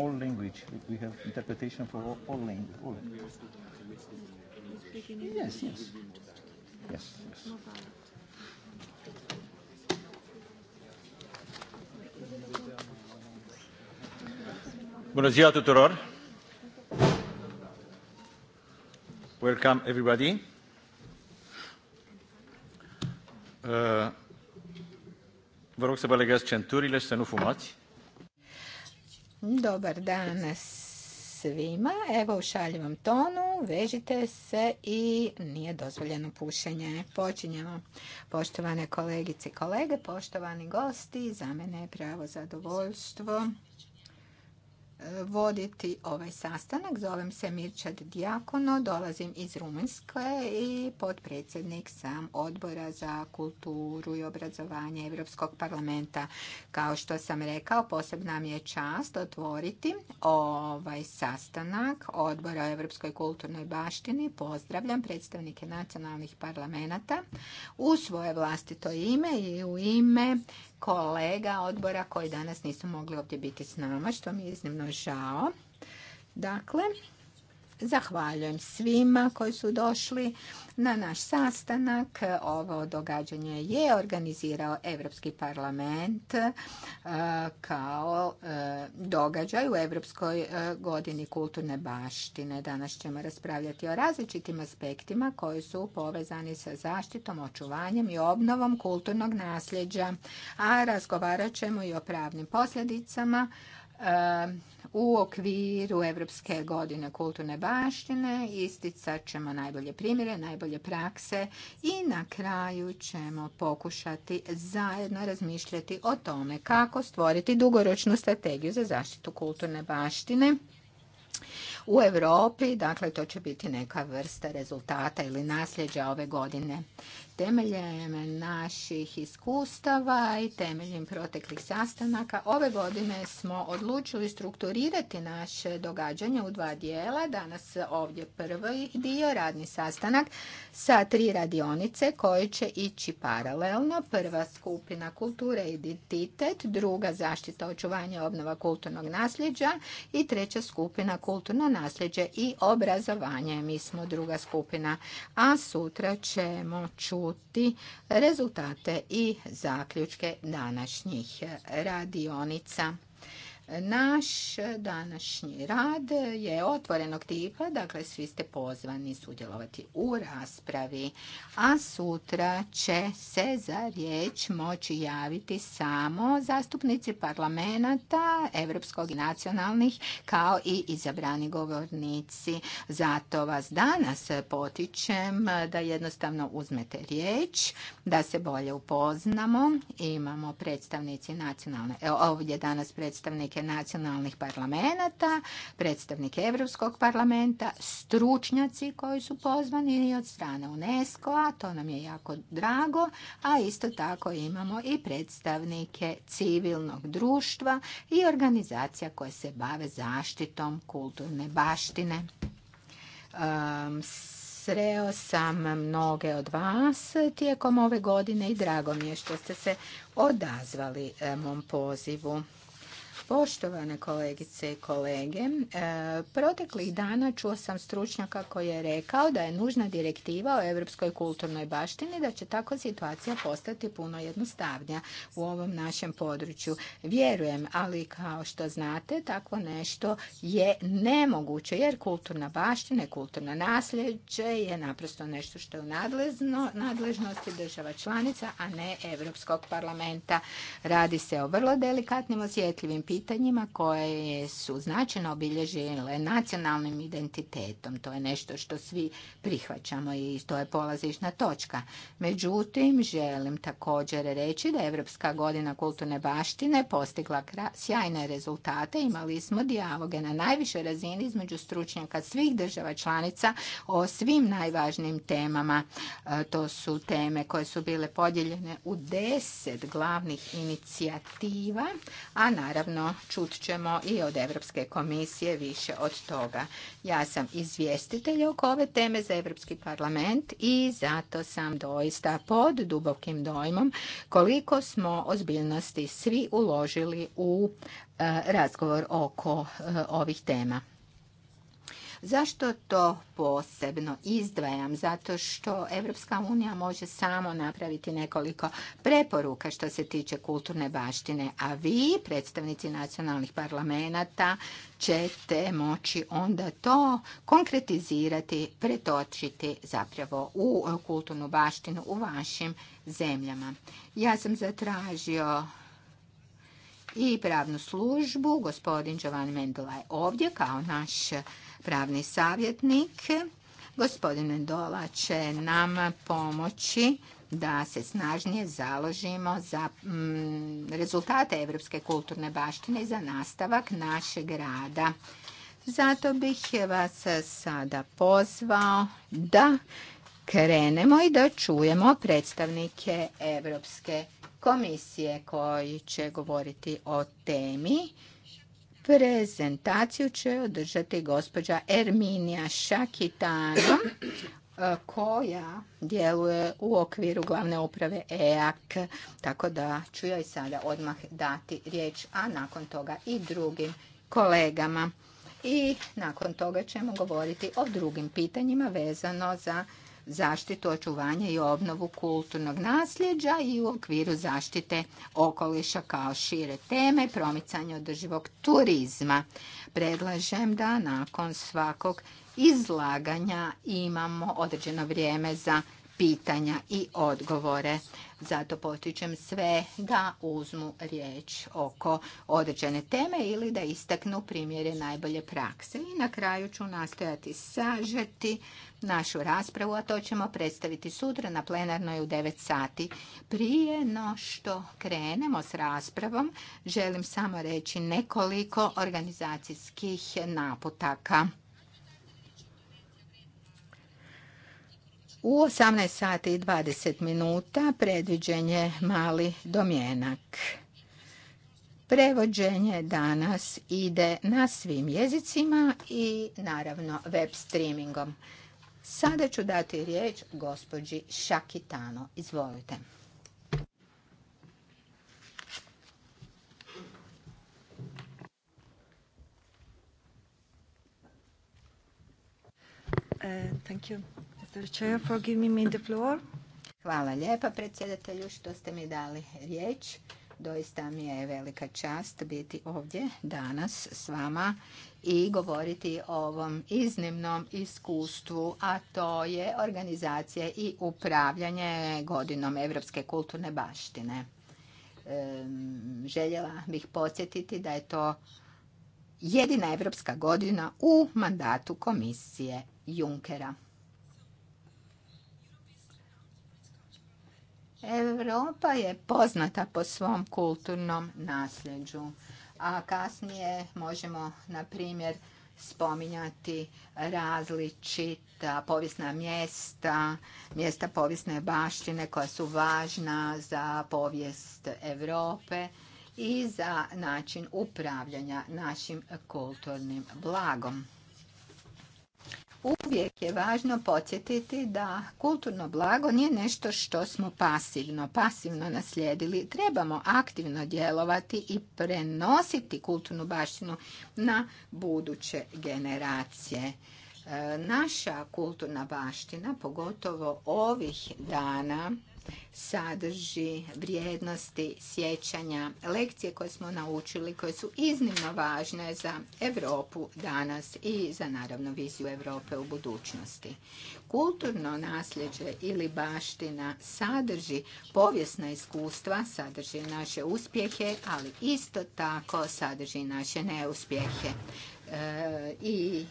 all language. We have interpretation for all, all language. All. Yes, yes. Yes, yes. Bună ziua tuturor! Welcome everybody. Uh, vă rog să vă legați centurile și să nu fumați. Dobar dan svima. Evo u šaljivom tonu, vežite se i nije dozvoljeno pušenje. Počinjemo. Poštovane kolegice i kolege, poštovani gosti, za mene je pravo zadovoljstvo voditi ovaj sastanak. Zovem se Mirčad Dijakono, dolazim iz Rumunjske i potpredsjednik sam odbora za kulturu i obrazovanje Europskog parlamenta. Kao što sam rekao, posebna mi je čast otvoriti ovaj sastanak odbora o Europskoj kulturnoj baštini. Pozdravljam predstavnike nacionalnih parlamenta u svoje vlastito ime i u ime kolega odbora koji danas nisu mogli ovdje biti s nama, što mi je iznimno žao. Dakle, Zahvaljujem svima koji su došli na naš sastanak. Ovo događanje je organizirao Europski parlament e, kao e, događaj u Europskoj e, godini kulturne baštine. Danas ćemo raspravljati o različitim aspektima koji su povezani sa zaštitom, očuvanjem i obnovom kulturnog nasljeđa, a razgovarat ćemo i o pravnim posljedicama u okviru Europske godine kulturne baštine. Isticat ćemo najbolje primjere, najbolje prakse i na kraju ćemo pokušati zajedno razmišljati o tome kako stvoriti dugoročnu strategiju za zaštitu kulturne baštine u Europi, dakle to će biti neka vrsta rezultata ili nasljeđa ove godine temeljem naših iskustava i temeljem proteklih sastanaka ove godine smo odlučili strukturirati naše događanje u dva dijela. Danas ovdje prvi dio, radni sastanak sa tri radionice koje će ići paralelno. Prva skupina kulture i identitet, druga zaštita očuvanja obnova kulturnog nasljeđa i treća skupina kulturno nasljeđe i obrazovanje. Mi smo druga skupina, a sutra ćemo čuti čuti rezultate i zaključke današnjih radionica. Naš današnji rad je otvorenog tipa, dakle svi ste pozvani sudjelovati u raspravi, a sutra će se za riječ moći javiti samo zastupnici parlamenta, evropskog i nacionalnih, kao i izabrani govornici. Zato vas danas potičem da jednostavno uzmete riječ, da se bolje upoznamo. Imamo predstavnici nacionalne, e, ovdje danas predstavnike nacionalnih parlamenta, predstavnike Europskog parlamenta, stručnjaci koji su pozvani od strane UNESCO-a, to nam je jako drago, a isto tako imamo i predstavnike civilnog društva i organizacija koje se bave zaštitom kulturne baštine. sreo sam mnoge od vas tijekom ove godine i drago mi je što ste se odazvali mom pozivu. Poštovane kolegice i kolege, e, proteklih dana čuo sam stručnjaka koji je rekao da je nužna direktiva o europskoj kulturnoj baštini, da će tako situacija postati puno jednostavnija u ovom našem području. Vjerujem, ali kao što znate, takvo nešto je nemoguće, jer kulturna baština i kulturno nasljeđe je naprosto nešto što je u nadležnosti država članica, a ne Europskog parlamenta. Radi se o vrlo delikatnim, osjetljivim pitanjima pitanjima koje su značajno obilježile nacionalnim identitetom. To je nešto što svi prihvaćamo i to je polazišna točka. Međutim, želim također reći da je Evropska godina kulturne baštine postigla sjajne rezultate. Imali smo dijaloge na najvišoj razini između stručnjaka svih država članica o svim najvažnijim temama. E, to su teme koje su bile podijeljene u deset glavnih inicijativa, a naravno čut ćemo i od Evropske komisije više od toga. Ja sam izvjestitelj oko ove teme za Evropski parlament i zato sam doista pod dubokim dojmom koliko smo ozbiljnosti svi uložili u e, razgovor oko e, ovih tema. Zašto to posebno izdvajam? Zato što Evropska unija može samo napraviti nekoliko preporuka što se tiče kulturne baštine, a vi, predstavnici nacionalnih parlamenta, ćete moći onda to konkretizirati, pretočiti zapravo u kulturnu baštinu u vašim zemljama. Ja sam zatražio i pravnu službu. Gospodin Giovanni Mendola je ovdje kao naš pravni savjetnik. gospodine Dola će nam pomoći da se snažnije založimo za mm, rezultate Evropske kulturne baštine i za nastavak našeg rada. Zato bih vas sada pozvao da krenemo i da čujemo predstavnike Evropske komisije koji će govoriti o temi Prezentaciju će održati gospođa Erminija Šakitano e, koja djeluje u okviru glavne uprave EAK, tako da ću joj sada odmah dati riječ, a nakon toga i drugim kolegama. I nakon toga ćemo govoriti o drugim pitanjima vezano za zaštitu, očuvanje i obnovu kulturnog nasljeđa i u okviru zaštite okoliša kao šire teme, promicanje održivog turizma. Predlažem da nakon svakog izlaganja imamo određeno vrijeme za pitanja i odgovore. Zato potičem sve da uzmu riječ oko određene teme ili da istaknu primjere najbolje prakse. I na kraju ću nastojati sažeti našu raspravu, a to ćemo predstaviti sutra na plenarnoj u 9 sati. Prije no što krenemo s raspravom, želim samo reći nekoliko organizacijskih naputaka. U 18 sati i 20 minuta predviđen je mali domjenak. Prevođenje danas ide na svim jezicima i naravno web streamingom. Sada ću dati riječ gospođi Šakitano. Izvolite. Uh, Hvala lijepa predsjedatelju što ste mi dali riječ. Doista mi je velika čast biti ovdje danas s vama i govoriti o ovom iznimnom iskustvu, a to je organizacija i upravljanje godinom Evropske kulturne baštine. Željela bih podsjetiti da je to jedina Evropska godina u mandatu komisije Junkera. Europa je poznata po svom kulturnom nasljeđu a kasnije možemo, na primjer, spominjati različita povijesna mjesta, mjesta povijesne baštine koja su važna za povijest Europe i za način upravljanja našim kulturnim blagom. Uvijek je važno podsjetiti da kulturno blago nije nešto što smo pasivno, pasivno naslijedili. Trebamo aktivno djelovati i prenositi kulturnu baštinu na buduće generacije. E, naša kulturna baština, pogotovo ovih dana, sadrži vrijednosti sjećanja, lekcije koje smo naučili, koje su iznimno važne za Europu danas i za naravno viziju Europe u budućnosti. Kulturno nasljeđe ili baština sadrži povijesna iskustva, sadrži naše uspjehe, ali isto tako sadrži naše neuspjehe. E, I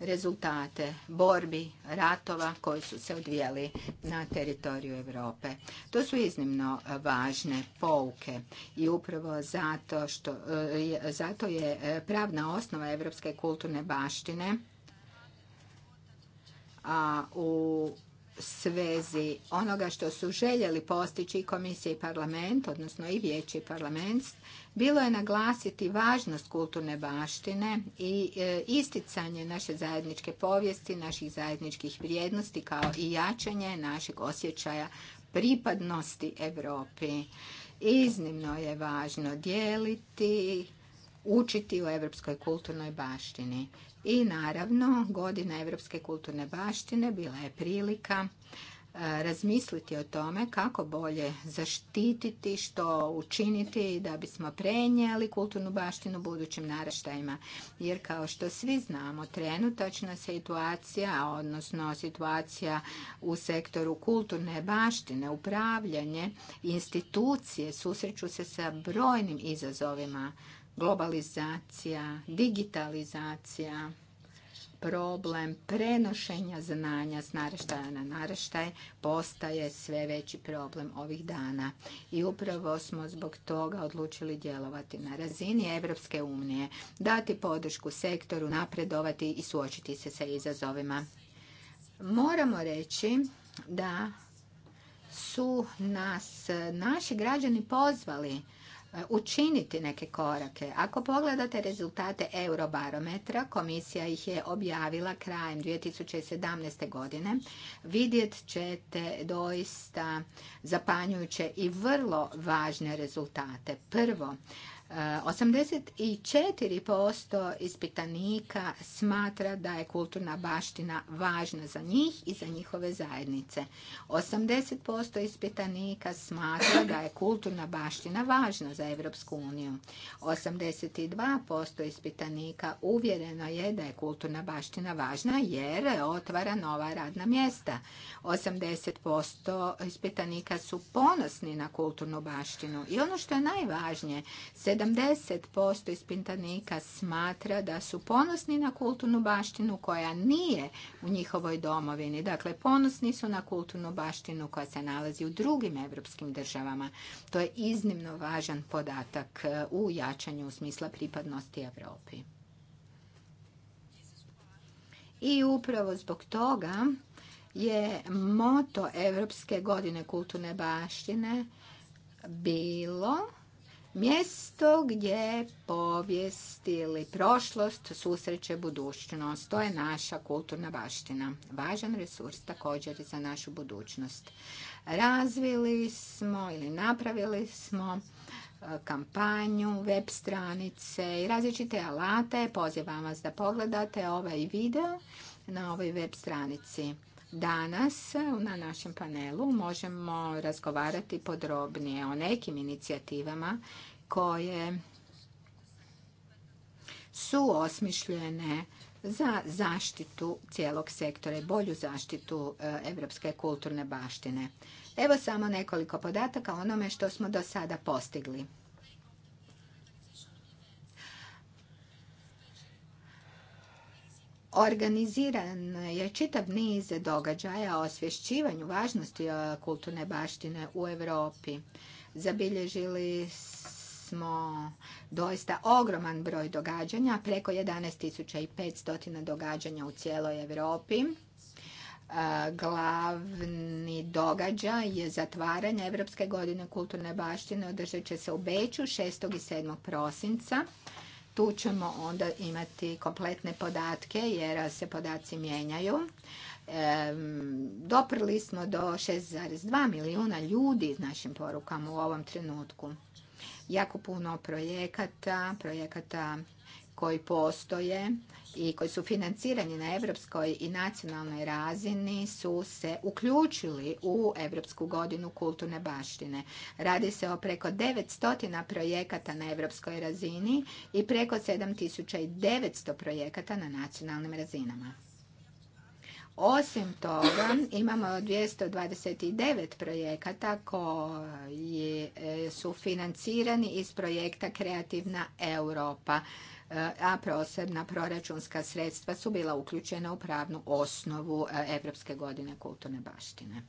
rezultate borbi, ratova koji su se odvijali na teritoriju Europe. To su iznimno važne pouke i upravo zato, što, e, zato je e, pravna osnova Europske kulturne baštine a u svezi onoga što su željeli postići komisija i parlament, odnosno i vijeći parlament, bilo je naglasiti važnost kulturne baštine i e, isticanje naše zajedničke povijesti, naših zajedničkih vrijednosti kao i jačanje našeg osjećaja pripadnosti Europi. Iznimno je važno dijeliti, učiti u evropskoj kulturnoj baštini. I naravno, godina evropske kulturne baštine bila je prilika razmisliti o tome kako bolje zaštititi, što učiniti da bismo prenijeli kulturnu baštinu budućim naraštajima. Jer kao što svi znamo, trenutačna situacija, odnosno situacija u sektoru kulturne baštine, upravljanje, institucije susreću se sa brojnim izazovima. Globalizacija, digitalizacija, problem prenošenja znanja s naraštaja na naraštaj postaje sve veći problem ovih dana. I upravo smo zbog toga odlučili djelovati na razini Evropske unije, dati podršku sektoru, napredovati i suočiti se sa izazovima. Moramo reći da su nas naši građani pozvali učiniti neke korake. Ako pogledate rezultate Eurobarometra, komisija ih je objavila krajem 2017. godine, vidjet ćete doista zapanjujuće i vrlo važne rezultate. Prvo, 84% ispitanika smatra da je kulturna baština važna za njih i za njihove zajednice. 80% ispitanika smatra da je kulturna baština važna za Europsku uniju. 82% ispitanika uvjereno je da je kulturna baština važna jer otvara nova radna mjesta. 80% ispitanika su ponosni na kulturnu baštinu i ono što je najvažnije, 70% ispitanika smatra da su ponosni na kulturnu baštinu koja nije u njihovoj domovini. Dakle, ponosni su na kulturnu baštinu koja se nalazi u drugim evropskim državama. To je iznimno važan podatak e, u jačanju smisla pripadnosti Europi. I upravo zbog toga je moto Evropske godine kulturne baštine bilo Mjesto gdje povijest ili prošlost susreće budućnost. To je naša kulturna baština. Važan resurs također za našu budućnost. Razvili smo ili napravili smo e, kampanju, web stranice i različite alate. Pozivam vas da pogledate ovaj video na ovoj web stranici. Danas na našem panelu možemo razgovarati podrobnije o nekim inicijativama koje su osmišljene za zaštitu cijelog sektora i bolju zaštitu e, evropske kulturne baštine. Evo samo nekoliko podataka o onome što smo do sada postigli. Organiziran je čitav niz događaja o osvješćivanju važnosti e, kulturne baštine u Europi. Zabilježili smo doista ogroman broj događanja, preko 11.500 događanja u cijeloj Europi. E, glavni događaj je zatvaranje Europske godine kulturne baštine održat će se u Beću 6. i 7. prosinca tu ćemo onda imati kompletne podatke jer se podaci mijenjaju. E, doprli smo do 6,2 milijuna ljudi s našim porukama u ovom trenutku. Jako puno projekata, projekata koji postoje i koji su financirani na europskoj i nacionalnoj razini su se uključili u Europsku godinu kulturne baštine. Radi se o preko 900 projekata na europskoj razini i preko 7900 projekata na nacionalnim razinama. Osim toga, imamo 229 projekata koji e, su financirani iz projekta Kreativna Europa E, a posebna proračunska sredstva su bila uključena u pravnu osnovu e, Evropske godine kulturne baštine.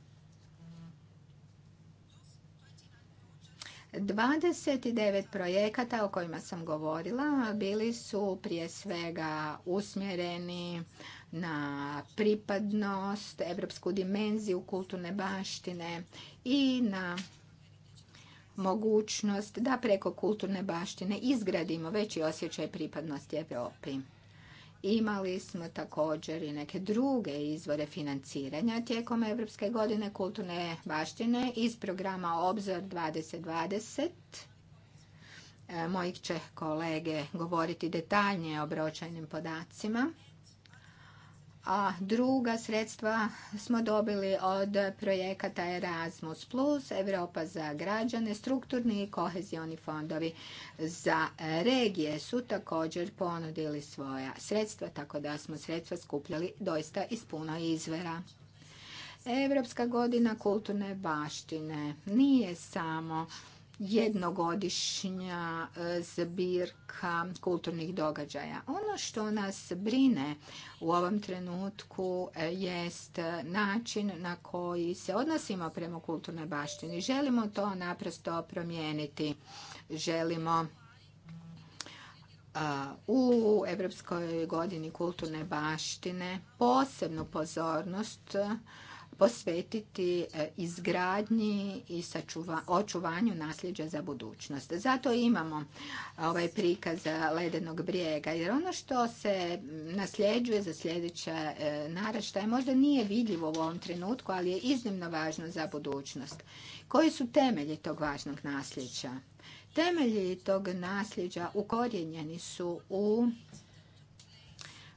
29 projekata o kojima sam govorila bili su prije svega usmjereni na pripadnost, evropsku dimenziju kulturne baštine i na mogućnost da preko kulturne baštine izgradimo veći osjećaj pripadnosti Europi. Imali smo također i neke druge izvore financiranja tijekom Europske godine kulturne baštine iz programa Obzor 2020. E, mojih će kolege govoriti detaljnije o bročajnim podacima a druga sredstva smo dobili od projekata Erasmus+, Europa za građane, strukturni i kohezioni fondovi za regije su također ponudili svoja sredstva, tako da smo sredstva skupljali doista iz puno izvera. Europska godina kulturne baštine nije samo jednogodišnja e, zbirka kulturnih događaja. Ono što nas brine u ovom trenutku e, jest način na koji se odnosimo prema kulturnoj baštini. Želimo to naprosto promijeniti. Želimo e, u Europskoj godini kulturne baštine posebnu pozornost posvetiti e, izgradnji i očuvanju nasljeđa za budućnost. Zato imamo e, ovaj prikaz ledenog brijega, jer ono što se nasljeđuje za sljedeće e, je možda nije vidljivo u ovom trenutku, ali je iznimno važno za budućnost. Koji su temelji tog važnog nasljeđa? Temelji tog nasljeđa ukorijenjeni su u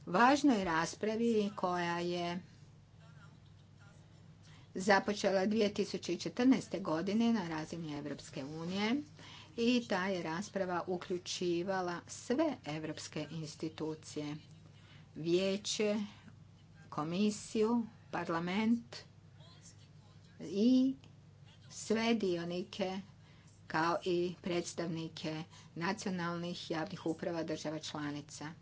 važnoj raspravi koja je započela 2014. godine na razini Europske unije i ta je rasprava uključivala sve europske institucije, vijeće, komisiju, parlament i sve dionike kao i predstavnike nacionalnih javnih uprava država članica.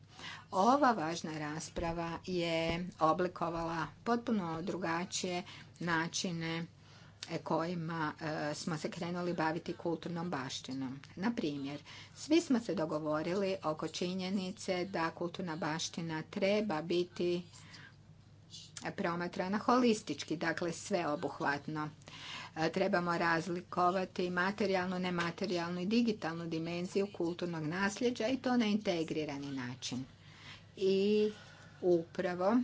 Ova važna rasprava je oblikovala potpuno drugačije načine e, kojima e, smo se krenuli baviti kulturnom baštinom. Na primjer, svi smo se dogovorili oko činjenice da kulturna baština treba biti promatrana holistički, dakle sveobuhvatno. E, trebamo razlikovati materijalnu, nematerijalnu i digitalnu dimenziju kulturnog nasljeđa i to na integrirani način. I upravo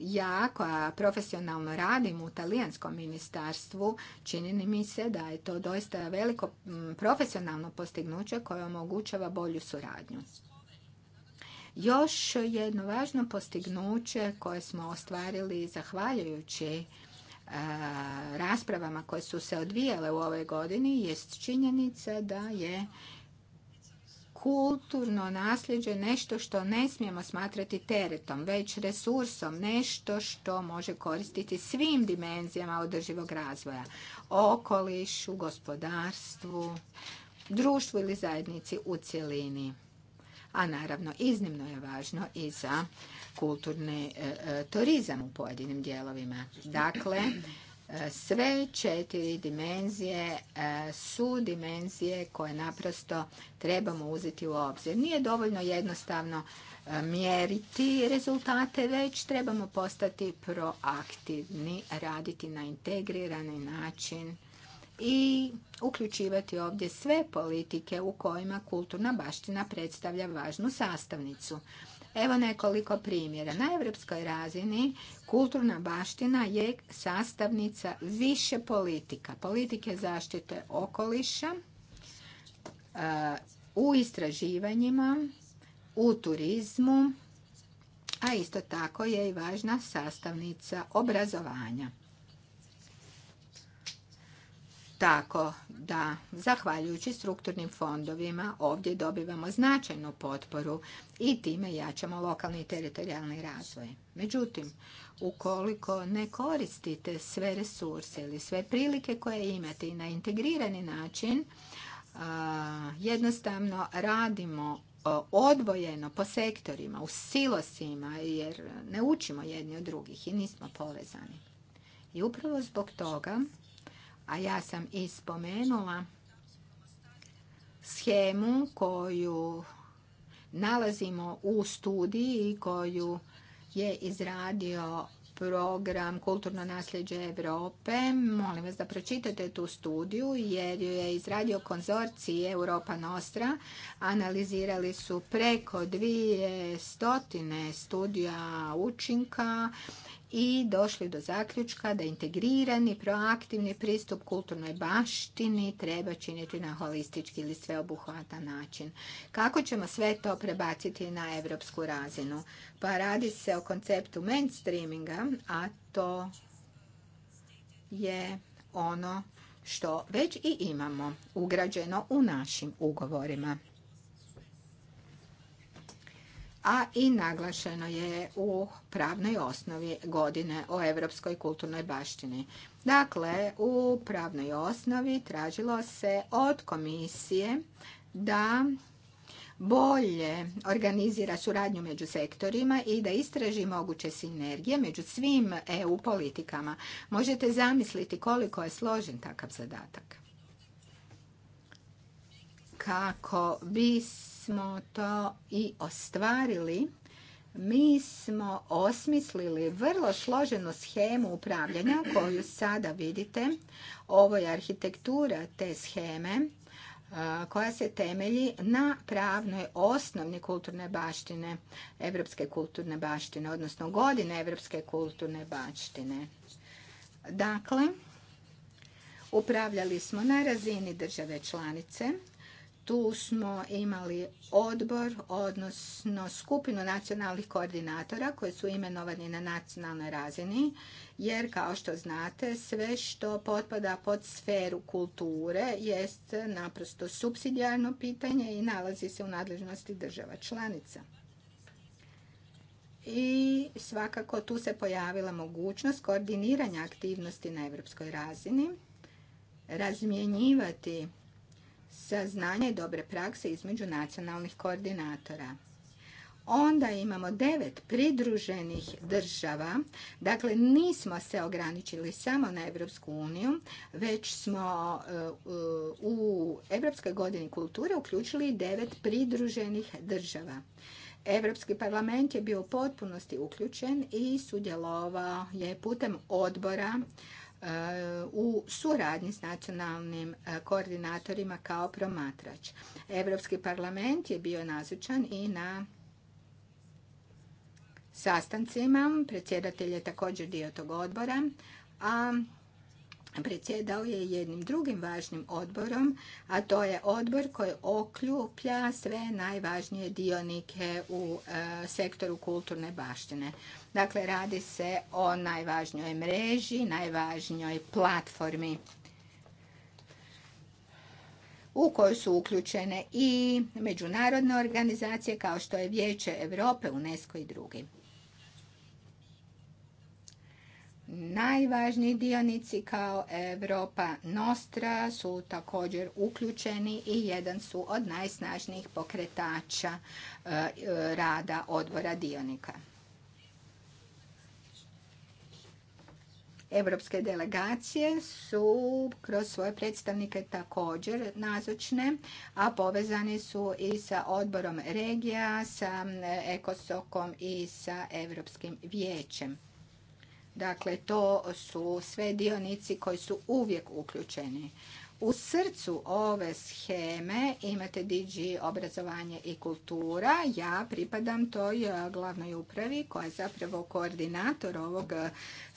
ja koja profesionalno radim u talijanskom ministarstvu, čini mi se da je to doista veliko profesionalno postignuće koje omogućava bolju suradnju. Još jedno važno postignuće koje smo ostvarili zahvaljujući e, raspravama koje su se odvijale u ovoj godini jest činjenica da je kulturno nasljeđe nešto što ne smijemo smatrati teretom, već resursom, nešto što može koristiti svim dimenzijama održivog razvoja, okolišu, gospodarstvu, društvu ili zajednici u cjelini a naravno iznimno je važno i za kulturni e, e, turizam u pojedinim dijelovima. Dakle, e, sve četiri dimenzije su dimenzije koje naprosto trebamo uzeti u obzir. Nije dovoljno jednostavno mjeriti rezultate, već trebamo postati proaktivni, raditi na integrirani način i uključivati ovdje sve politike u kojima kulturna baština predstavlja važnu sastavnicu. Evo nekoliko primjera. Na europskoj razini kulturna baština je sastavnica više politika. Politike zaštite okoliša uh, u istraživanjima, u turizmu, a isto tako je i važna sastavnica obrazovanja. Tako da, zahvaljujući strukturnim fondovima, ovdje dobivamo značajnu potporu i time jačamo lokalni i teritorijalni razvoj. Međutim, ukoliko ne koristite sve resurse ili sve prilike koje imate i na integrirani način, jednostavno radimo odvojeno po sektorima, u silosima, jer ne učimo jedni od drugih i nismo povezani. I upravo zbog toga a ja sam i schemu koju nalazimo u studiji koju je izradio program Kulturno nasljeđe Europe. Molim vas da pročitate tu studiju jer ju je izradio konzorcij Europa Nostra. Analizirali su preko dvije stotine studija učinka i došli do zaključka da integrirani, proaktivni pristup kulturnoj baštini treba činiti na holistički ili sveobuhvatan način. Kako ćemo sve to prebaciti na evropsku razinu? Pa radi se o konceptu mainstreaminga, a to je ono što već i imamo ugrađeno u našim ugovorima a i naglašeno je u pravnoj osnovi godine o europskoj kulturnoj baštini. Dakle, u pravnoj osnovi tražilo se od komisije da bolje organizira suradnju među sektorima i da istraži moguće sinergije među svim EU politikama. Možete zamisliti koliko je složen takav zadatak. Kako bi smo to i ostvarili. Mi smo osmislili vrlo složenu schemu upravljanja koju sada vidite. Ovo je arhitektura te scheme koja se temelji na pravnoj osnovni kulturne baštine, evropske kulturne baštine, odnosno godine evropske kulturne baštine. Dakle, upravljali smo na razini države članice, tu smo imali odbor, odnosno skupinu nacionalnih koordinatora koji su imenovani na nacionalnoj razini, jer kao što znate sve što potpada pod sferu kulture jest naprosto subsidijarno pitanje i nalazi se u nadležnosti država članica. I svakako tu se pojavila mogućnost koordiniranja aktivnosti na europskoj razini, razmjenjivati za znanje i dobre prakse između nacionalnih koordinatora. Onda imamo devet pridruženih država. Dakle, nismo se ograničili samo na Evropsku uniju, već smo uh, u Evropskoj godini kulture uključili devet pridruženih država. Europski parlament je bio u potpunosti uključen i sudjelovao je putem odbora E, u suradnji s nacionalnim e, koordinatorima kao promatrač. Europski parlament je bio nazočan i na sastancima. Predsjedatelj je također dio tog odbora, a predsjedao je jednim drugim važnim odborom, a to je odbor koji okljuplja sve najvažnije dionike u e, sektoru kulturne baštine. Dakle, radi se o najvažnjoj mreži, najvažnjoj platformi u kojoj su uključene i međunarodne organizacije kao što je Vijeće Europe, UNESCO i drugi. Najvažniji dionici kao Europa Nostra su također uključeni i jedan su od najsnažnijih pokretača e, rada odbora dionika. Europske delegacije su kroz svoje predstavnike također nazočne, a povezani su i sa odborom regija, sa ekosokom i sa Europskim vijećem. Dakle, to su sve dionici koji su uvijek uključeni. U srcu ove scheme imate DG obrazovanje i kultura. Ja pripadam toj e, glavnoj upravi koja je zapravo koordinator ovog e,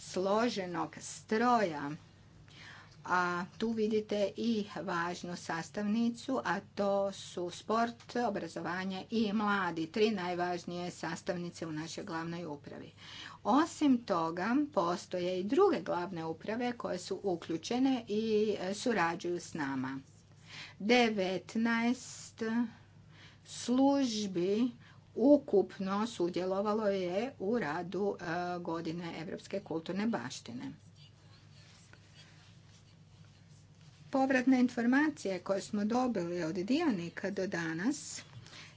složenog stroja a tu vidite i važnu sastavnicu, a to su sport, obrazovanje i mladi, tri najvažnije sastavnice u našoj glavnoj upravi. Osim toga, postoje i druge glavne uprave koje su uključene i surađuju s nama. 19 službi ukupno sudjelovalo je u radu e, godine Evropske kulturne baštine. Povratne informacije koje smo dobili od dionika do danas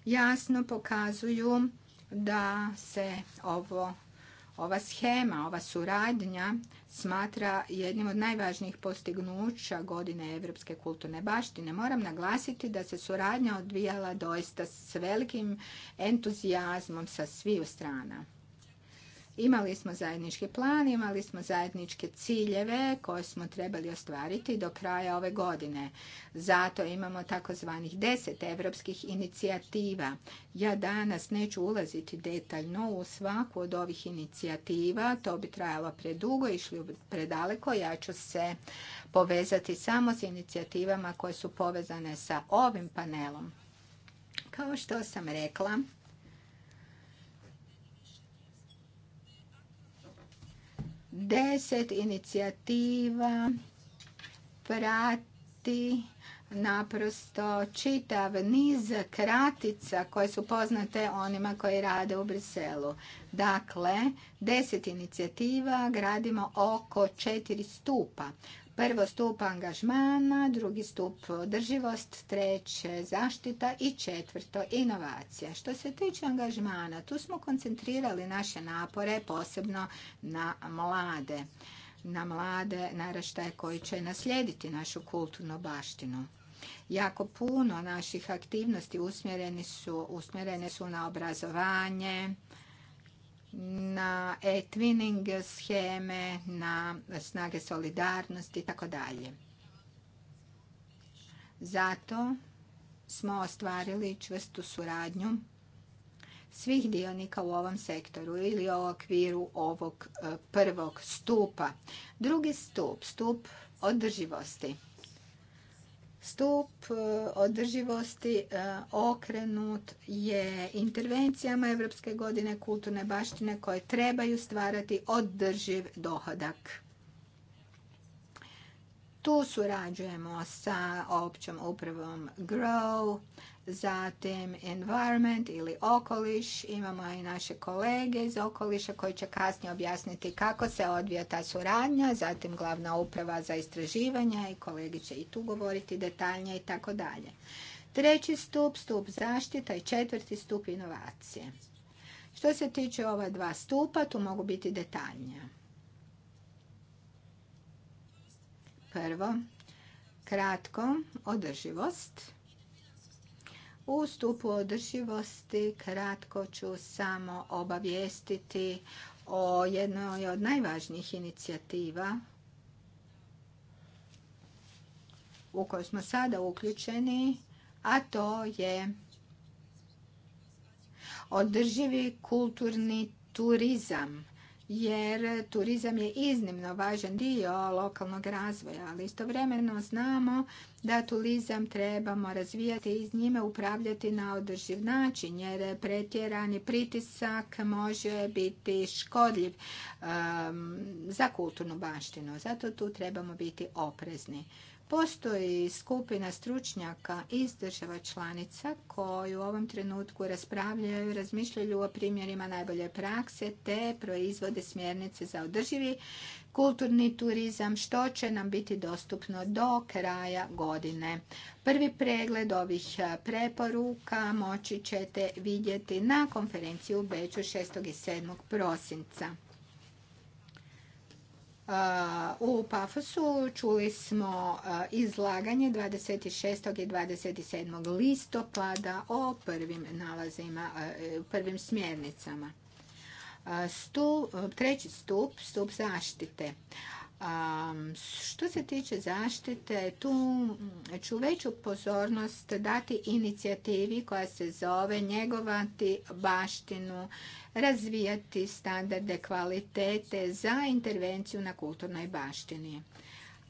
jasno pokazuju da se ovo ova schema, ova suradnja smatra jednim od najvažnijih postignuća godine Evropske kulturne baštine. Moram naglasiti da se suradnja odvijala doista s velikim entuzijazmom sa sviju strana. Imali smo zajednički plan, imali smo zajedničke ciljeve koje smo trebali ostvariti do kraja ove godine. Zato imamo takozvanih deset evropskih inicijativa. Ja danas neću ulaziti detaljno u svaku od ovih inicijativa, to bi trajalo predugo, i išli predaleko. Ja ću se povezati samo s inicijativama koje su povezane sa ovim panelom. Kao što sam rekla, Deset inicijativa prati naprosto čitav niz kratica koje su poznate onima koji rade u Briselu. Dakle, deset inicijativa gradimo oko četiri stupa. Prvo stup angažmana, drugi stup održivost, treće zaštita i četvrto inovacija. Što se tiče angažmana, tu smo koncentrirali naše napore posebno na mlade, na mlade naraštaje koji će naslijediti našu kulturnu baštinu. Jako puno naših aktivnosti usmjereni su, usmjerene su na obrazovanje, na e-twinning scheme, na snage solidarnosti i tako dalje. Zato smo ostvarili čvrstu suradnju svih dionika u ovom sektoru ili u okviru ovog e, prvog stupa. Drugi stup, stup održivosti. Stup e, održivosti e, okrenut je intervencijama Europske godine kulturne baštine koje trebaju stvarati održiv dohodak. Tu surađujemo sa općom upravom GROW, zatim environment ili okoliš. Imamo i naše kolege iz okoliša koji će kasnije objasniti kako se odvija ta suradnja, zatim glavna uprava za istraživanja i kolegi će i tu govoriti detaljnije i tako dalje. Treći stup, stup zaštita i četvrti stup inovacije. Što se tiče ova dva stupa, tu mogu biti detaljnije. Prvo, kratko, održivost. U stupu održivosti kratko ću samo obavijestiti o jednoj od najvažnijih inicijativa u kojoj smo sada uključeni, a to je održivi kulturni turizam jer turizam je iznimno važan dio lokalnog razvoja, ali istovremeno znamo da turizam trebamo razvijati i s njime upravljati na održiv način, jer pretjerani pritisak može biti škodljiv um, za kulturnu baštinu. Zato tu trebamo biti oprezni. Postoji skupina stručnjaka iz država članica koji u ovom trenutku raspravljaju i razmišljaju o primjerima najbolje prakse te proizvode smjernice za održivi kulturni turizam što će nam biti dostupno do kraja godine. Prvi pregled ovih preporuka moći ćete vidjeti na konferenciji u Beću 6. i 7. prosinca. U Pafosu čuli smo izlaganje 26. i 27. listopada o prvim nalazima, e, prvim smjernicama. treći stup, stup zaštite. Što se tiče zaštite, tu ću veću pozornost dati inicijativi koja se zove njegovati baštinu, razvijati standarde kvalitete za intervenciju na kulturnoj baštini.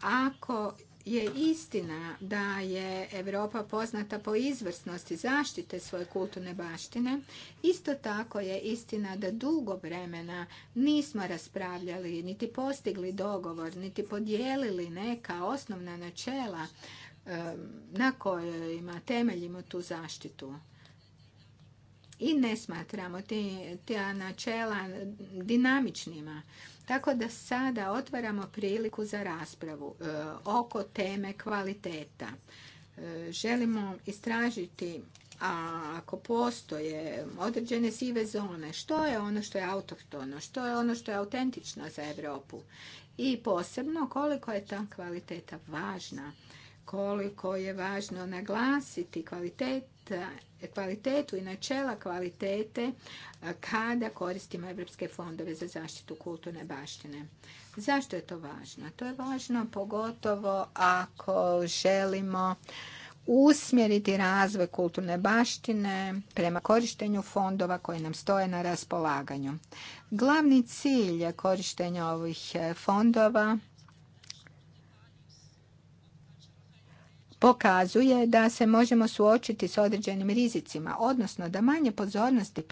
Ako je istina da je Europa poznata po izvrsnosti zaštite svoje kulturne baštine, isto tako je istina da dugo vremena nismo raspravljali, niti postigli dogovor, niti podijelili neka osnovna načela na kojima temeljimo tu zaštitu. I ne smatramo ta načela dinamičnima. Tako da sada otvaramo priliku za raspravu e, oko teme kvaliteta. E, želimo istražiti ako postoje određene sive zone, što je ono što je autohtono, što je ono što je autentično za Europu i posebno koliko je ta kvaliteta važna, koliko je važno naglasiti kvalitet kvalitetu i načela kvalitete kada koristimo evropske fondove za zaštitu kulturne baštine. Zašto je to važno? To je važno pogotovo ako želimo usmjeriti razvoj kulturne baštine prema korištenju fondova koji nam stoje na raspolaganju. Glavni cilj korištenja ovih e, fondova pokazuje da se možemo suočiti s određenim rizicima, odnosno da manje pozornosti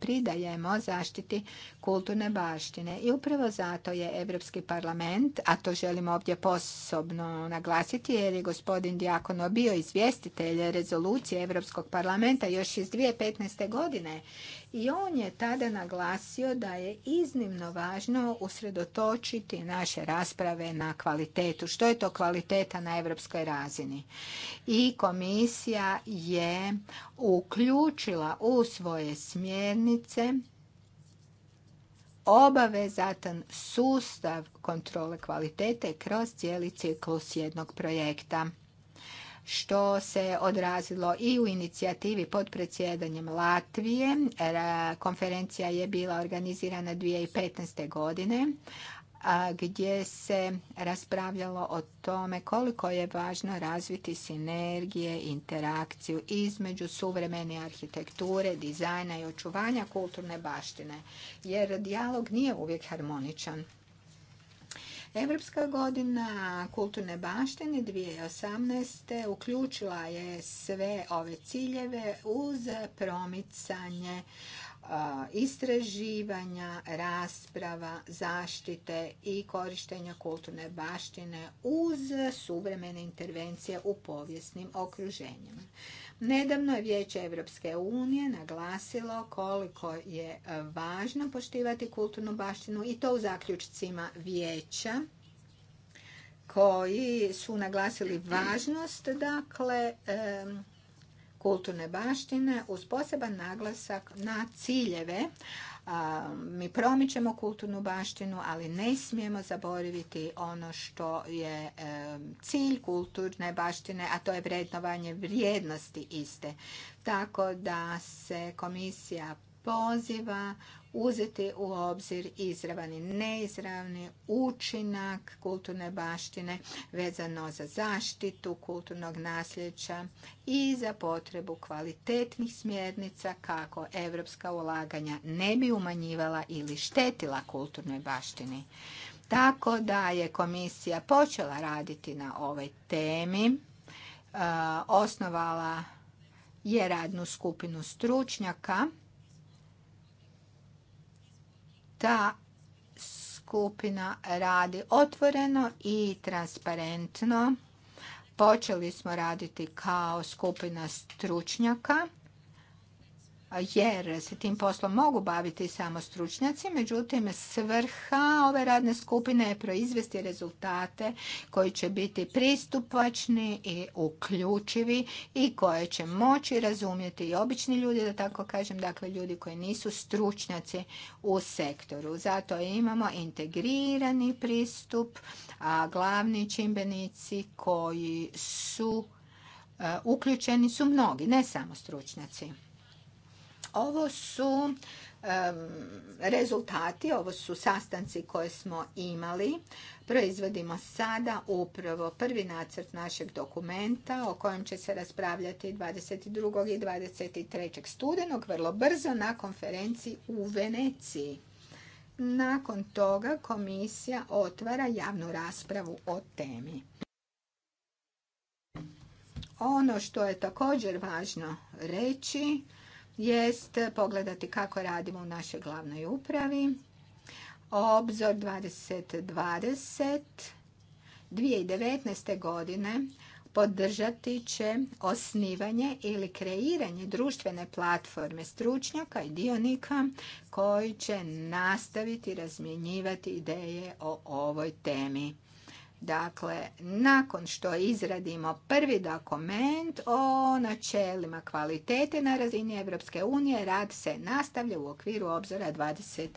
pridajemo zaštiti kulturne baštine. I upravo zato je Europski parlament, a to želimo ovdje posobno naglasiti jer je gospodin Diakono bio izvjestitelj rezolucije Europskog parlamenta još iz 2015. godine i on je tada naglasio da je iznimno važno usredotočiti naše rasprave na kvalitetu. Što je to kvaliteta na europskoj razini? I komisija je uključila u svoje smjernice obavezatan sustav kontrole kvalitete kroz cijeli ciklus jednog projekta što se odrazilo i u inicijativi pod predsjedanjem Latvije. Konferencija je bila organizirana 2015. godine gdje se raspravljalo o tome koliko je važno razviti sinergije, interakciju između suvremene arhitekture, dizajna i očuvanja kulturne baštine, jer dijalog nije uvijek harmoničan. Evropska godina kulturne baštine 2018. uključila je sve ove ciljeve uz promicanje istraživanja, rasprava, zaštite i korištenja kulturne baštine uz suvremene intervencije u povijesnim okruženjima. Nedavno je Vijeće Evropske unije naglasilo koliko je e, važno poštivati kulturnu baštinu i to u zaključcima vijeća koji su naglasili važnost dakle e, kulturne baštine uz poseban naglasak na ciljeve mi promičemo kulturnu baštinu, ali ne smijemo zaboraviti ono što je e, cilj kulturne baštine, a to je vrednovanje vrijednosti iste. Tako da se komisija poziva uzeti u obzir izravani neizravni učinak kulturne baštine vezano za zaštitu kulturnog nasljeća i za potrebu kvalitetnih smjernica kako evropska ulaganja ne bi umanjivala ili štetila kulturnoj baštini. Tako da je komisija počela raditi na ovoj temi, e, osnovala je radnu skupinu stručnjaka ta skupina radi otvoreno i transparentno. Počeli smo raditi kao skupina stručnjaka jer se tim poslom mogu baviti samo stručnjaci, međutim svrha ove radne skupine je proizvesti rezultate koji će biti pristupačni i uključivi i koje će moći razumjeti i obični ljudi, da tako kažem, dakle ljudi koji nisu stručnjaci u sektoru. Zato imamo integrirani pristup, a glavni čimbenici koji su e, uključeni su mnogi, ne samo stručnjaci. Ovo su rezultati, ovo su sastanci koje smo imali. Proizvodimo sada upravo prvi nacrt našeg dokumenta o kojem će se raspravljati 22. i 23. studenog, vrlo brzo na konferenciji u Veneciji. Nakon toga komisija otvara javnu raspravu o temi. Ono što je također važno reći jest pogledati kako radimo u našoj glavnoj upravi. Obzor 2020 2019. godine podržati će osnivanje ili kreiranje društvene platforme stručnjaka i dionika koji će nastaviti razmjenjivati ideje o ovoj temi. Dakle, nakon što izradimo prvi dokument o načelima kvalitete na razini Europske unije, rad se nastavlja u okviru obzora 2020.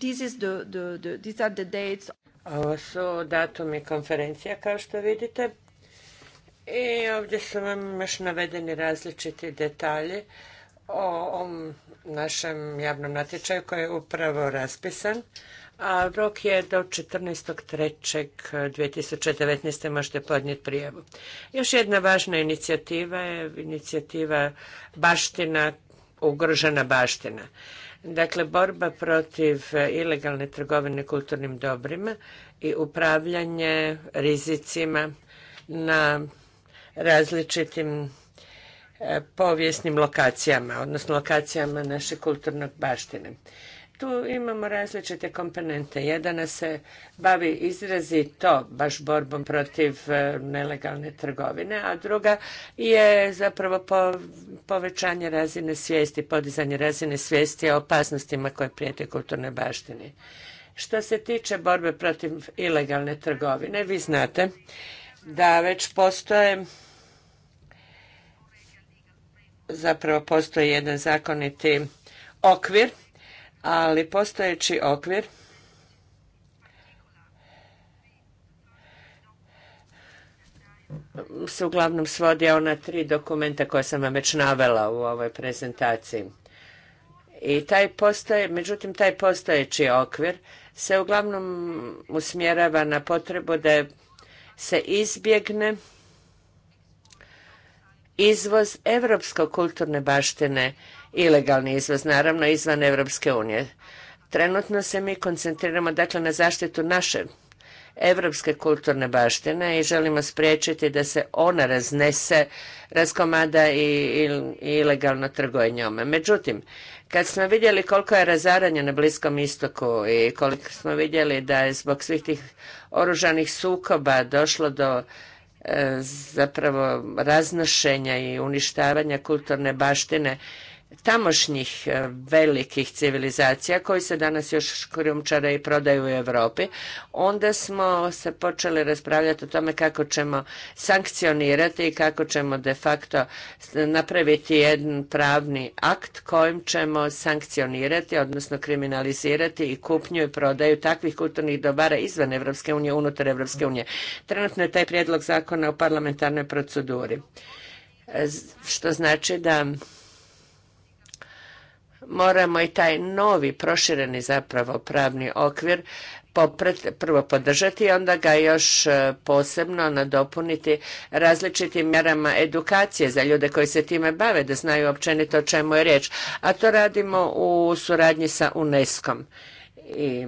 This Ovo su datumi konferencija, kao što vidite. I ovdje su vam još navedeni različiti detalji o ovom našem javnom natječaju koji je upravo raspisan a rok je do 14.3.2019. možete podnijeti prijavu. Još jedna važna inicijativa je inicijativa baština, ugrožena baština. Dakle, borba protiv ilegalne trgovine kulturnim dobrima i upravljanje rizicima na različitim e, povijesnim lokacijama, odnosno lokacijama naše kulturnog baštine tu imamo različite komponente. Jedna se bavi to, baš borbom protiv e, nelegalne trgovine, a druga je zapravo povećanje razine svijesti, podizanje razine svijesti o opasnostima koje prijete kulturnoj baštini. Što se tiče borbe protiv ilegalne trgovine, vi znate da već postoje zapravo postoji jedan zakoniti okvir ali postojeći okvir se uglavnom svodi ona tri dokumenta koja sam vam već navela u ovoj prezentaciji. I taj postoje, međutim, taj postojeći okvir se uglavnom usmjerava na potrebu da se izbjegne izvoz evropsko kulturne baštine ilegalni izvoz, naravno izvan Evropske unije. Trenutno se mi koncentriramo dakle na zaštitu naše europske kulturne baštine i želimo spriječiti da se ona raznese, raskomada i, ilegalno trguje njome. Međutim, kad smo vidjeli koliko je razaranje na Bliskom istoku i koliko smo vidjeli da je zbog svih tih oružanih sukoba došlo do e, zapravo raznošenja i uništavanja kulturne baštine tamošnjih e, velikih civilizacija koji se danas još krijumčare i prodaju u Europi, onda smo se počeli raspravljati o tome kako ćemo sankcionirati i kako ćemo de facto napraviti jedan pravni akt kojim ćemo sankcionirati, odnosno kriminalizirati i kupnju i prodaju takvih kulturnih dobara izvan Evropske unije, unutar Evropske unije. Trenutno je taj prijedlog zakona u parlamentarnoj proceduri. E, što znači da moramo i taj novi prošireni zapravo pravni okvir popret, prvo podržati i onda ga još e, posebno nadopuniti različitim mjerama edukacije za ljude koji se time bave da znaju općenito o čemu je riječ. A to radimo u suradnji sa UNESCO-om. I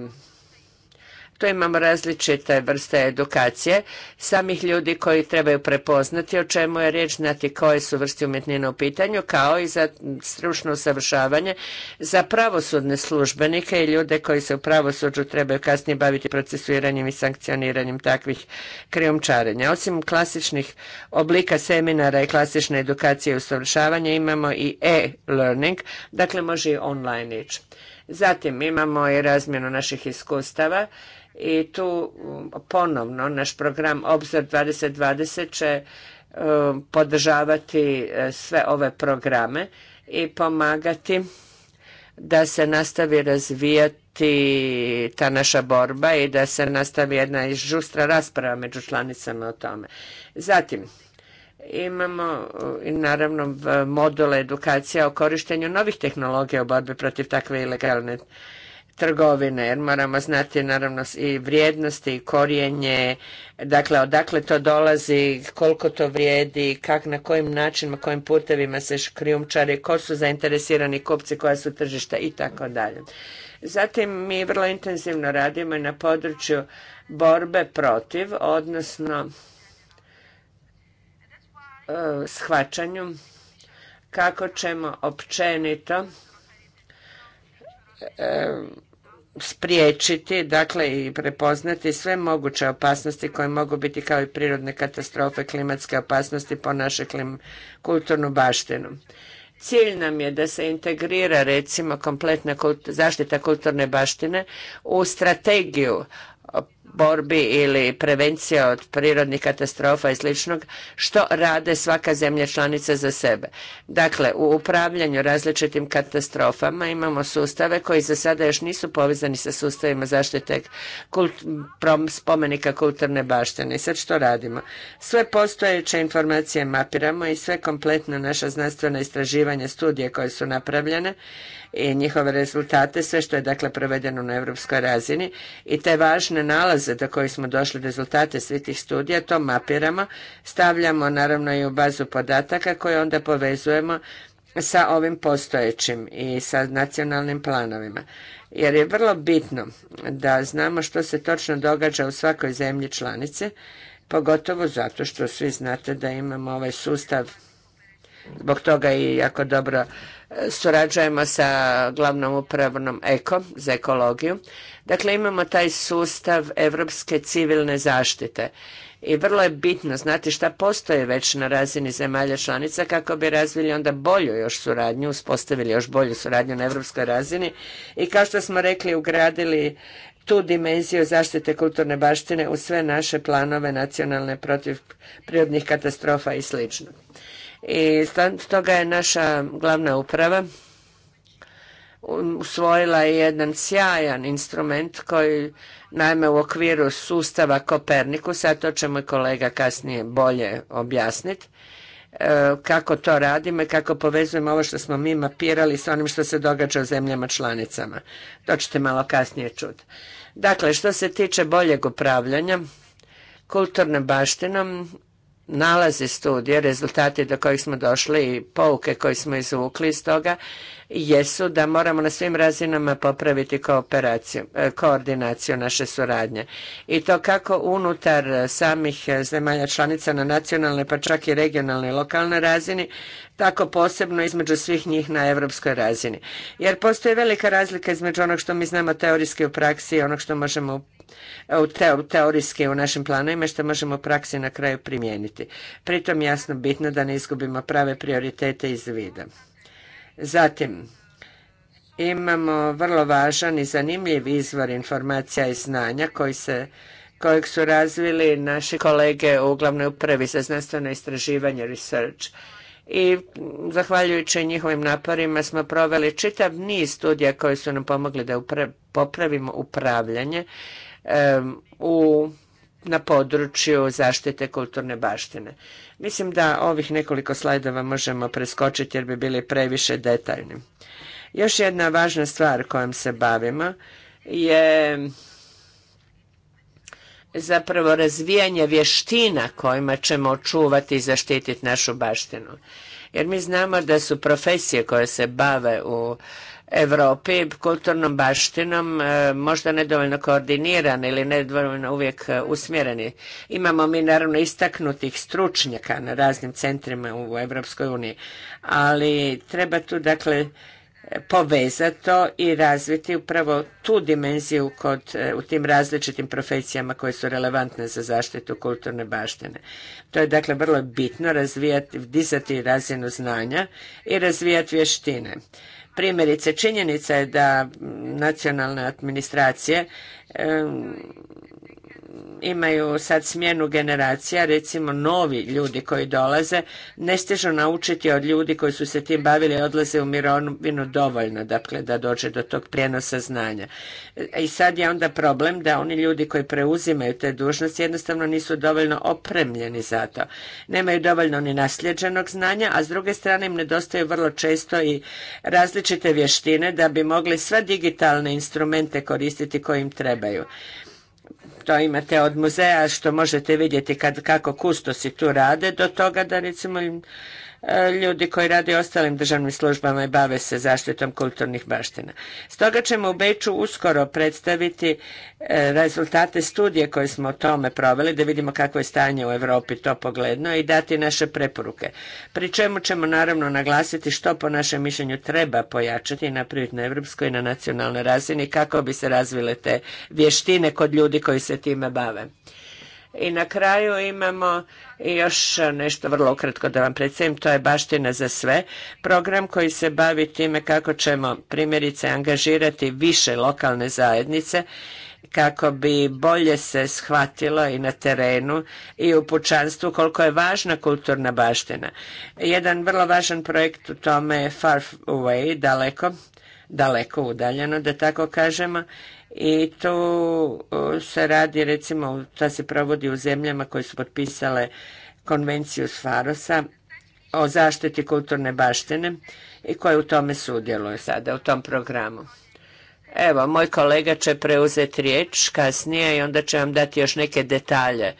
tu imamo različite vrste edukacije, samih ljudi koji trebaju prepoznati o čemu je riječ, znati koje su vrste umjetnina u pitanju, kao i za stručno usavršavanje za pravosudne službenike i ljude koji se u pravosuđu trebaju kasnije baviti procesuiranjem i sankcioniranjem takvih krijumčarenja. Osim klasičnih oblika seminara i klasične edukacije i usavršavanja imamo i e-learning, dakle može i online ići. Zatim imamo i razmjenu naših iskustava i tu um, ponovno naš program Obzor 2020 će um, podržavati e, sve ove programe i pomagati da se nastavi razvijati ta naša borba i da se nastavi jedna žustra rasprava među članicama o tome. Zatim, imamo um, i naravno module edukacija o korištenju novih tehnologija u borbi protiv takve ilegalne trgovine, jer moramo znati naravno i vrijednosti i korijenje, dakle odakle to dolazi, koliko to vrijedi, kak, na kojim načinima, kojim putevima se škrijumčari, ko su zainteresirani kupci, koja su tržišta i tako dalje. Zatim mi vrlo intenzivno radimo i na području borbe protiv, odnosno e, shvaćanju kako ćemo općenito e, spriječiti, dakle i prepoznati sve moguće opasnosti koje mogu biti kao i prirodne katastrofe, klimatske opasnosti po našu kulturnu baštinu. Cilj nam je da se integrira recimo kompletna zaštita kulturne baštine u strategiju borbi ili prevencija od prirodnih katastrofa i sličnog, što rade svaka zemlja članica za sebe. Dakle, u upravljanju različitim katastrofama imamo sustave koji za sada još nisu povezani sa sustavima zaštite kult, prom, spomenika kulturne baštine. I sad što radimo? Sve postojeće informacije mapiramo i sve kompletno naša znanstvena istraživanja, studije koje su napravljene i njihove rezultate, sve što je dakle provedeno na europskoj razini i te važne nalaze do kojih smo došli, rezultate svih tih studija, to mapiramo, stavljamo naravno i u bazu podataka koje onda povezujemo sa ovim postojećim i sa nacionalnim planovima. Jer je vrlo bitno da znamo što se točno događa u svakoj zemlji članice, pogotovo zato što svi znate da imamo ovaj sustav zbog toga i jako dobro surađujemo sa glavnom upravnom EKO za ekologiju. Dakle, imamo taj sustav evropske civilne zaštite i vrlo je bitno znati šta postoje već na razini zemalja članica kako bi razvili onda bolju još suradnju, uspostavili još bolju suradnju na evropskoj razini i kao što smo rekli ugradili tu dimenziju zaštite kulturne baštine u sve naše planove nacionalne protiv prirodnih katastrofa i slično. I stoga je naša glavna uprava usvojila je jedan sjajan instrument koji naime u okviru sustava Kopernikusa, a to će moj kolega kasnije bolje objasniti, e, kako to radimo i kako povezujemo ovo što smo mi mapirali s onim što se događa u zemljama članicama. To ćete malo kasnije čuti. Dakle, što se tiče boljeg upravljanja kulturnom baštinom, nalazi studije, rezultati do kojih smo došli i pouke koje smo izvukli iz toga jesu da moramo na svim razinama popraviti kooperaciju, e, koordinaciju naše suradnje. I to kako unutar samih e, zemalja članica na nacionalnoj, pa čak i regionalnoj i lokalnoj razini, tako posebno između svih njih na europskoj razini. Jer postoji velika razlika između onog što mi znamo teorijski u praksi i onog što možemo e, u teorijski u našim planovima što možemo u praksi na kraju primijeniti. Pritom jasno bitno da ne izgubimo prave prioritete iz vida. Zatim, imamo vrlo važan i zanimljiv izvor informacija i znanja koji se kojeg su razvili naši kolege u glavnoj upravi za znanstveno istraživanje Research. I zahvaljujući njihovim naporima smo proveli čitav niz studija koji su nam pomogli da popravimo upravljanje u na području zaštite kulturne baštine. Mislim da ovih nekoliko slajdova možemo preskočiti jer bi bili previše detaljni. Još jedna važna stvar kojom se bavimo je zapravo razvijanje vještina kojima ćemo očuvati i zaštititi našu baštinu. Jer mi znamo da su profesije koje se bave u Europi kulturnom baštinom e, možda nedovoljno koordinirani ili nedovoljno uvijek e, usmjereni. Imamo mi naravno istaknutih stručnjaka na raznim centrima u Europskoj uniji, ali treba tu dakle povezati to i razviti upravo tu dimenziju kod, e, u tim različitim profesijama koje su relevantne za zaštitu kulturne baštine. To je dakle vrlo bitno razvijati, dizati razinu znanja i razvijati vještine. Primjerice, činjenica je da nacionalne administracije imaju sad smjenu generacija, recimo novi ljudi koji dolaze, ne stižu naučiti od ljudi koji su se tim bavili i odlaze u mirovinu dovoljno, dakle da dođe do tog prijenosa znanja. I sad je onda problem da oni ljudi koji preuzimaju te dužnosti jednostavno nisu dovoljno opremljeni za to. Nemaju dovoljno ni nasljeđenog znanja, a s druge strane im nedostaju vrlo često i različite vještine da bi mogli sve digitalne instrumente koristiti koji im trebaju to imate od muzeja što možete vidjeti kad, kako kustosi tu rade do toga da recimo E, ljudi koji rade u ostalim državnim službama i bave se zaštitom kulturnih baština. Stoga ćemo u Beču uskoro predstaviti e, rezultate studije koje smo o tome proveli, da vidimo kakvo je stanje u Europi to pogledno i dati naše preporuke. Pri čemu ćemo naravno naglasiti što po našem mišljenju treba pojačati i napraviti na europskoj i na nacionalnoj razini kako bi se razvile te vještine kod ljudi koji se time bave. I na kraju imamo još nešto vrlo kratko da vam predstavim, to je Baština za sve, program koji se bavi time kako ćemo primjerice angažirati više lokalne zajednice kako bi bolje se shvatilo i na terenu i u pučanstvu koliko je važna kulturna baština. Jedan vrlo važan projekt u tome je Far Away, daleko, daleko udaljeno da tako kažemo i tu uh, se radi recimo, to se provodi u zemljama koje su potpisale konvenciju s Farosa o zaštiti kulturne baštine i koje u tome sudjeluju sada, u tom programu. Evo, moj kolega će preuzeti riječ kasnije i onda će vam dati još neke detalje.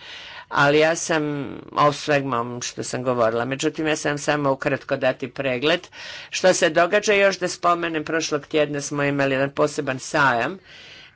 Ali ja sam o što sam govorila. Međutim, ja sam samo ukratko dati pregled. Što se događa, još da spomenem, prošlog tjedna smo imali jedan poseban sajam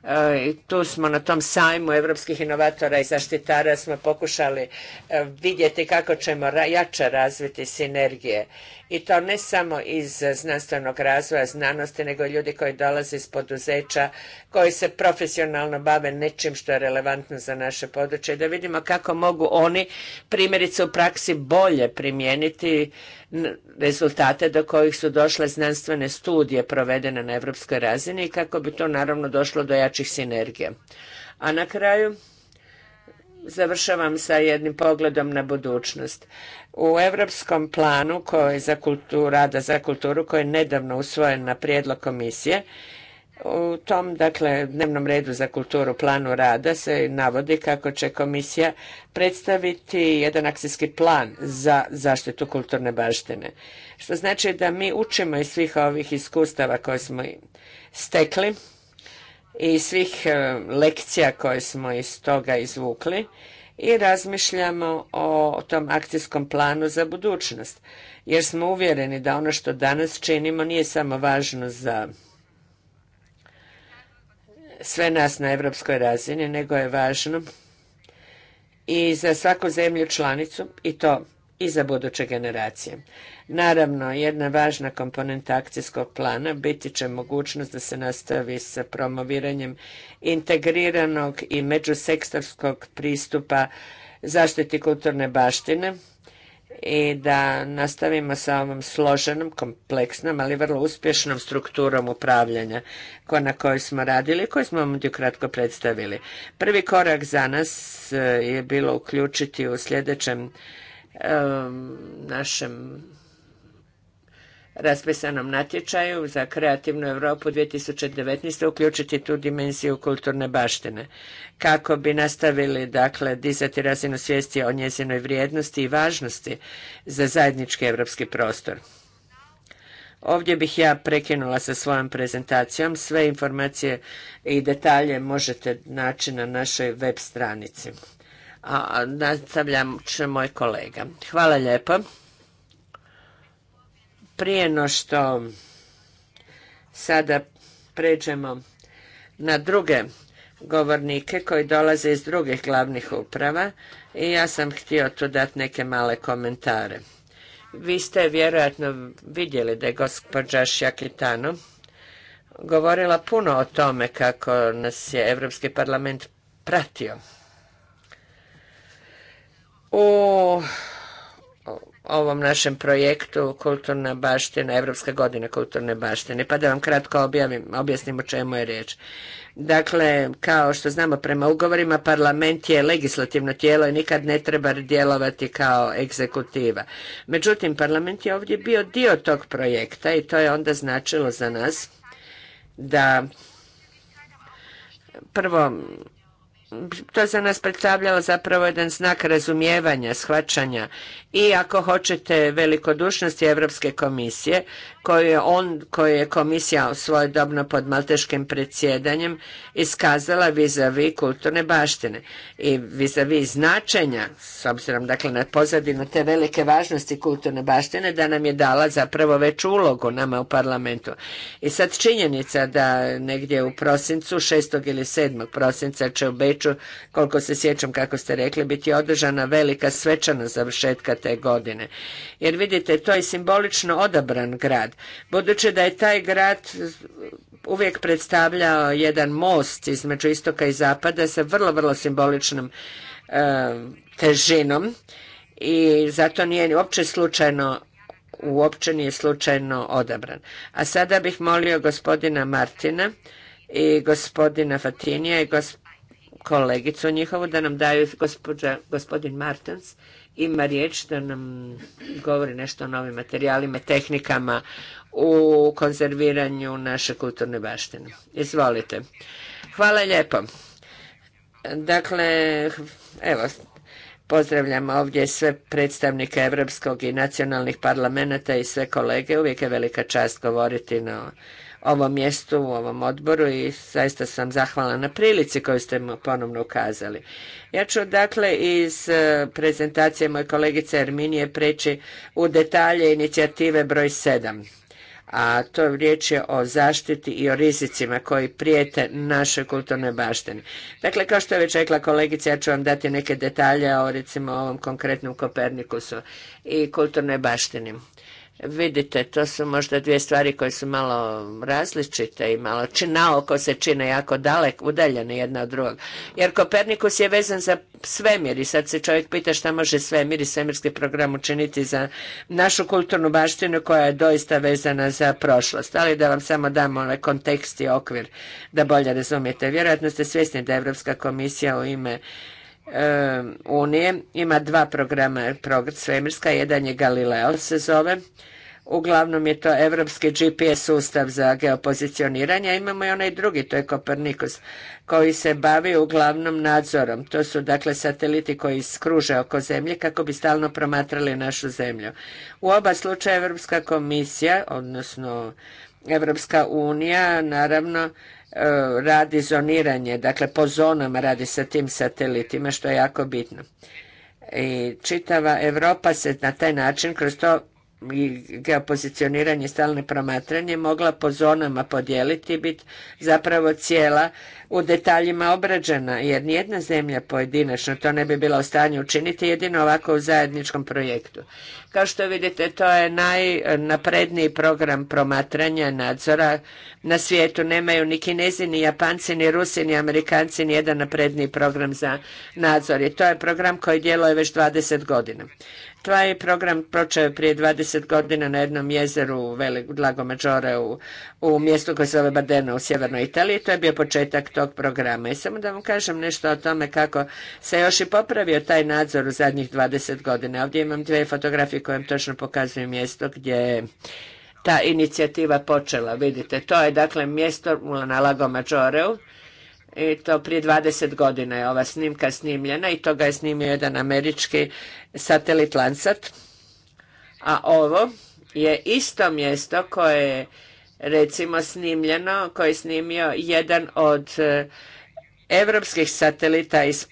E, i tu smo na tom sajmu evropskih inovatora i zaštitara smo pokušali e, vidjeti kako ćemo jače razviti sinergije i to ne samo iz znanstvenog razvoja znanosti, nego i ljudi koji dolaze iz poduzeća, koji se profesionalno bave nečim što je relevantno za naše područje i da vidimo kako mogu oni primjerice u praksi bolje primijeniti rezultate do kojih su došle znanstvene studije provedene na europskoj razini i kako bi to naravno došlo do jačih sinergija. A na kraju završavam sa jednim pogledom na budućnost. U europskom planu koji za kulturu, rada za kulturu koji je nedavno usvojen na prijedlog komisije, u tom dakle dnevnom redu za kulturu planu rada se navodi kako će komisija predstaviti jedan akcijski plan za zaštitu kulturne baštine. Što znači da mi učimo iz svih ovih iskustava koje smo stekli i svih e, lekcija koje smo iz toga izvukli i razmišljamo o tom akcijskom planu za budućnost, jer smo uvjereni da ono što danas činimo nije samo važno za sve nas na europskoj razini, nego je važno i za svaku zemlju članicu i to i za buduće generacije. Naravno, jedna važna komponenta akcijskog plana biti će mogućnost da se nastavi sa promoviranjem integriranog i međusektorskog pristupa zaštiti kulturne baštine i da nastavimo sa ovom složenom, kompleksnom, ali vrlo uspješnom strukturom upravljanja na kojoj smo radili, koju smo vam kratko predstavili. Prvi korak za nas eh, je bilo uključiti u sljedećem našem raspisanom natječaju za kreativnu Europu 2019. uključiti tu dimenziju kulturne baštine kako bi nastavili dakle dizati razinu svijesti o njezinoj vrijednosti i važnosti za zajednički europski prostor. Ovdje bih ja prekinula sa svojom prezentacijom. Sve informacije i detalje možete naći na našoj web stranici a nastavljam će moj kolega. Hvala lijepo. Prije no što sada pređemo na druge govornike koji dolaze iz drugih glavnih uprava i ja sam htio tu dati neke male komentare. Vi ste vjerojatno vidjeli da je gospođa Šjakitano govorila puno o tome kako nas je Europski parlament pratio u ovom našem projektu Kulturna baština, Evropska godina kulturne baštine, pa da vam kratko objavim, objasnim o čemu je riječ. Dakle, kao što znamo prema ugovorima, parlament je legislativno tijelo i nikad ne treba djelovati kao egzekutiva. Međutim, parlament je ovdje bio dio tog projekta i to je onda značilo za nas da prvo to za nas predstavljalo zapravo jedan znak razumijevanja, shvaćanja i ako hoćete velikodušnosti Europske komisije koju je, je komisija svojedobno pod malteškim predsjedanjem iskazala vis-a-vis kulturne baštine i vis-a-vis značenja, s obzirom dakle na pozadinu te velike važnosti kulturne baštine, da nam je dala zapravo veću ulogu nama u parlamentu. I sad činjenica da negdje u prosincu, 6. ili 7. prosinca će u ću, koliko se sjećam kako ste rekli, biti održana velika svečana završetka te godine. Jer vidite, to je simbolično odabran grad. Budući da je taj grad uvijek predstavljao jedan most između istoka i zapada sa vrlo, vrlo simboličnom e, težinom i zato nije uopće slučajno uopće nije slučajno odabran. A sada bih molio gospodina Martina i gospodina Fatinija i gospodina kolegicu njihovu da nam daju gospođa, gospodin Martens ima riječ da nam govori nešto o novim materijalima, tehnikama u konzerviranju naše kulturne baštine. Izvolite. Hvala lijepo. Dakle, evo, Pozdravljam ovdje sve predstavnike Europskog i nacionalnih parlamenta i sve kolege. Uvijek je velika čast govoriti na ovom mjestu, u ovom odboru i zaista sam zahvalna na prilici koju ste mi ponovno ukazali. Ja ću dakle iz e, prezentacije moje kolegice Erminije preći u detalje inicijative broj 7 a to riječ je o zaštiti i o rizicima koji prijete našoj kulturnoj baštini. Dakle, kao što je već rekla kolegica, ja ću vam dati neke detalje o recimo ovom konkretnom Kopernikusu i kulturnoj baštini. Vidite, to su možda dvije stvari koje su malo različite i malo naoko se čine jako dalek, udaljene jedna od drugog. Jer Kopernikus je vezan za svemir i sad se čovjek pita šta može svemir i svemirski program učiniti za našu kulturnu baštinu koja je doista vezana za prošlost. Ali da vam samo dam onaj kontekst i okvir da bolje razumijete. Vjerojatno ste svjesni da Europska komisija u ime Unije ima dva programa svemirska, jedan je Galileo se zove, uglavnom je to evropski GPS sustav za geopozicioniranje, imamo i onaj drugi, to je Kopernikus, koji se bavi uglavnom nadzorom. To su dakle sateliti koji skruže oko zemlje kako bi stalno promatrali našu zemlju. U oba slučaja Evropska komisija, odnosno Evropska unija, naravno, E, radi zoniranje, dakle po zonama radi sa tim satelitima što je jako bitno. I čitava Europa se na taj način kroz to i geopozicioniranje, stalne promatranje mogla po zonama podijeliti i biti zapravo cijela u detaljima obrađena, jer nijedna zemlja pojedinačno to ne bi bila u stanju učiniti, jedino ovako u zajedničkom projektu. Kao što vidite, to je najnapredniji program promatranja nadzora na svijetu. Nemaju ni kinezi, ni japanci, ni rusi, ni amerikanci, ni jedan napredniji program za nadzor. I to je program koji djeluje već 20 godina. Taj program počeo prije 20 godina na jednom jezeru u Lago Maggiore u, mjestu koje se zove Badeno u sjevernoj Italiji. To je bio početak tog programa. I samo da vam kažem nešto o tome kako se još i popravio taj nadzor u zadnjih 20 godina. Ovdje imam dvije fotografije vam točno pokazuju mjesto gdje je ta inicijativa počela. Vidite, to je dakle mjesto na Lago Maggioreu i to prije 20 godina je ova snimka snimljena i to ga je snimio jedan američki satelit Landsat. A ovo je isto mjesto koje je recimo snimljeno, koje je snimio jedan od europskih eh, satelita iz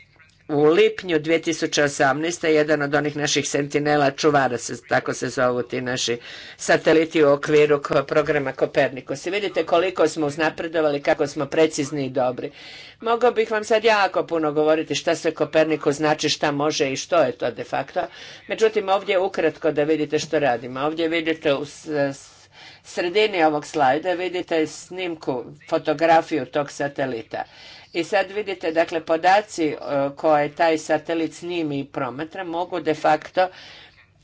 u lipnju 2018. jedan od onih naših sentinela čuvara, se, tako se zovu ti naši sateliti u okviru programa Kopernikus. I vidite koliko smo uznapredovali, kako smo precizni i dobri. Mogao bih vam sad jako puno govoriti šta sve Koperniku znači, šta može i što je to de facto. Međutim, ovdje ukratko da vidite što radimo. Ovdje vidite u sredini ovog slajda vidite snimku, fotografiju tog satelita. I sad vidite, dakle, podaci e, koje taj satelit snimi i promatra mogu de facto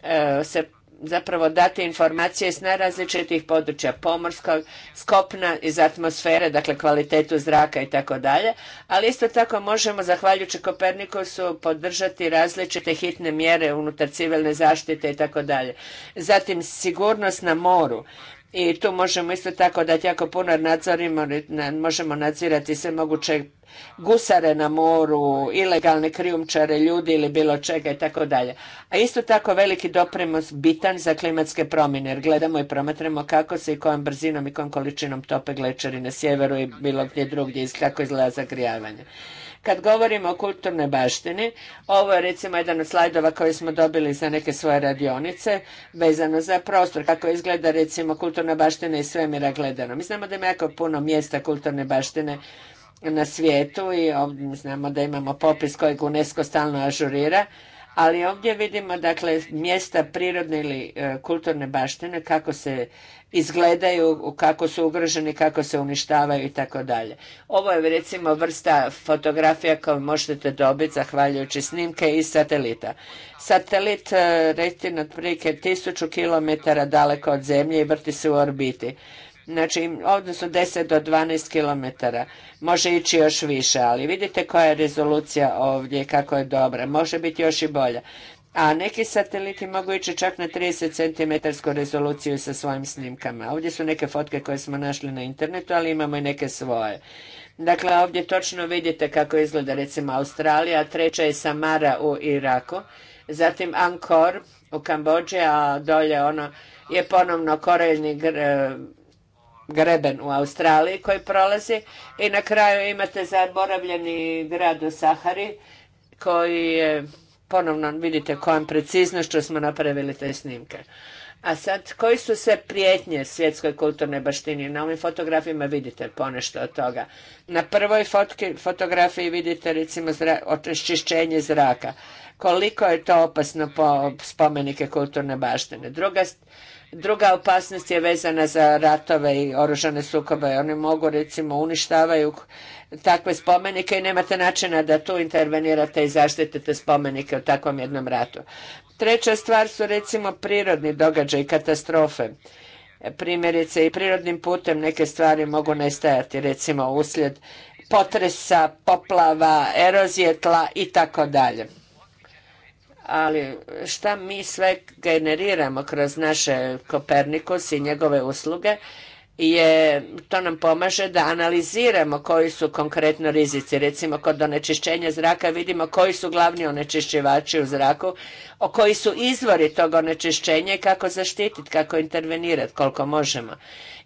e, se zapravo dati informacije s najrazličitih područja pomorskog, skopna iz atmosfere, dakle kvalitetu zraka i tako dalje, ali isto tako možemo zahvaljujući Kopernikusu podržati različite hitne mjere unutar civilne zaštite i tako dalje. Zatim sigurnost na moru i tu možemo isto tako dati jako puno nadzorimo, možemo nadzirati sve moguće gusare na moru, ilegalne krijumčare ljudi ili bilo čega i tako dalje. A isto tako veliki doprinos bitan za klimatske promjene jer gledamo i promatramo kako se i kojom brzinom i kojom količinom tope glečeri na sjeveru i bilo gdje drugdje i kako izgleda zagrijavanje. Kad govorimo o kulturnoj baštini, ovo je recimo jedan od slajdova koji smo dobili za neke svoje radionice vezano za prostor, kako izgleda recimo kulturna baština iz svemira gledano. Mi znamo da ima jako puno mjesta kulturne baštine na svijetu i znamo da imamo popis kojeg UNESCO stalno ažurira, ali ovdje vidimo dakle mjesta prirodne ili e, kulturne baštine kako se izgledaju, kako su ugroženi, kako se uništavaju i tako dalje. Ovo je recimo vrsta fotografija koju možete dobiti zahvaljujući snimke iz satelita. Satelit e, recimo otprilike tisuću km daleko od zemlje i vrti se u orbiti znači odnosno 10 do 12 km. Može ići još više, ali vidite koja je rezolucija ovdje, kako je dobra. Može biti još i bolja. A neki sateliti mogu ići čak na 30 cm rezoluciju sa svojim snimkama. Ovdje su neke fotke koje smo našli na internetu, ali imamo i neke svoje. Dakle, ovdje točno vidite kako izgleda recimo Australija, treća je Samara u Iraku, zatim Angkor u Kambođi, a dolje ono je ponovno gr greben u Australiji koji prolazi i na kraju imate zaboravljeni grad u Sahari koji je ponovno vidite kojom preciznošću smo napravili te snimke. A sad, koji su sve prijetnje svjetskoj kulturnoj baštini? Na ovim fotografijama vidite ponešto od toga. Na prvoj fotki, fotografiji vidite recimo zra, očišćenje zraka. Koliko je to opasno po spomenike kulturne baštine. Druga Druga opasnost je vezana za ratove i oružane sukobe. Oni mogu recimo uništavaju takve spomenike i nemate načina da tu intervenirate i zaštitite spomenike u takvom jednom ratu. Treća stvar su recimo prirodni događaji katastrofe. Primjerice i prirodnim putem neke stvari mogu nestajati, recimo uslijed potresa, poplava, erozije tla i tako dalje ali šta mi sve generiramo kroz naše Kopernikus i njegove usluge, je, to nam pomaže da analiziramo koji su konkretno rizici. Recimo kod onečišćenja zraka vidimo koji su glavni onečišćivači u zraku o koji su izvori tog onečišćenja i kako zaštititi, kako intervenirati koliko možemo.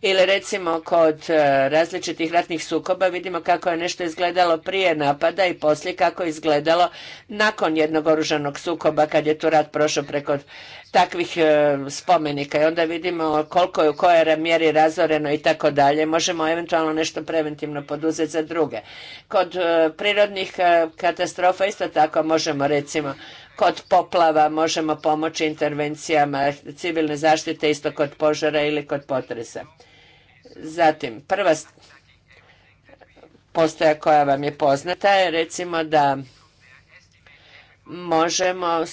Ili recimo kod e, različitih ratnih sukoba vidimo kako je nešto izgledalo prije napada i poslije kako je izgledalo nakon jednog oružanog sukoba kad je tu rat prošao preko takvih e, spomenika i onda vidimo koliko je u kojoj mjeri razoreno i tako dalje. Možemo eventualno nešto preventivno poduzeti za druge. Kod e, prirodnih katastrofa isto tako možemo recimo kod poplava možemo pomoći intervencijama civilne zaštite isto kod požara ili kod potresa. Zatim, prva postaja koja vam je poznata je recimo da možemo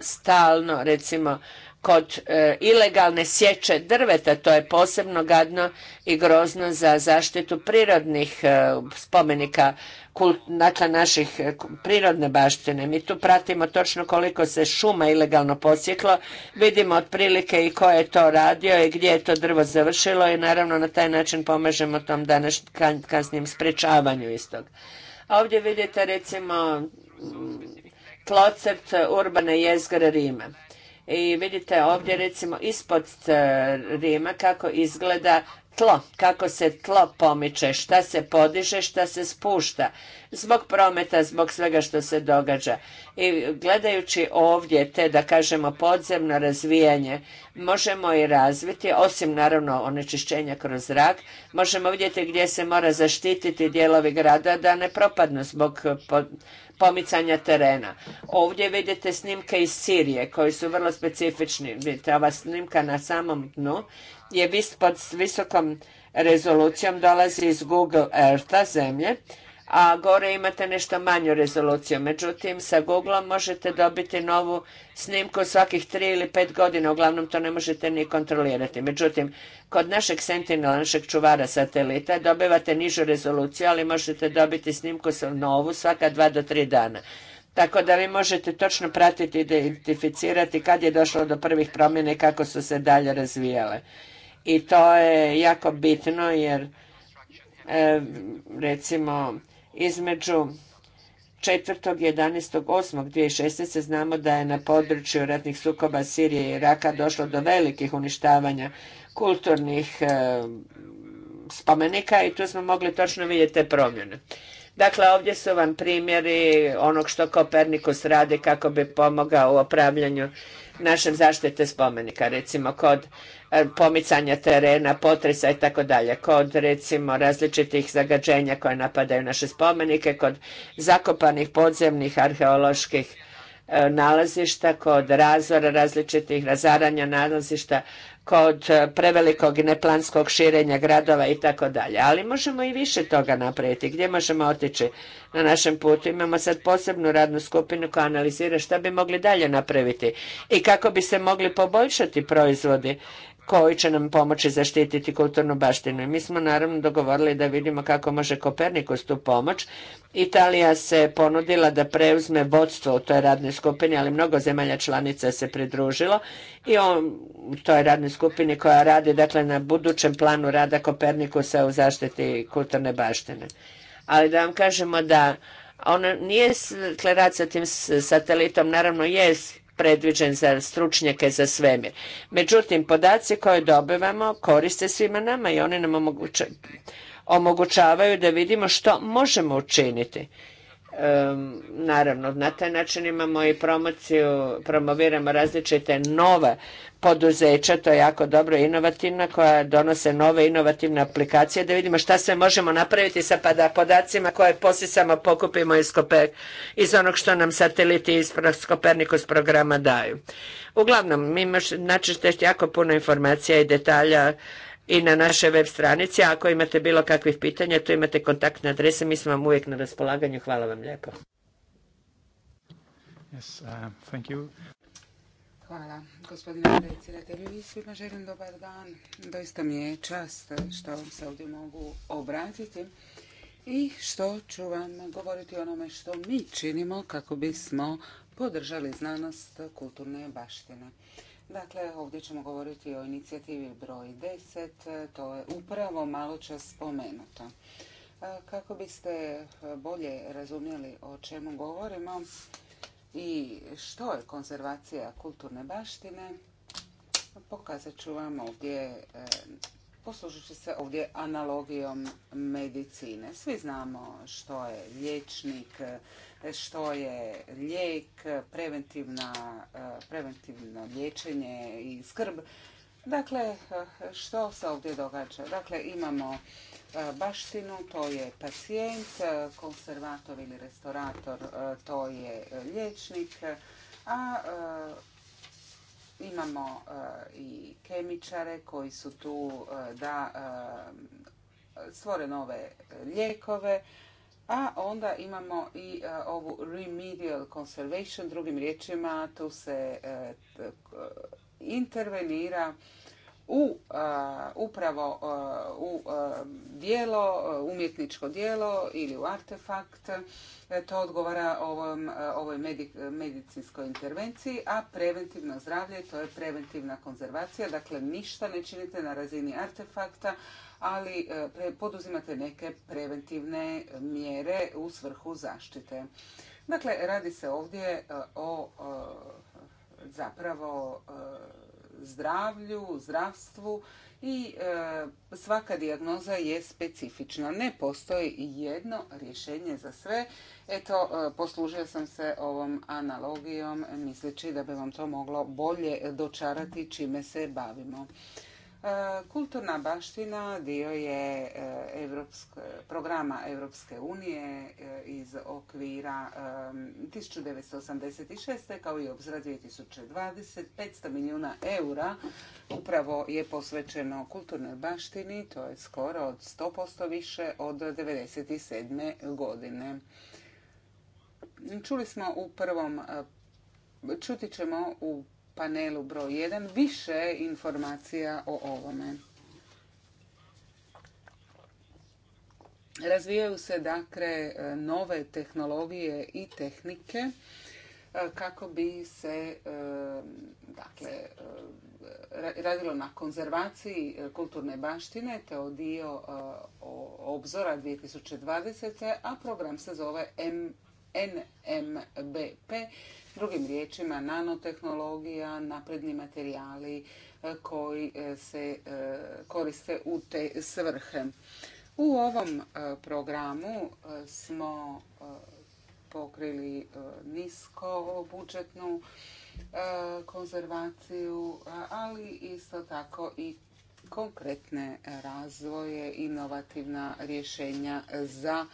stalno recimo kod e, ilegalne sječe drveta, to je posebno gadno i grozno za zaštitu prirodnih e, spomenika kult, dakle naših e, prirodne baštine. Mi tu pratimo točno koliko se šuma ilegalno posjeklo, vidimo otprilike i ko je to radio i gdje je to drvo završilo i naravno na taj način pomažemo tom danas kasnijem sprečavanju istog. A ovdje vidite recimo klocet urbane jezgre Rima. I vidite ovdje recimo ispod e, Rima kako izgleda tlo, kako se tlo pomiče, šta se podiže, šta se spušta, zbog prometa, zbog svega što se događa. I gledajući ovdje te, da kažemo, podzemno razvijanje, možemo i razviti, osim naravno onečišćenja kroz zrak, možemo vidjeti gdje se mora zaštititi dijelovi grada da ne propadnu zbog eh, pomicanja terena. Ovdje vidite snimke iz Sirije koji su vrlo specifični. Vidite, ova snimka na samom dnu je vis pod visokom rezolucijom dolazi iz Google Eartha zemlje, a gore imate nešto manju rezoluciju. Međutim, sa Googleom možete dobiti novu snimku svakih tri ili pet godina, uglavnom to ne možete ni kontrolirati. Međutim, kod našeg Sentinela, našeg čuvara satelita, dobivate nižu rezoluciju, ali možete dobiti snimku novu svaka dva do tri dana. Tako da vi možete točno pratiti i identificirati kad je došlo do prvih promjene i kako su se dalje razvijale i to je jako bitno jer e, recimo između 4.11.8.2016. znamo da je na području ratnih sukoba Sirije i Iraka došlo do velikih uništavanja kulturnih e, spomenika i tu smo mogli točno vidjeti te promjene. Dakle, ovdje su vam primjeri onog što Kopernikus radi kako bi pomogao u opravljanju našem zaštite spomenika, recimo kod eh, pomicanja terena, potresa i tako dalje, kod recimo različitih zagađenja koje napadaju naše spomenike, kod zakopanih podzemnih arheoloških eh, nalazišta, kod razora različitih razaranja nalazišta kod e, prevelikog i neplanskog širenja gradova i tako dalje. Ali možemo i više toga napraviti. Gdje možemo otići na našem putu? Imamo sad posebnu radnu skupinu koja analizira šta bi mogli dalje napraviti i kako bi se mogli poboljšati proizvodi koji će nam pomoći zaštititi kulturnu baštinu. I mi smo naravno dogovorili da vidimo kako može Kopernikus tu pomoć. Italija se ponudila da preuzme vodstvo u toj radnoj skupini, ali mnogo zemalja članica se pridružilo i on, u toj radnoj skupini koja radi dakle, na budućem planu rada Kopernikusa u zaštiti kulturne baštine. Ali da vam kažemo da ono nije sa tim satelitom, naravno jest predviđen za stručnjake za svemir. Međutim, podaci koje dobivamo koriste svima nama i oni nam omogućavaju da vidimo što možemo učiniti naravno, na taj način imamo i promociju, promoviramo različite nove poduzeća, to je jako dobro inovativna, koja donose nove inovativne aplikacije, da vidimo šta sve možemo napraviti sa podacima koje posisamo, pokupimo iz, iz onog što nam sateliti iz Kopernikus programa daju. Uglavnom, mi imaš, znači, jako puno informacija i detalja i na našoj web stranici. ako imate bilo kakvih pitanja, tu imate kontaktne adrese, mi smo vam uvijek na raspolaganju. Hvala vam lijepo. Yes, uh, thank you. Hvala, gospodine predsjedatelju. želim dobar dan. Doista mi je čast što vam se ovdje mogu obratiti i što ću vam govoriti o onome što mi činimo kako bismo podržali znanost kulturne baštine. Dakle, ovdje ćemo govoriti o inicijativi broj 10, to je upravo malo čas spomenuto. Kako biste bolje razumjeli o čemu govorimo i što je konzervacija kulturne baštine, pokazat ću vam ovdje, e, poslužit ću se ovdje analogijom medicine. Svi znamo što je liječnik, što je lijek, e, preventivno liječenje i skrb. Dakle, e, što se ovdje događa? Dakle, imamo e, baštinu, to je pacijent, konservator ili restaurator, to je liječnik, a imamo i kemičare koji su tu da stvore nove lijekove, a onda imamo i e, ovu remedial conservation, drugim riječima tu se e, e, intervenira u upravo u dijelo, umjetničko dijelo ili u artefakt. To odgovara ovom, ovoj medicinskoj intervenciji, a preventivno zdravlje to je preventivna konzervacija. Dakle, ništa ne činite na razini artefakta, ali e, poduzimate neke preventivne mjere u svrhu zaštite. Dakle, radi se ovdje e, o e, zapravo zdravlju, zdravstvu i svaka dijagnoza je specifična. Ne postoji jedno rješenje za sve. Eto, poslužio sam se ovom analogijom misleći da bi vam to moglo bolje dočarati čime se bavimo. E, kulturna baština dio je e, programa Europske unije e, iz okvira 1986. kao i obzira 2020. 500 milijuna eura upravo je posvećeno kulturnoj baštini, to je skoro od 100% više od 1997. godine. Čuli smo u prvom, čuti ćemo u panelu broj 1 više informacija o ovome. Razvijaju se dakle nove tehnologije i tehnike e, kako bi se e, dakle, e, radilo na konzervaciji kulturne baštine, te o dio obzora 2020. a program se zove M NMBP, drugim riječima nanotehnologija, napredni materijali e, koji e, se e, koriste u te svrhe. U ovom programu smo pokrili nisko budžetnu konzervaciju, ali isto tako i konkretne razvoje, inovativna rješenja za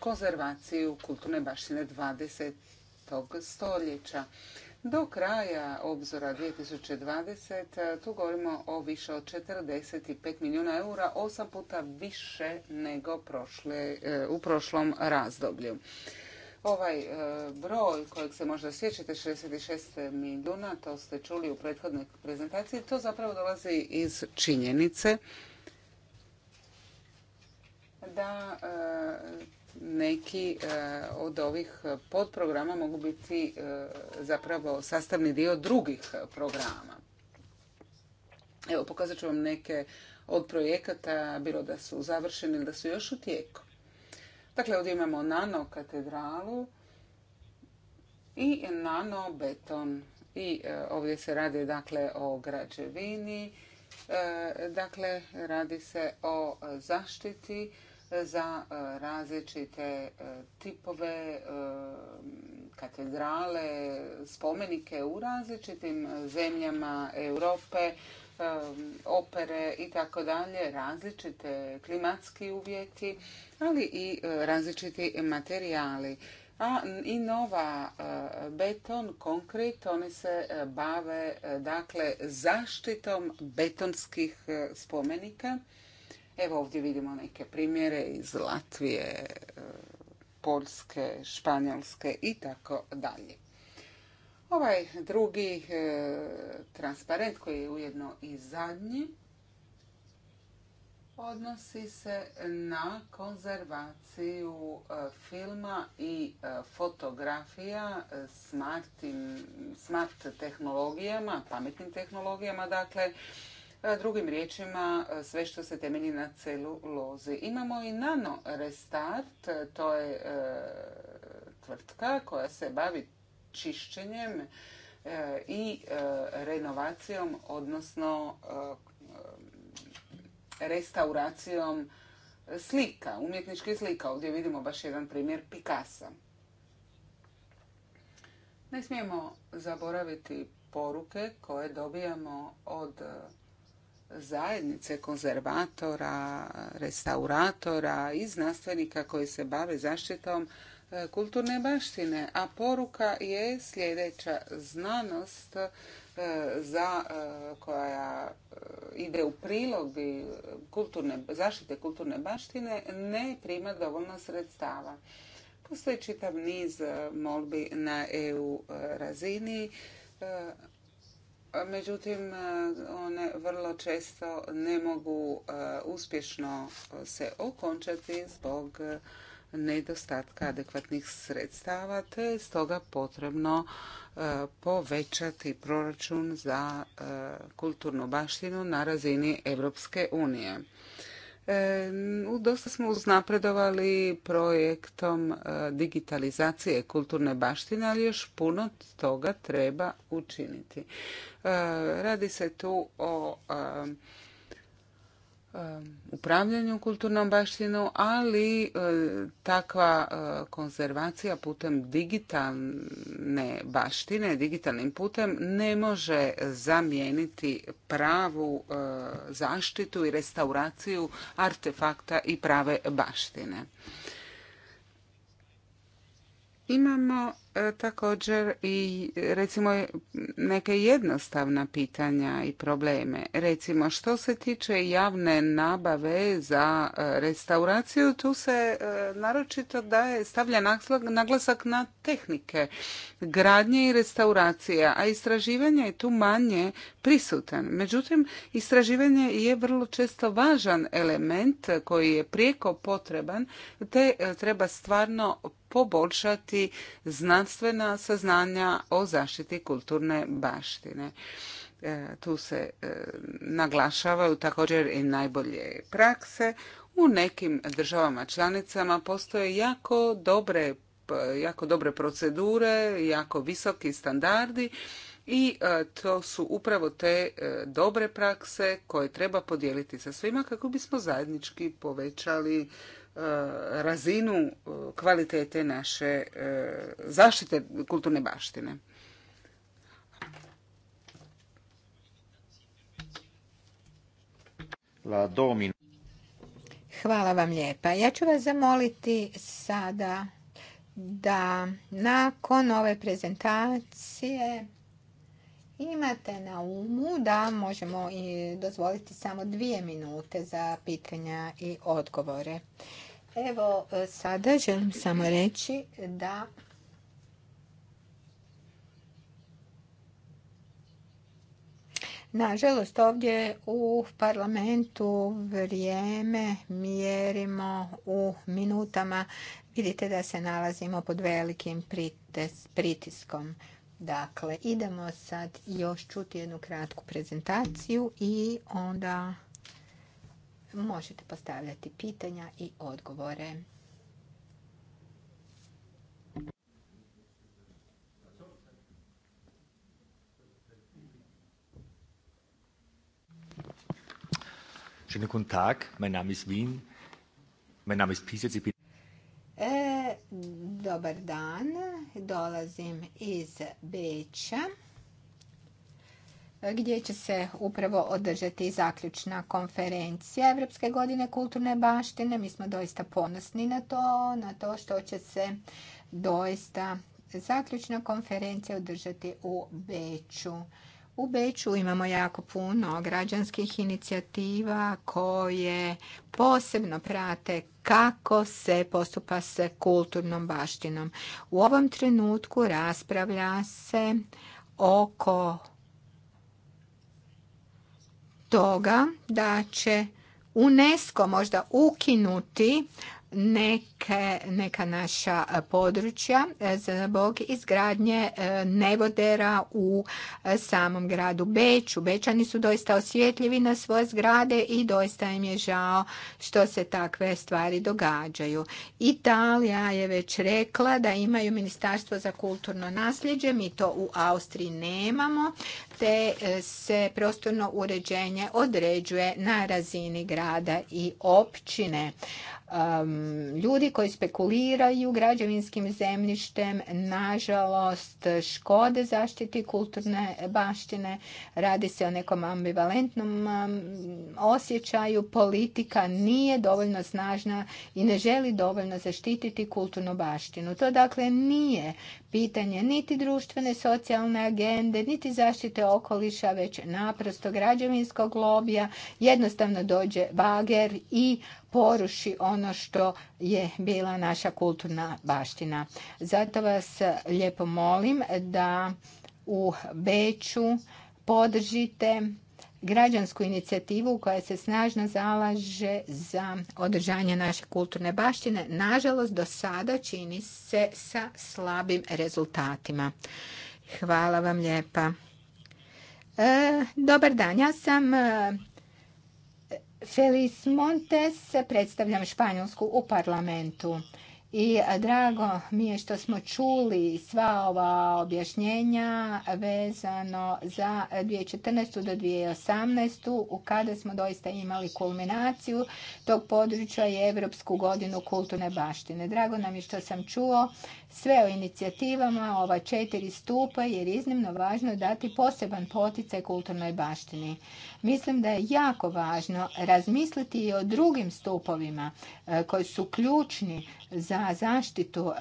konzervaciju kulturne baštine 20. stoljeća. Do kraja obzora 2020 tu govorimo o više od 45 milijuna eura, osam puta više nego prošle, e, u prošlom razdoblju. Ovaj e, broj kojeg se možda sjećate, 66 milijuna, to ste čuli u prethodnoj prezentaciji, to zapravo dolazi iz činjenice da e, neki e, od ovih podprograma mogu biti e, zapravo sastavni dio drugih programa. Evo, pokazat ću vam neke od projekata, bilo da su završeni ili da su još u tijeku. Dakle, ovdje imamo nano katedralu i nano beton. I e, ovdje se radi dakle o građevini, dakle radi se o zaštiti za e, različite e, tipove e, katedrale, spomenike u različitim zemljama Europe, opere i tako dalje, različite klimatski uvjeti, ali i različiti materijali. A i nova beton, konkret, oni se bave dakle zaštitom betonskih spomenika Evo ovdje vidimo neke primjere iz Latvije, e, Poljske, Španjolske i tako dalje. Ovaj drugi e, transparent koji je ujedno i zadnji odnosi se na konzervaciju e, filma i fotografija smart tehnologijama, pametnim tehnologijama, dakle E, drugim riječima e, sve što se temelji na celulozi. Imamo i Nano Restart, e, to je tvrtka koja se bavi čišćenjem i renovacijom, odnosno restauracijom slika, umjetničkih slika. Ovdje vidimo baš jedan primjer Picasso. Ne smijemo zaboraviti poruke koje dobijamo od zajednice konzervatora, restauratora i znanstvenika koji se bave zaštitom e, kulturne baštine. A poruka je sljedeća znanost e, za e, koja ide u prilog kulturne, zaštite kulturne baštine ne prima dovoljno sredstava. Postoji čitav niz molbi na EU razini međutim e, one vrlo često ne mogu e, uspješno se okončati zbog e, nedostatka adekvatnih sredstava, te je stoga potrebno povećati proračun za kulturnu baštinu na razini Europske unije. E, dosta smo uznapredovali projektom e, digitalizacije kulturne baštine, ali još puno toga treba učiniti. E, radi se tu o Um, upravljanju kulturnom baštinom, ali uh, takva uh, konzervacija putem digitalne baštine, digitalnim putem ne može zamijeniti pravu uh, zaštitu i restauraciju artefakta i prave baštine. Imamo e, također i recimo neke jednostavna pitanja i probleme. Recimo što se tiče javne nabave za e, restauraciju, tu se e, naročito daje stavlja naglasak na tehnike gradnje i restauracija, a istraživanje je tu manje prisutan. Međutim, istraživanje je vrlo često važan element koji je prijeko potreban, te treba stvarno poboljšati znanstvena saznanja o zaštiti kulturne baštine. E, tu se e, naglašavaju također i najbolje prakse. U nekim državama članicama postoje jako dobre, jako dobre procedure, jako visoki standardi i e, to su upravo te dobre prakse koje treba podijeliti sa svima kako bismo zajednički povećali razinu e, kvalitete naše e, zaštite kulturne baštine. Hvala vam lijepa. Ja ću vas zamoliti sada da nakon ove prezentacije imate na umu da možemo i dozvoliti samo dvije minute za pitanja i odgovore. Evo, sada želim samo reći da Nažalost, ovdje u parlamentu vrijeme mjerimo u minutama. Vidite da se nalazimo pod velikim pritiskom. Dakle, idemo sad još čuti jednu kratku prezentaciju i onda možete postavljati pitanja i odgovore. Schönen guten Tag, mein Name ist Wien, mein Name ist E, dobar dan, dolazim iz Beća gdje će se upravo održati zaključna konferencija Evropske godine kulturne baštine. Mi smo doista ponosni na to, na to što će se doista zaključna konferencija održati u Beću. U Beću imamo jako puno građanskih inicijativa koje posebno prate kako se postupa s kulturnom baštinom. U ovom trenutku raspravlja se oko toga da će UNESCO možda ukinuti neke, neka naša e, područja e, zbog izgradnje e, nevodera u samom gradu Beću. Bećani su doista osvjetljivi na svoje zgrade i doista im je žao što se takve stvari događaju. Italija je već rekla da imaju Ministarstvo za kulturno nasljeđe, mi to u Austriji nemamo, te se prostorno uređenje određuje na razini grada i općine ljudi koji spekuliraju građevinskim zemljištem nažalost škode zaštiti kulturne baštine radi se o nekom ambivalentnom osjećaju politika nije dovoljno snažna i ne želi dovoljno zaštititi kulturnu baštinu to dakle nije pitanje niti društvene socijalne agende niti zaštite okoliša već naprosto građevinskog lobija jednostavno dođe bager i poruši ono što je bila naša kulturna baština. Zato vas lijepo molim da u Beću podržite građansku inicijativu koja se snažno zalaže za održanje naše kulturne baštine. Nažalost, do sada čini se sa slabim rezultatima. Hvala vam lijepa. E, dobar dan, ja sam Feliz Montes, predstavljam Španjolsku u parlamentu. I drago mi je što smo čuli sva ova objašnjenja vezano za 2014. do 2018. kada smo doista imali kulminaciju tog područja i Evropsku godinu kulturne baštine. Drago nam je što sam čuo sve o inicijativama, ova četiri stupa, jer je iznimno važno dati poseban poticaj kulturnoj baštini. Mislim da je jako važno razmisliti i o drugim stupovima e, koji su ključni za zaštitu e,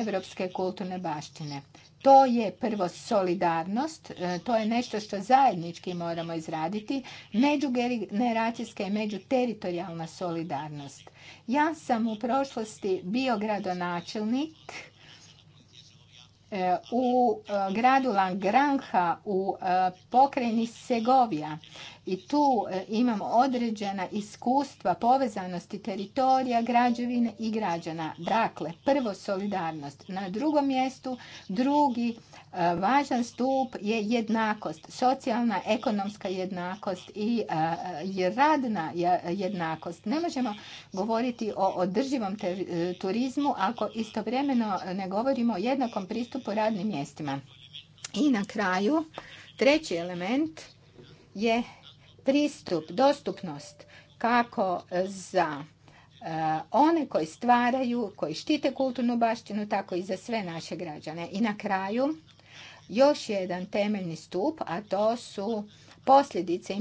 evropske kulturne baštine. To je prvo solidarnost, e, to je nešto što zajednički moramo izraditi, međugeneracijska i međuteritorijalna solidarnost. Ja sam u prošlosti bio gradonačelnik e, u gradu Langranha u pokrajini Segovija i tu e, imamo određena iskustva povezanosti teritorija, građevine i građana. Dakle, prvo solidarnost. Na drugom mjestu drugi e, važan stup je jednakost, socijalna, ekonomska jednakost i e, radna jednakost. Ne možemo govoriti o održivom turizmu ako istovremeno ne govorimo o jednakom pristupu radnim mjestima. I na kraju, treći element je pristup, dostupnost kako za e, one koji stvaraju, koji štite kulturnu baštinu, tako i za sve naše građane. I na kraju još jedan temeljni stup, a to su posljedice,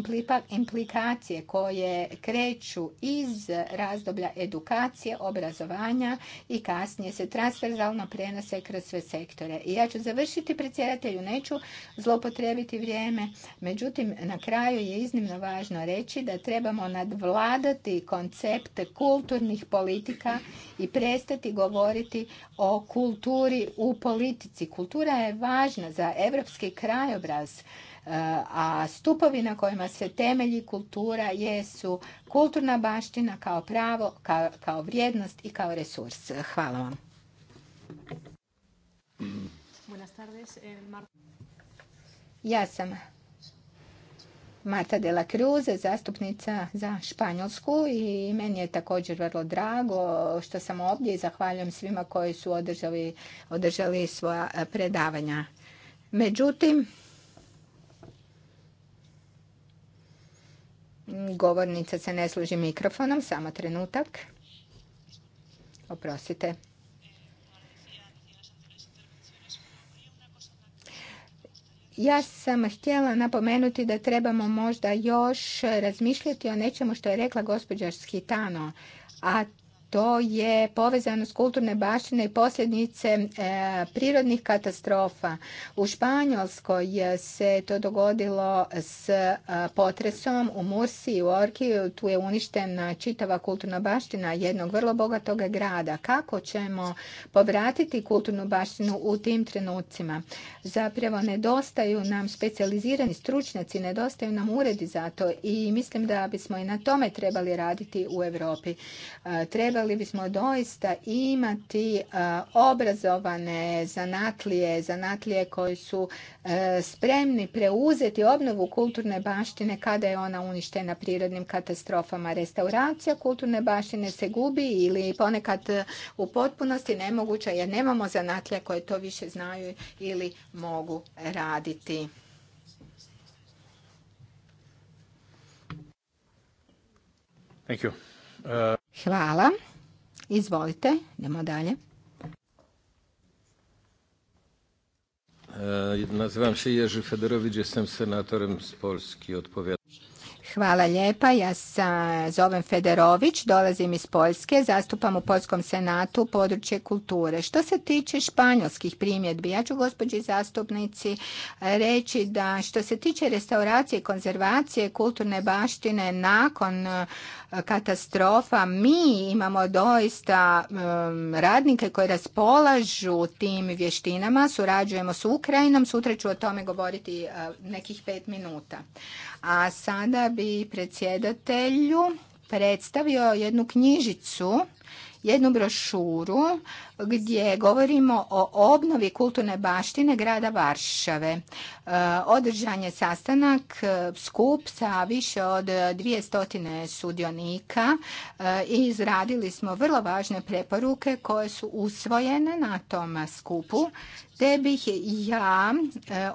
implikacije koje kreću iz razdoblja edukacije, obrazovanja i kasnije se transverzalno prenose kroz sve sektore. I ja ću završiti predsjedatelju, neću zlopotrebiti vrijeme, međutim na kraju je iznimno važno reći da trebamo nadvladati koncept kulturnih politika i prestati govoriti o kulturi u politici. Kultura je važna za evropski krajobraz E, a stupovi na kojima se temelji kultura jesu kulturna baština kao pravo, kao, kao vrijednost i kao resurs. Hvala vam. Eh, ja sam Marta de la Cruz, zastupnica za Španjolsku i meni je također vrlo drago što sam ovdje i zahvaljujem svima koji su održali, održali svoja predavanja. Međutim, Govornica se ne služi mikrofonom, samo trenutak. Oprostite. Ja sam htjela napomenuti da trebamo možda još razmišljati o nečemu što je rekla gospođa Skitano, a to je povezanost kulturne baštine i posljedice e, prirodnih katastrofa. U Španjolskoj se to dogodilo s e, potresom u Mursi i u Orkiju, tu je uništena čitava kulturna baština jednog vrlo bogatoga grada. Kako ćemo povratiti kulturnu baštinu u tim trenucima? Zapravo nedostaju nam specijalizirani stručnjaci, nedostaju nam uredi za to i mislim da bismo i na tome trebali raditi u Europi. E, treba trebali bismo doista imati e, obrazovane zanatlije, zanatlije koji su e, spremni preuzeti obnovu kulturne baštine kada je ona uništena prirodnim katastrofama. Restauracija kulturne baštine se gubi ili ponekad e, u potpunosti nemoguća jer nemamo zanatlije koje to više znaju ili mogu raditi. Thank you. Hvala. Izvolite, idemo dalje. E, nazivam se Jerzy Federowicz, jestem senatorem z Polski. Odpowiadam. Hvala lijepa. Ja se zovem Federović, dolazim iz Poljske, zastupam u Poljskom senatu područje kulture. Što se tiče španjolskih primjedbi, ja ću gospođi zastupnici reći da što se tiče restauracije i konzervacije kulturne baštine nakon e, katastrofa, mi imamo doista e, radnike koji raspolažu tim vještinama, surađujemo s Ukrajinom, sutra ću o tome govoriti e, nekih pet minuta. A sada bi i predsjedatelju predstavio jednu knjižicu, jednu brošuru gdje govorimo o obnovi kulturne baštine grada Varšave. E, održan je sastanak, e, skup sa više od 200 sudionika e, i izradili smo vrlo važne preporuke koje su usvojene na tom skupu te bih ja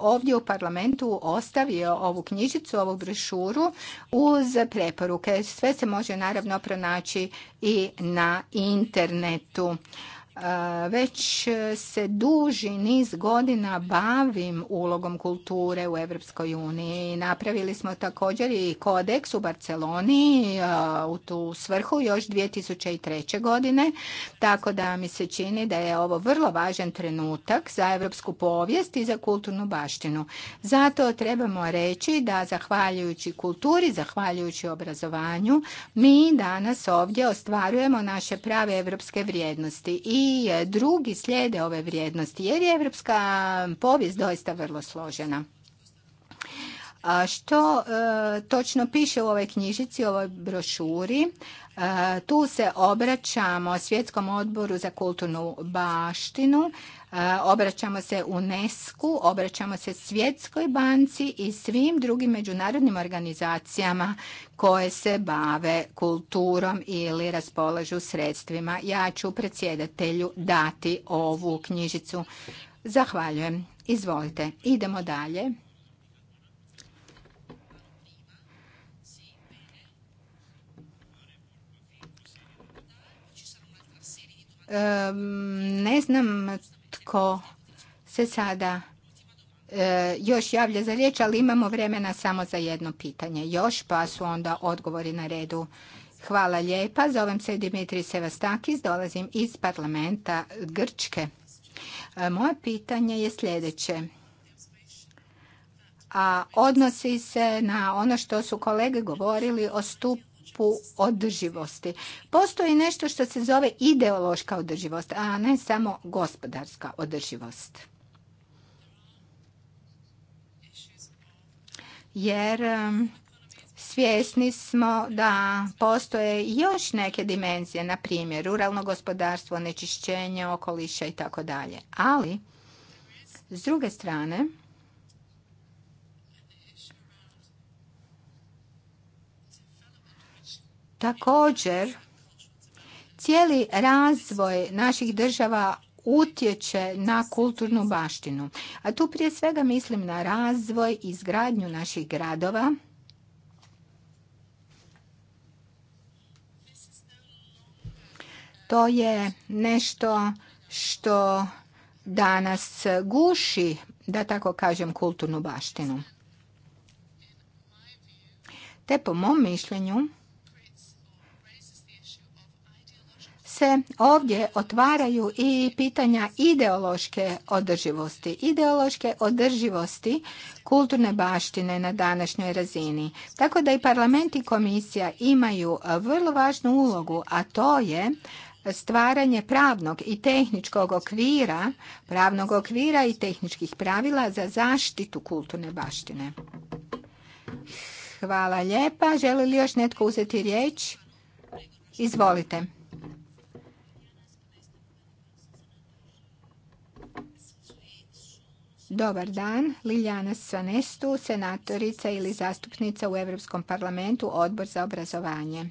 ovdje u parlamentu ostavio ovu knjižicu, ovu brošuru uz preporuke. Sve se može naravno pronaći i na internetu. Eh, već eh, se duži niz godina bavim ulogom kulture u Europskoj uniji. Napravili smo također i kodeks u Barceloni eh, u tu svrhu još 2003. godine, tako da mi se čini da je ovo vrlo važan trenutak za europsku povijest i za kulturnu baštinu. Zato trebamo reći da zahvaljujući kulturi, zahvaljujući obrazovanju, mi danas ovdje ostvarujemo naše prave europske vrijednosti i drugi slijede ove vrijednosti jer je evropska povijest doista vrlo složena. A što e, točno piše u ovoj knjižici, u ovoj brošuri? E, tu se obraćamo Svjetskom odboru za kulturnu baštinu obraćamo se UNESCO, obraćamo se Svjetskoj banci i svim drugim međunarodnim organizacijama koje se bave kulturom ili raspolažu sredstvima. Ja ću predsjedatelju dati ovu knjižicu. Zahvaljujem. Izvolite. Idemo dalje. Ne znam tko se sada e, još javlja za riječ, ali imamo vremena samo za jedno pitanje još, pa su onda odgovori na redu. Hvala lijepa. Zovem se Dimitri Sevastakis, dolazim iz parlamenta Grčke. E, moje pitanje je sljedeće. A odnosi se na ono što su kolege govorili o stup u održivosti. Postoji nešto što se zove ideološka održivost, a ne samo gospodarska održivost. Jer svjesni smo da postoje još neke dimenzije, na primjer ruralno gospodarstvo, nečišćenje okoliša i tako dalje. Ali s druge strane Također, cijeli razvoj naših država utječe na kulturnu baštinu. A tu prije svega mislim na razvoj i izgradnju naših gradova. To je nešto što danas guši, da tako kažem, kulturnu baštinu. Te po mom mišljenju, se ovdje otvaraju i pitanja ideološke održivosti. Ideološke održivosti kulturne baštine na današnjoj razini. Tako da i parlament i komisija imaju e, vrlo važnu ulogu, a to je stvaranje pravnog i tehničkog okvira, pravnog okvira i tehničkih pravila za zaštitu kulturne baštine. Hvala lijepa. Želi li još netko uzeti riječ? Izvolite. Dobar dan, Liljana Sanestu, senatorica ili zastupnica u Europskom parlamentu, odbor za obrazovanje.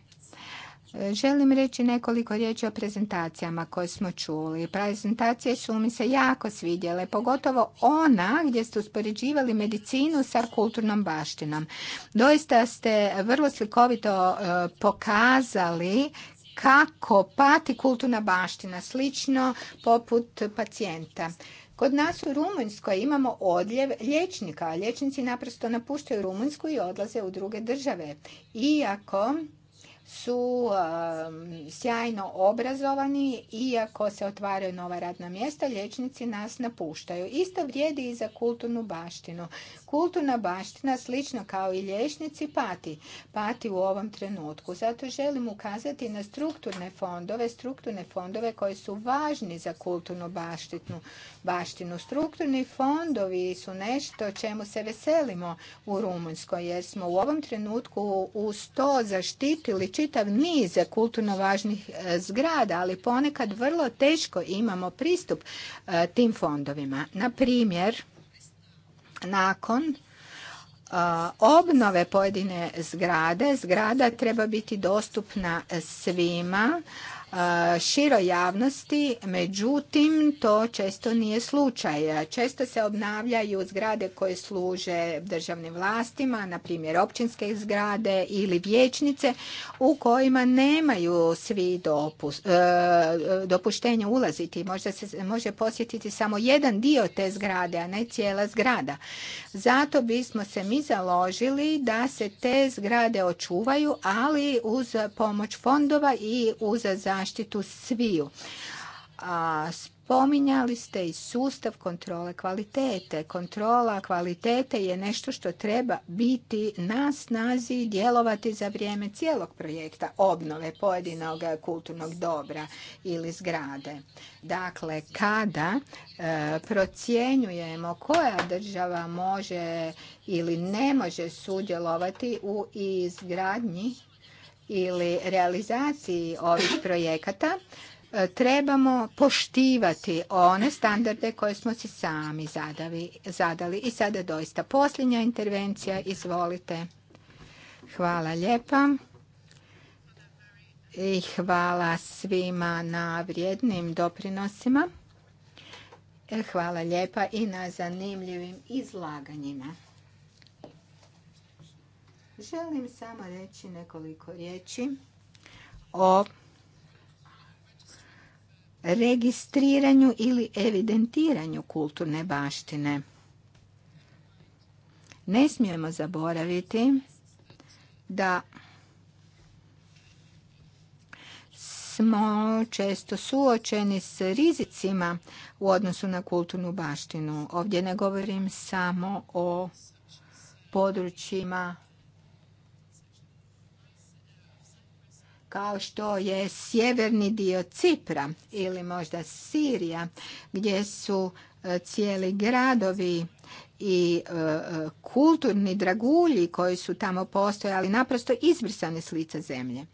Želim reći nekoliko riječi o prezentacijama koje smo čuli. Prezentacije su mi se jako svidjele, pogotovo ona gdje ste uspoređivali medicinu sa kulturnom baštinom. Doista ste vrlo slikovito e, pokazali kako pati kulturna baština, slično poput pacijenta. Kod nas u Rumunjskoj imamo odljev liječnika, a liječnici naprosto napuštaju Rumunjsku i odlaze u druge države. Iako su um, sjajno obrazovani, iako se otvaraju nova radna mjesta, liječnici nas napuštaju. Isto vrijedi i za kulturnu baštinu. Kulturna baština, slično kao i lješnici, pati. Pati u ovom trenutku. Zato želim ukazati na strukturne fondove, strukturne fondove koji su važni za kulturnu baštitnu baštinu. Strukturni fondovi su nešto čemu se veselimo u Rumunjskoj, jer smo u ovom trenutku uz to zaštitili čitav niz kulturno važnih e, zgrada, ali ponekad vrlo teško imamo pristup e, tim fondovima. Na primjer, nakon obnove pojedine zgrade zgrada treba biti dostupna svima E, široj javnosti, međutim to često nije slučaj. Često se obnavljaju zgrade koje služe državnim vlastima, na primjer općinske zgrade ili vijećnice u kojima nemaju svi dopus, e, dopuštenje ulaziti. Možda se može posjetiti samo jedan dio te zgrade, a ne cijela zgrada. Zato bismo se mi založili da se te zgrade očuvaju, ali uz pomoć fondova i uz za zaštitu sviju. A spominjali ste i sustav kontrole kvalitete. Kontrola kvalitete je nešto što treba biti na snazi i djelovati za vrijeme cijelog projekta obnove pojedinog kulturnog dobra ili zgrade. Dakle, kada e, procjenjujemo koja država može ili ne može sudjelovati u izgradnji ili realizaciji ovih projekata e, trebamo poštivati one standarde koje smo si sami zadali. I sada doista posljednja intervencija. Izvolite. Hvala lijepa. I hvala svima na vrijednim doprinosima. E, hvala lijepa i na zanimljivim izlaganjima. Želim samo reći nekoliko riječi o registriranju ili evidentiranju kulturne baštine. Ne smijemo zaboraviti da smo često suočeni s rizicima u odnosu na kulturnu baštinu. Ovdje ne govorim samo o područjima kao što je sjeverni dio Cipra ili možda Sirija gdje su e, cijeli gradovi i e, e, kulturni dragulji koji su tamo postojali naprosto izbrisani s lica zemlje.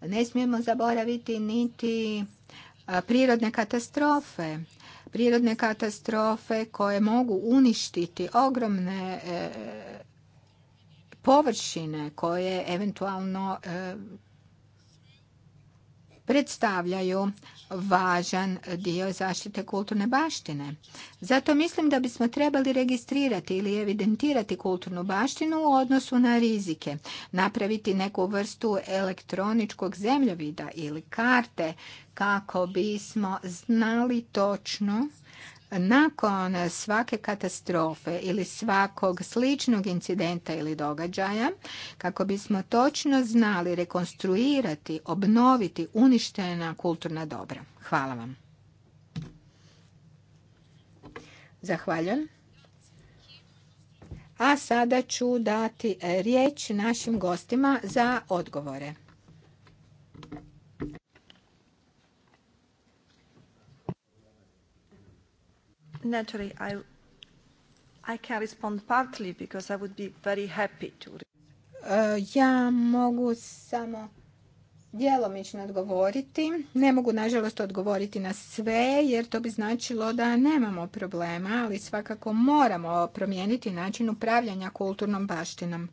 Ne smijemo zaboraviti niti prirodne katastrofe. Prirodne katastrofe koje mogu uništiti ogromne površine koje eventualno predstavljaju važan dio zaštite kulturne baštine. Zato mislim da bismo trebali registrirati ili evidentirati kulturnu baštinu u odnosu na rizike, napraviti neku vrstu elektroničkog zemljovida ili karte kako bismo znali točno nakon svake katastrofe ili svakog sličnog incidenta ili događaja, kako bismo točno znali rekonstruirati, obnoviti uništena kulturna dobra. Hvala vam. Zahvaljujem. A sada ću dati riječ našim gostima za odgovore. Naturally, I, can respond partly because I would be very happy to... Uh, ja mogu samo djelomično odgovoriti. Ne mogu nažalost odgovoriti na sve jer to bi značilo da nemamo problema, ali svakako moramo promijeniti način upravljanja kulturnom baštinom.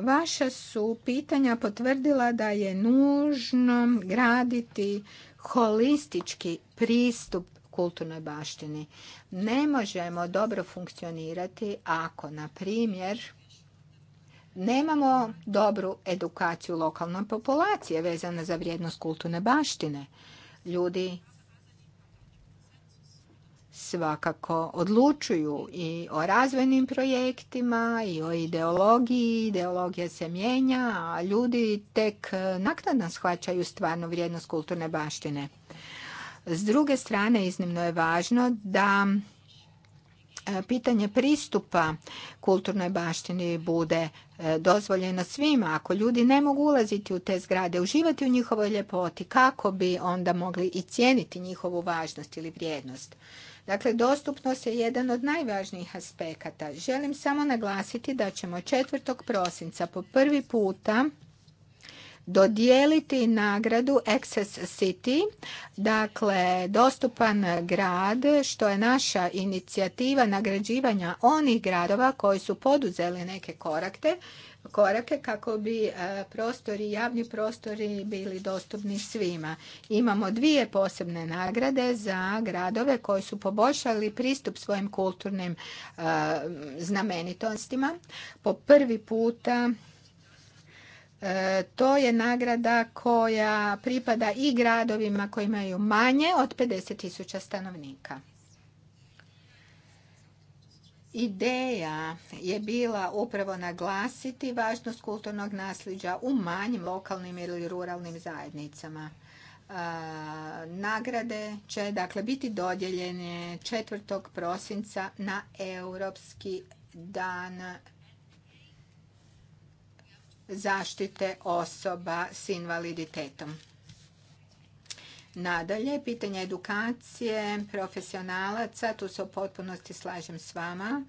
Vaša su pitanja potvrdila da je nužno graditi holistički pristup kulturnoj baštini. Ne možemo dobro funkcionirati ako, na primjer, nemamo dobru edukaciju lokalne populacije vezana za vrijednost kulturne baštine. Ljudi svakako odlučuju i o razvojnim projektima i o ideologiji. Ideologija se mijenja, a ljudi tek naknadno shvaćaju stvarnu vrijednost kulturne baštine. S druge strane, iznimno je važno da E, pitanje pristupa kulturnoj baštini bude e, dozvoljeno svima, ako ljudi ne mogu ulaziti u te zgrade, uživati u njihovoj ljepoti, kako bi onda mogli i cijeniti njihovu važnost ili vrijednost. Dakle, dostupnost je jedan od najvažnijih aspekata. Želim samo naglasiti da ćemo 4. prosinca po prvi puta dodijeliti nagradu Access City, dakle dostupan grad, što je naša inicijativa nagrađivanja onih gradova koji su poduzeli neke korakte, korake kako bi e, prostori, javni prostori bili dostupni svima. Imamo dvije posebne nagrade za gradove koji su poboljšali pristup svojim kulturnim e, znamenitostima. Po prvi puta E, to je nagrada koja pripada i gradovima koji imaju manje od 50.000 stanovnika. Ideja je bila upravo naglasiti važnost kulturnog nasljeđa u manjim lokalnim ili ruralnim zajednicama. E, nagrade će dakle biti dodijeljene 4. prosinca na Europski dan zaštite osoba s invaliditetom. Nadalje, pitanje edukacije profesionalaca, tu se u potpunosti slažem s vama.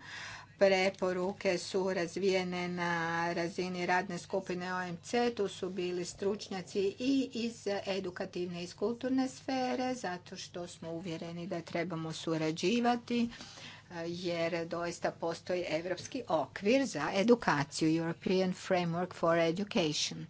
Preporuke su razvijene na razini radne skupine OMC, tu su bili stručnjaci i iz edukativne i iz kulturne sfere, zato što smo uvjereni da trebamo surađivati jer doista postoji evropski okvir za edukaciju, European Framework for Education.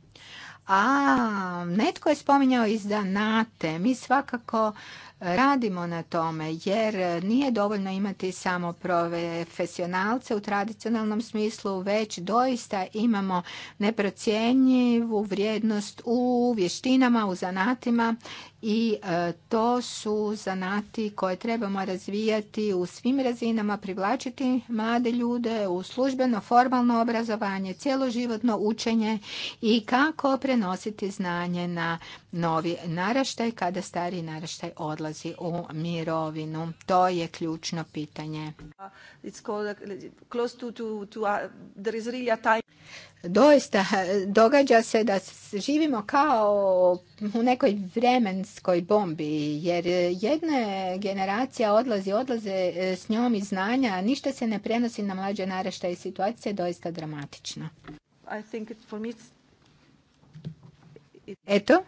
A netko je spominjao iz DANATE, Mi svakako radimo na tome jer nije dovoljno imati samo profesionalce u tradicionalnom smislu već doista imamo neprocjenjivu vrijednost u vještinama, u zanatima i e, to su zanati koje trebamo razvijati u svim razinama, privlačiti mlade ljude u službeno formalno obrazovanje, cjeloživotno učenje i kako prenositi znanje na novi naraštaj kada stari naraštaj odlazi u mirovinu. To je ključno pitanje. Doista, događa se da živimo kao u nekoj vremenskoj bombi, jer jedna generacija odlazi, odlaze s njom i znanja, ništa se ne prenosi na mlađe naraštaje. Situacija je doista dramatična. Eto,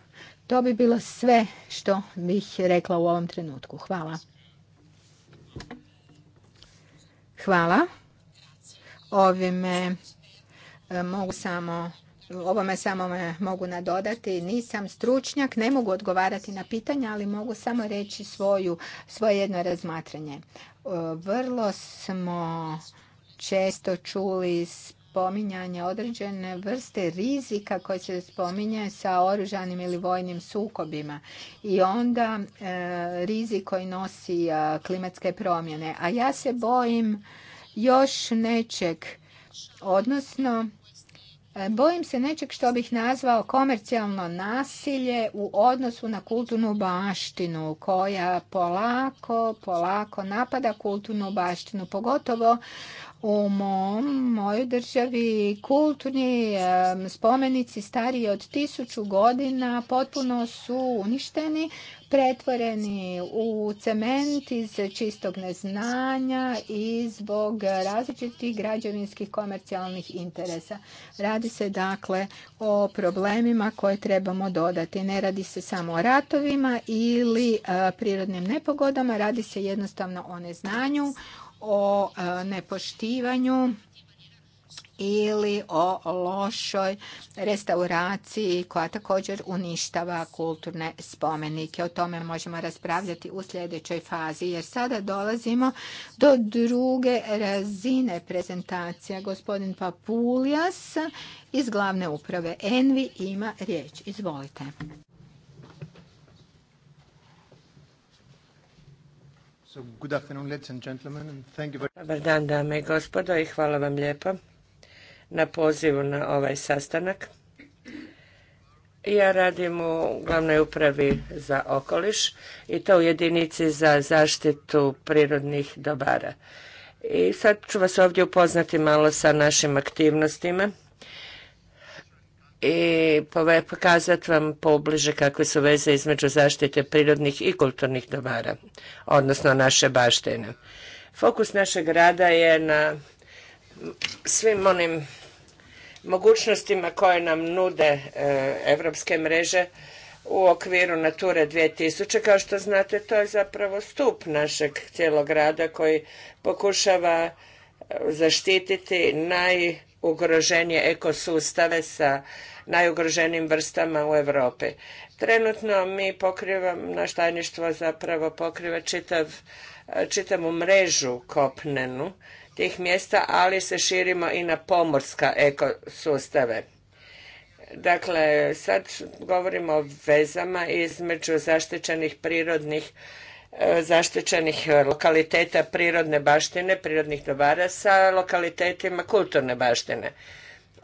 to bi bilo sve što bih rekla u ovom trenutku. Hvala. Hvala. Ovime e, mogu samo ovome samo me mogu nadodati. Nisam stručnjak, ne mogu odgovarati na pitanja, ali mogu samo reći svoju, svoje jedno razmatranje. E, vrlo smo često čuli spominjanje određene vrste rizika koje se spominje sa oružanim ili vojnim sukobima i onda e, rizik koji nosi e, klimatske promjene. A ja se bojim još nečeg, odnosno e, Bojim se nečeg što bih nazvao komercijalno nasilje u odnosu na kulturnu baštinu koja polako, polako napada kulturnu baštinu, pogotovo u mom, mojoj državi kulturni spomenici stariji od tisuću godina potpuno su uništeni, pretvoreni u cement iz čistog neznanja i zbog različitih građevinskih komercijalnih interesa. Radi se dakle o problemima koje trebamo dodati. Ne radi se samo o ratovima ili eh, prirodnim nepogodama, radi se jednostavno o neznanju, o e, nepoštivanju ili o lošoj restauraciji koja također uništava kulturne spomenike. O tome možemo raspravljati u sljedećoj fazi jer sada dolazimo do druge razine prezentacija. Gospodin Papuljas iz glavne uprave Envi ima riječ. Izvolite. Dobar dan, dame i gospodo, i hvala vam lijepo na pozivu na ovaj sastanak. Ja radim u glavnoj upravi za okoliš i to u jedinici za zaštitu prirodnih dobara. I sad ću vas ovdje upoznati malo sa našim aktivnostima i pokazati vam pobliže kakve su veze između zaštite prirodnih i kulturnih dobara, odnosno naše baštine. Fokus našeg rada je na svim onim mogućnostima koje nam nude e, evropske mreže u okviru Nature 2000. Kao što znate, to je zapravo stup našeg cijelog rada koji pokušava e, zaštititi najugroženije ekosustave sa najugroženijim vrstama u Europi. Trenutno mi pokrivamo, naš tajništvo zapravo pokriva čitav, čitavu mrežu kopnenu tih mjesta, ali se širimo i na pomorska ekosustave. Dakle, sad govorimo o vezama između zaštićenih prirodnih e, zaštićenih e, lokaliteta prirodne baštine, prirodnih dobara sa lokalitetima kulturne baštine.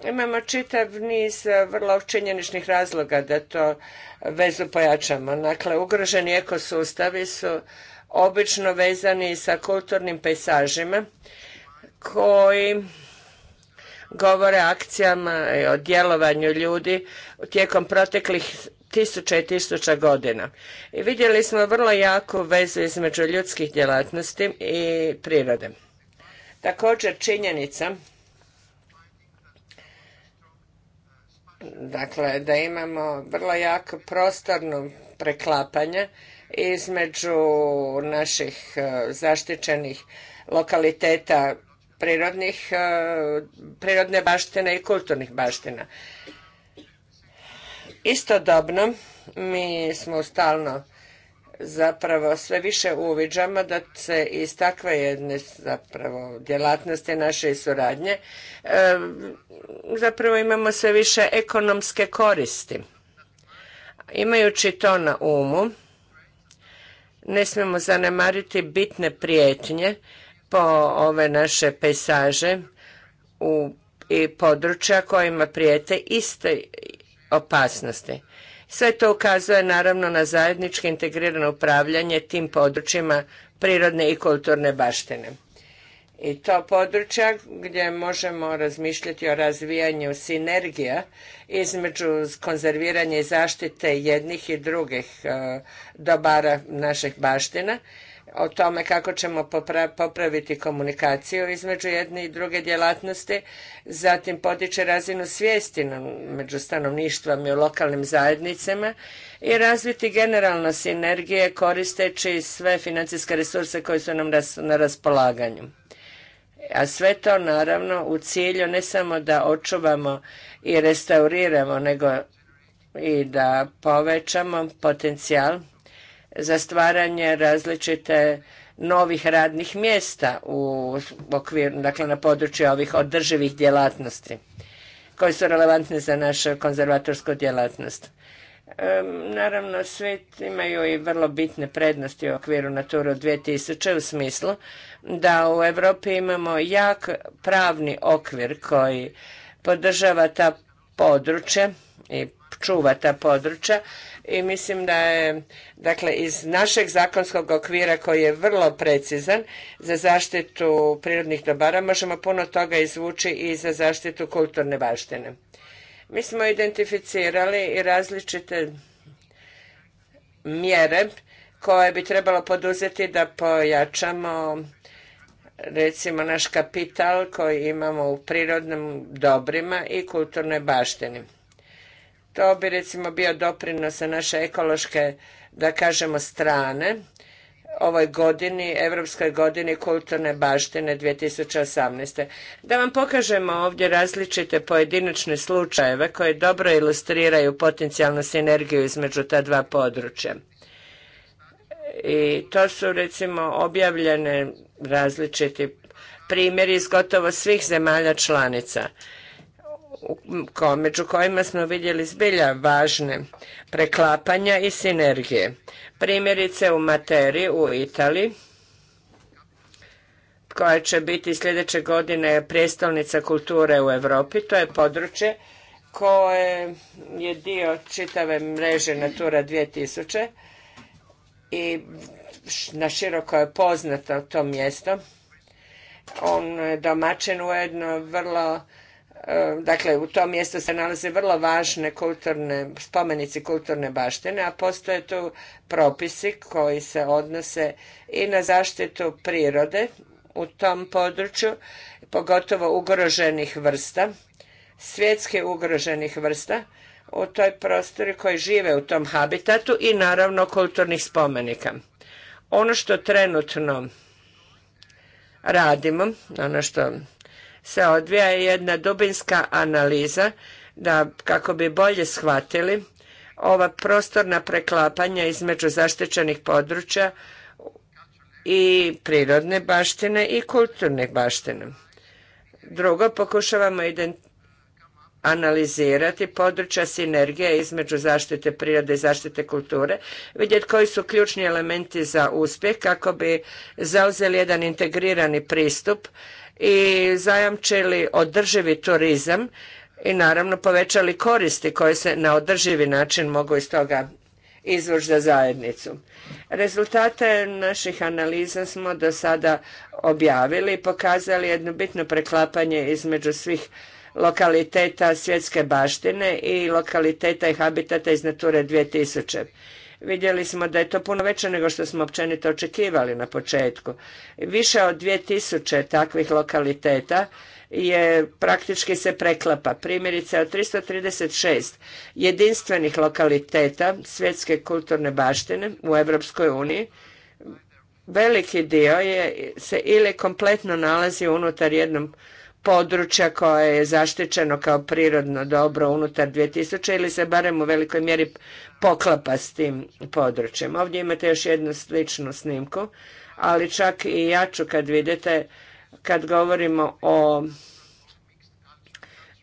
Imamo čitav niz e, vrlo činjeničnih razloga da to vezu pojačamo. Dakle, ugroženi ekosustavi su obično vezani sa kulturnim pejsažima koji govore akcijama i o djelovanju ljudi tijekom proteklih tisuća i tisuća godina. I vidjeli smo vrlo jaku vezu između ljudskih djelatnosti i prirode. Također činjenica Dakle, da imamo vrlo jako prostorno preklapanje između naših e, zaštićenih lokaliteta prirodnih, e, prirodne baštine i kulturnih baština. Istodobno mi smo stalno zapravo sve više uviđamo da se iz takve jedne zapravo djelatnosti naše suradnje zapravo imamo sve više ekonomske koristi. Imajući to na umu, ne smijemo zanemariti bitne prijetnje po ove naše pejsaže i područja kojima prijete iste opasnosti. Sve to ukazuje naravno na zajedničko integrirano upravljanje tim područjima prirodne i kulturne baštine. I to područja gdje možemo razmišljati o razvijanju sinergija između konzerviranja i zaštite jednih i drugih e, dobara naših baština o tome kako ćemo popraviti komunikaciju između jedne i druge djelatnosti, zatim potiče razinu svijesti među stanovništvom i u lokalnim zajednicama i razviti generalno sinergije koristeći sve financijske resurse koje su nam na raspolaganju. A sve to naravno u cilju ne samo da očuvamo i restauriramo, nego i da povećamo potencijal za stvaranje različite novih radnih mjesta u okviru, dakle na području ovih održivih djelatnosti koje su relevantne za našu konzervatorsku djelatnost. naravno, svi imaju i vrlo bitne prednosti u okviru Naturu 2000 u smislu da u Europi imamo jak pravni okvir koji podržava ta područja i čuva ta područja, i mislim da je dakle iz našeg zakonskog okvira koji je vrlo precizan za zaštitu prirodnih dobara možemo puno toga izvući i za zaštitu kulturne baštine. Mi smo identificirali i različite mjere koje bi trebalo poduzeti da pojačamo recimo naš kapital koji imamo u prirodnim dobrima i kulturnoj baštini. To bi recimo bio doprinos sa naše ekološke, da kažemo, strane ovoj godini, Europskoj godini kulturne baštine 2018. Da vam pokažemo ovdje različite pojedinačne slučajeve koje dobro ilustriraju potencijalnu sinergiju između ta dva područja. I to su recimo objavljene različiti primjeri iz gotovo svih zemalja članica među kojima smo vidjeli zbilja važne preklapanja i sinergije. Primjerice u materiji u Italiji, koja će biti sljedeće godine prijestolnica kulture u Europi, to je područje koje je dio čitave mreže Natura 2000 i na široko je poznato to mjesto. On je domaćin ujedno vrlo Ehm, dakle u tom mjestu se nalaze vrlo važne kulturne, spomenici kulturne baštine, a postoje tu propisi koji se odnose i na zaštitu prirode u tom području, pogotovo ugroženih vrsta, svjetske ugroženih vrsta u toj prostori koji žive u tom habitatu i naravno kulturnih spomenika. Ono što trenutno radimo, ono što se odvija jedna dubinska analiza da kako bi bolje shvatili ova prostorna preklapanja između zaštićenih područja i prirodne baštine i kulturne baštine. Drugo, pokušavamo analizirati područja sinergije između zaštite prirode i zaštite kulture, vidjeti koji su ključni elementi za uspjeh kako bi zauzeli jedan integrirani pristup i zajamčili održivi turizam i naravno povećali koristi koje se na održivi način mogu iz toga izvući za zajednicu. Rezultate naših analiza smo do sada objavili i pokazali jedno bitno preklapanje između svih lokaliteta svjetske baštine i lokaliteta i habitata iz Nature 2000 vidjeli smo da je to puno veće nego što smo općenito očekivali na početku. Više od 2000 takvih lokaliteta je praktički se preklapa. Primjerice od 336 jedinstvenih lokaliteta svjetske kulturne baštine u Europskoj uniji veliki dio je, se ili kompletno nalazi unutar jednom područja koje je zaštićeno kao prirodno dobro unutar 2000 ili se barem u velikoj mjeri poklapa s tim područjem. Ovdje imate još jednu sličnu snimku, ali čak i ću kad vidite, kad govorimo o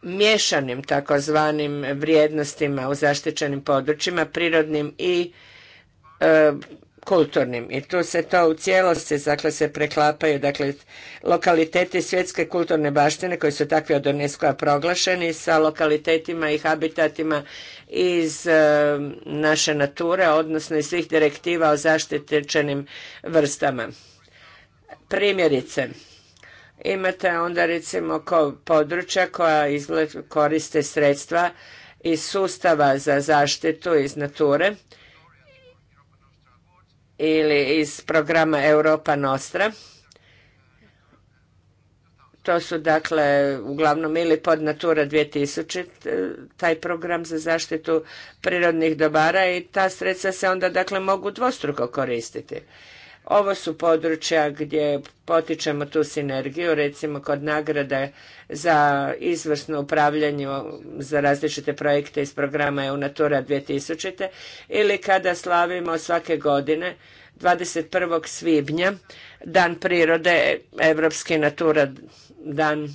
miješanim takozvanim vrijednostima u zaštićenim područjima, prirodnim i e, kulturnim i tu se to u cijelosti dakle se preklapaju dakle lokaliteti svjetske kulturne baštine koji su takvi od unesco proglašeni sa lokalitetima i habitatima iz e, naše nature odnosno iz svih direktiva o zaštitečenim vrstama. Primjerice imate onda recimo ko područja koja izgled, koriste sredstva iz sustava za zaštitu iz nature ili iz programa Europa Nostra. To su dakle uglavnom ili pod Natura 2000, taj program za zaštitu prirodnih dobara i ta sredstva se onda dakle mogu dvostruko koristiti. Ovo su područja gdje potičemo tu sinergiju, recimo kod nagrade za izvrsno upravljanje za različite projekte iz programa EU Natura 2000. ili kada slavimo svake godine 21. svibnja Dan prirode, Evropski Natura dan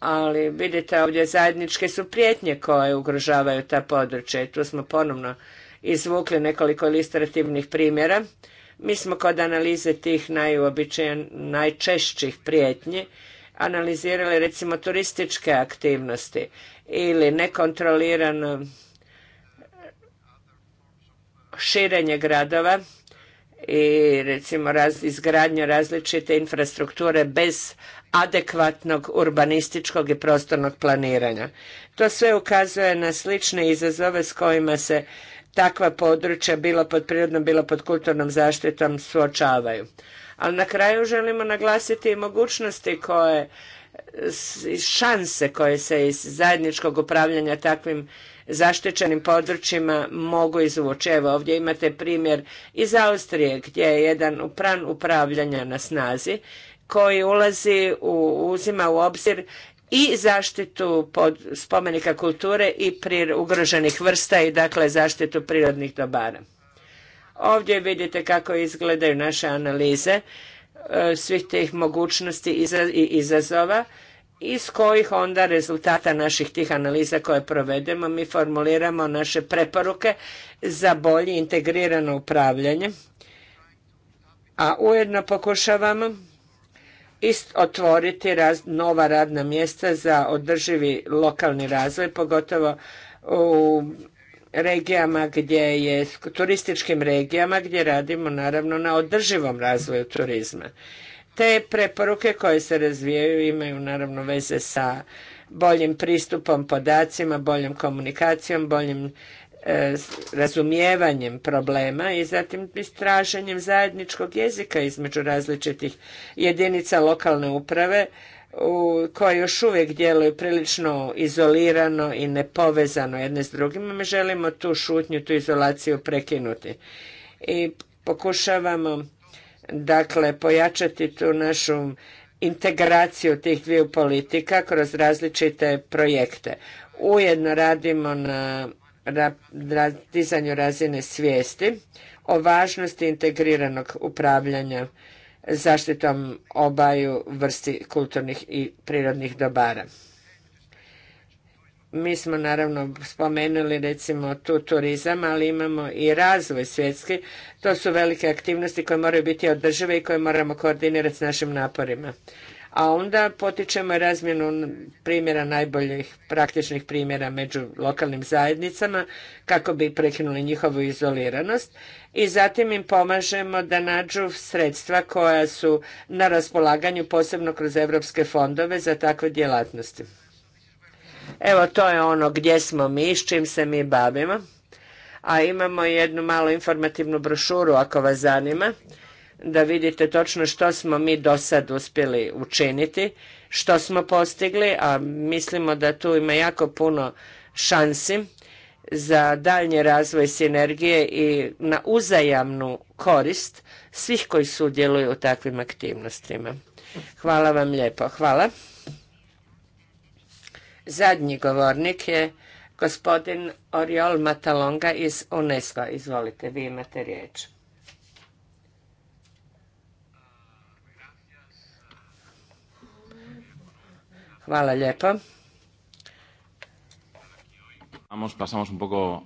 ali vidite ovdje zajedničke su prijetnje koje ugrožavaju ta područja i tu smo ponovno izvukli nekoliko ilustrativnih primjera. Mi smo kod analize tih najčešćih prijetnji analizirali recimo turističke aktivnosti ili nekontrolirano širenje gradova i recimo raz, izgradnju različite infrastrukture bez adekvatnog urbanističkog i prostornog planiranja. To sve ukazuje na slične izazove s kojima se takva područja, bilo pod prirodnom, bilo pod kulturnom zaštitom, suočavaju. Ali na kraju želimo naglasiti i mogućnosti koje, šanse koje se iz zajedničkog upravljanja takvim zaštićenim područjima mogu izvući. Evo ovdje imate primjer iz Austrije gdje je jedan upran upravljanja na snazi koji ulazi u, uzima u obzir i zaštitu pod spomenika kulture i ugroženih vrsta i dakle zaštitu prirodnih dobara. Ovdje vidite kako izgledaju naše analize e, svih tih mogućnosti i izazova iz kojih onda rezultata naših tih analiza koje provedemo mi formuliramo naše preporuke za bolje integrirano upravljanje, a ujedno pokušavamo ist otvoriti nova radna mjesta za održivi lokalni razvoj, pogotovo u regijama gdje je, turističkim regijama gdje radimo naravno na održivom razvoju turizma. Te preporuke koje se razvijaju imaju naravno veze sa boljim pristupom podacima, boljom komunikacijom, boljim E, razumijevanjem problema i zatim istraženjem zajedničkog jezika između različitih jedinica lokalne uprave koje još uvijek djeluju prilično izolirano i nepovezano jedne s drugima. Mi želimo tu šutnju, tu izolaciju prekinuti. I pokušavamo dakle pojačati tu našu integraciju tih dviju politika kroz različite projekte. Ujedno radimo na dizanju razine svijesti o važnosti integriranog upravljanja zaštitom obaju vrsti kulturnih i prirodnih dobara. Mi smo naravno spomenuli recimo tu turizam, ali imamo i razvoj svjetski. To su velike aktivnosti koje moraju biti održive i koje moramo koordinirati s našim naporima a onda potičemo razmjenu primjera najboljih praktičnih primjera među lokalnim zajednicama kako bi prekinuli njihovu izoliranost i zatim im pomažemo da nađu sredstva koja su na raspolaganju posebno kroz europske fondove za takve djelatnosti. Evo to je ono gdje smo mi, s čim se mi bavimo. A imamo jednu malo informativnu brošuru ako vas zanima da vidite točno što smo mi do sad uspjeli učiniti, što smo postigli, a mislimo da tu ima jako puno šansi za daljnji razvoj sinergije i na uzajamnu korist svih koji sudjeluju u takvim aktivnostima. Hvala vam lijepo. Hvala. Zadnji govornik je gospodin Oriol Matalonga iz UNESCO. Izvolite, vi imate riječ. Hvala lijepo. pasamos un poco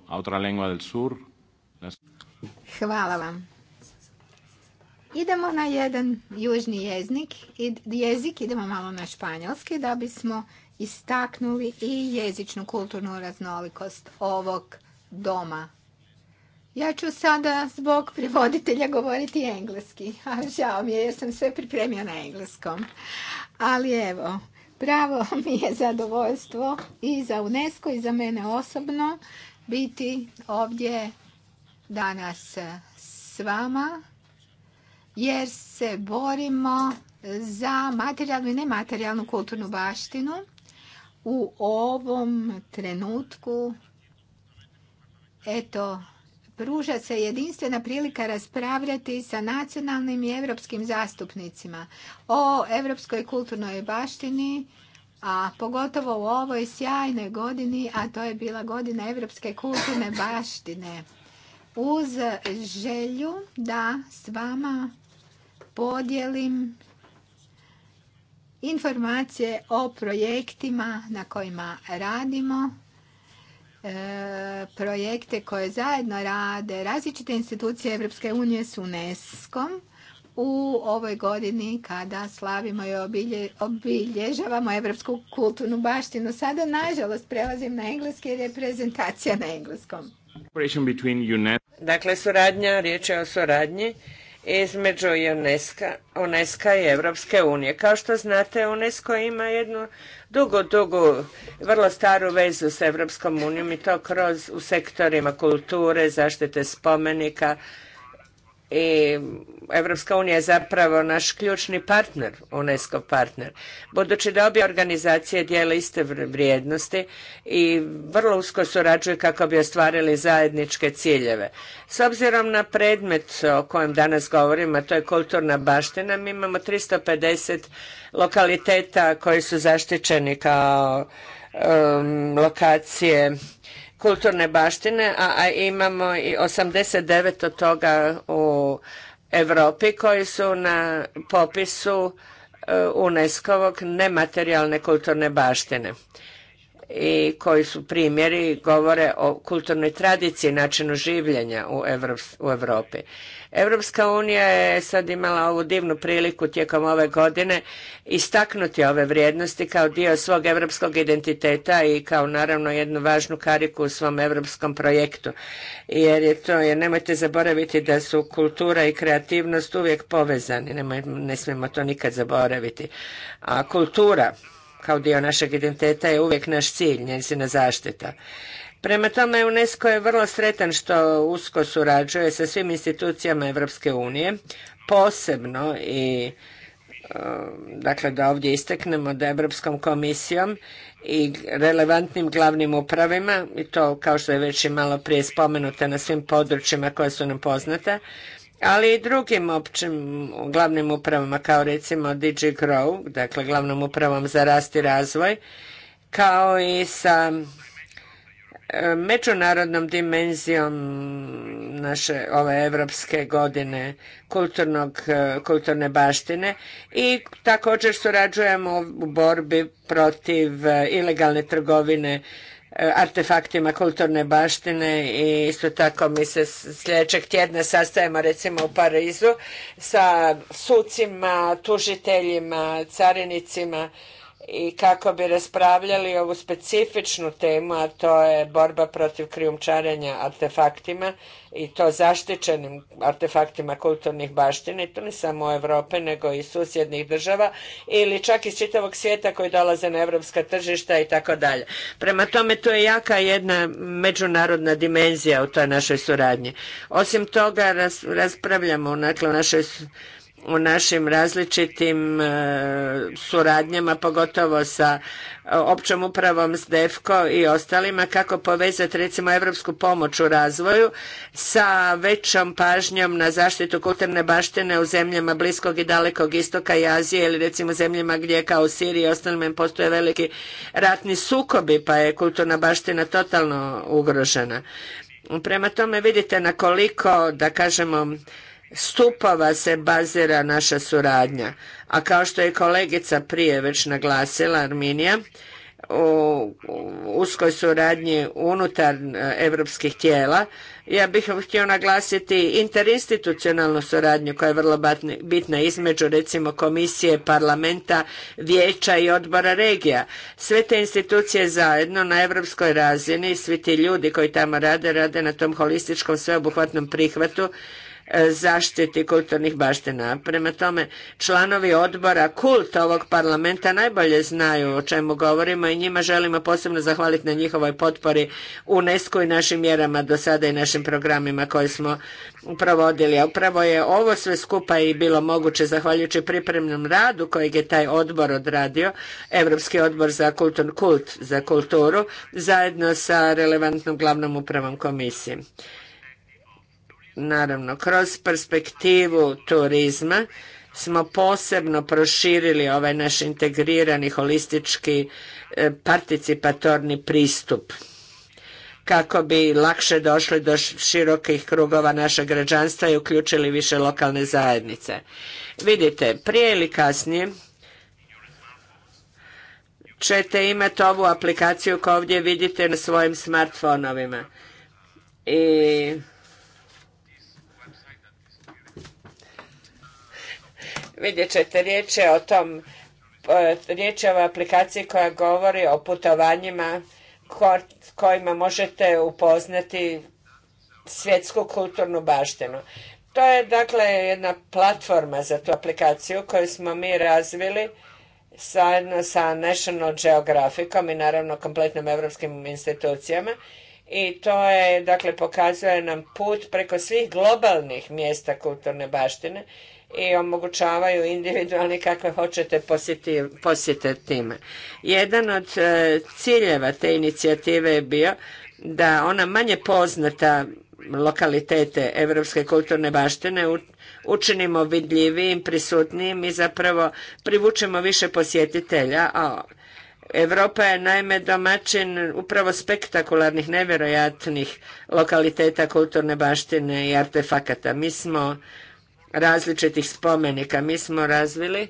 Hvala vam. Idemo na jedan južni jeznik, jezik, idemo malo na španjolski da bismo istaknuli i jezičnu kulturnu raznolikost ovog doma. Ja ću sada zbog privoditelja govoriti engleski, a žao mi je jer sam sve pripremio na engleskom. Ali evo, Pravo mi je zadovoljstvo i za UNESCO i za mene osobno biti ovdje danas s vama jer se borimo za materijalnu i nematerijalnu kulturnu baštinu u ovom trenutku. Eto, pruža se jedinstvena prilika raspravljati sa nacionalnim i europskim zastupnicima o europskoj kulturnoj baštini, a pogotovo u ovoj sjajnoj godini, a to je bila godina europske kulturne baštine, uz želju da s vama podijelim informacije o projektima na kojima radimo E, projekte koje zajedno rade različite institucije Evropske unije s unesco u ovoj godini kada slavimo i obilježavamo evropsku kulturnu baštinu. Sada, nažalost, prelazim na engleski jer je prezentacija na engleskom. Dakle, suradnja, riječ je o suradnji između UNESCO, i Evropske unije. Kao što znate, UNESCO ima jednu dugu, dugu, vrlo staru vezu s Evropskom unijom i to kroz u sektorima kulture, zaštite spomenika, i Evropska unija je zapravo naš ključni partner, UNESCO partner. Budući da obje organizacije dijele iste vrijednosti i vrlo usko surađuju kako bi ostvarili zajedničke ciljeve. S obzirom na predmet o kojem danas govorimo, a to je kulturna baština, mi imamo 350 lokaliteta koji su zaštićeni kao um, lokacije kulturne baštine, a, imamo i 89 od toga u Europi koji su na popisu e, UNESCO-ovog nematerijalne kulturne baštine i koji su primjeri govore o kulturnoj tradiciji, načinu življenja u Europi. Europska unija je sad imala ovu divnu priliku tijekom ove godine istaknuti ove vrijednosti kao dio svog europskog identiteta i kao naravno jednu važnu kariku u svom europskom projektu. Jer je to, jer nemojte zaboraviti da su kultura i kreativnost uvijek povezani, Nemoj, ne smijemo to nikad zaboraviti. A kultura kao dio našeg identiteta je uvijek naš cilj, njezina zaštita. Prema tome, UNESCO je vrlo sretan što usko surađuje sa svim institucijama Evropske unije, posebno i um, dakle da ovdje isteknemo da Evropskom komisijom i relevantnim glavnim upravima i to kao što je već i malo prije spomenuta na svim područjima koja su nam poznata, ali i drugim općim glavnim upravama kao recimo DG Grow, dakle glavnom upravom za rast i razvoj, kao i sa međunarodnom dimenzijom naše ove evropske godine kulturnog, e, kulturne baštine i također surađujemo u borbi protiv e, ilegalne trgovine e, artefaktima kulturne baštine i isto tako mi se sljedećeg tjedna sastajemo recimo u Parizu sa sucima, tužiteljima, carinicima i kako bi raspravljali ovu specifičnu temu, a to je borba protiv krijumčarenja artefaktima i to zaštićenim artefaktima kulturnih i to ne samo u Europe nego i susjednih država ili čak iz čitavog svijeta koji dolaze na europska tržišta i tako dalje. Prema tome, tu je jaka jedna međunarodna dimenzija u toj našoj suradnji. Osim toga, raspravljamo dakle, u našoj u našim različitim e, suradnjama, pogotovo sa e, općom upravom SDEFKO i ostalima, kako povezati recimo evropsku pomoć u razvoju sa većom pažnjom na zaštitu kulturne baštine u zemljama Bliskog i Dalekog Istoka i Azije ili recimo zemljama gdje kao u Siriji i ostalima postoje veliki ratni sukobi pa je kulturna baština totalno ugrožena. Prema tome vidite na koliko, da kažemo, stupova se bazira naša suradnja. A kao što je kolegica prije već naglasila, Arminija, u uskoj suradnji unutar e, evropskih tijela. Ja bih htio naglasiti interinstitucionalnu suradnju koja je vrlo bitna između recimo komisije, parlamenta, vijeća i odbora regija. Sve te institucije zajedno na evropskoj razini, svi ti ljudi koji tamo rade, rade na tom holističkom sveobuhvatnom prihvatu zaštiti kulturnih baština. Prema tome, članovi odbora kult ovog parlamenta najbolje znaju o čemu govorimo i njima želimo posebno zahvaliti na njihovoj potpori UNESCO i našim mjerama do sada i našim programima koje smo provodili. A upravo je ovo sve skupa i bilo moguće zahvaljujući pripremnom radu kojeg je taj odbor odradio, Europski odbor za kultur, kult, za kulturu, zajedno sa relevantnom glavnom upravom komisije. Naravno, kroz perspektivu turizma smo posebno proširili ovaj naš integrirani holistički e, participatorni pristup kako bi lakše došli do širokih krugova našeg građanstva i uključili više lokalne zajednice. Vidite, prije ili kasnije ćete imati ovu aplikaciju koju ovdje vidite na svojim smartfonovima. I Vidjet ćete, riječ je o tom, e, riječ je o aplikaciji koja govori o putovanjima kojima možete upoznati svjetsku kulturnu baštinu. To je dakle jedna platforma za tu aplikaciju koju smo mi razvili zajedno sa National Geographicom i naravno kompletnim europskim institucijama i to je, dakle, pokazuje nam put preko svih globalnih mjesta kulturne baštine i omogućavaju individualni kakve hoćete posjetiti posjete time. Jedan od e, ciljeva te inicijative je bio da ona manje poznata lokalitete evropske kulturne baštine učinimo vidljivijim, prisutnijim i zapravo privučemo više posjetitelja, a Europa je naime domaćin upravo spektakularnih, nevjerojatnih lokaliteta kulturne baštine i artefakata. Mi smo različitih spomenika. Mi smo razvili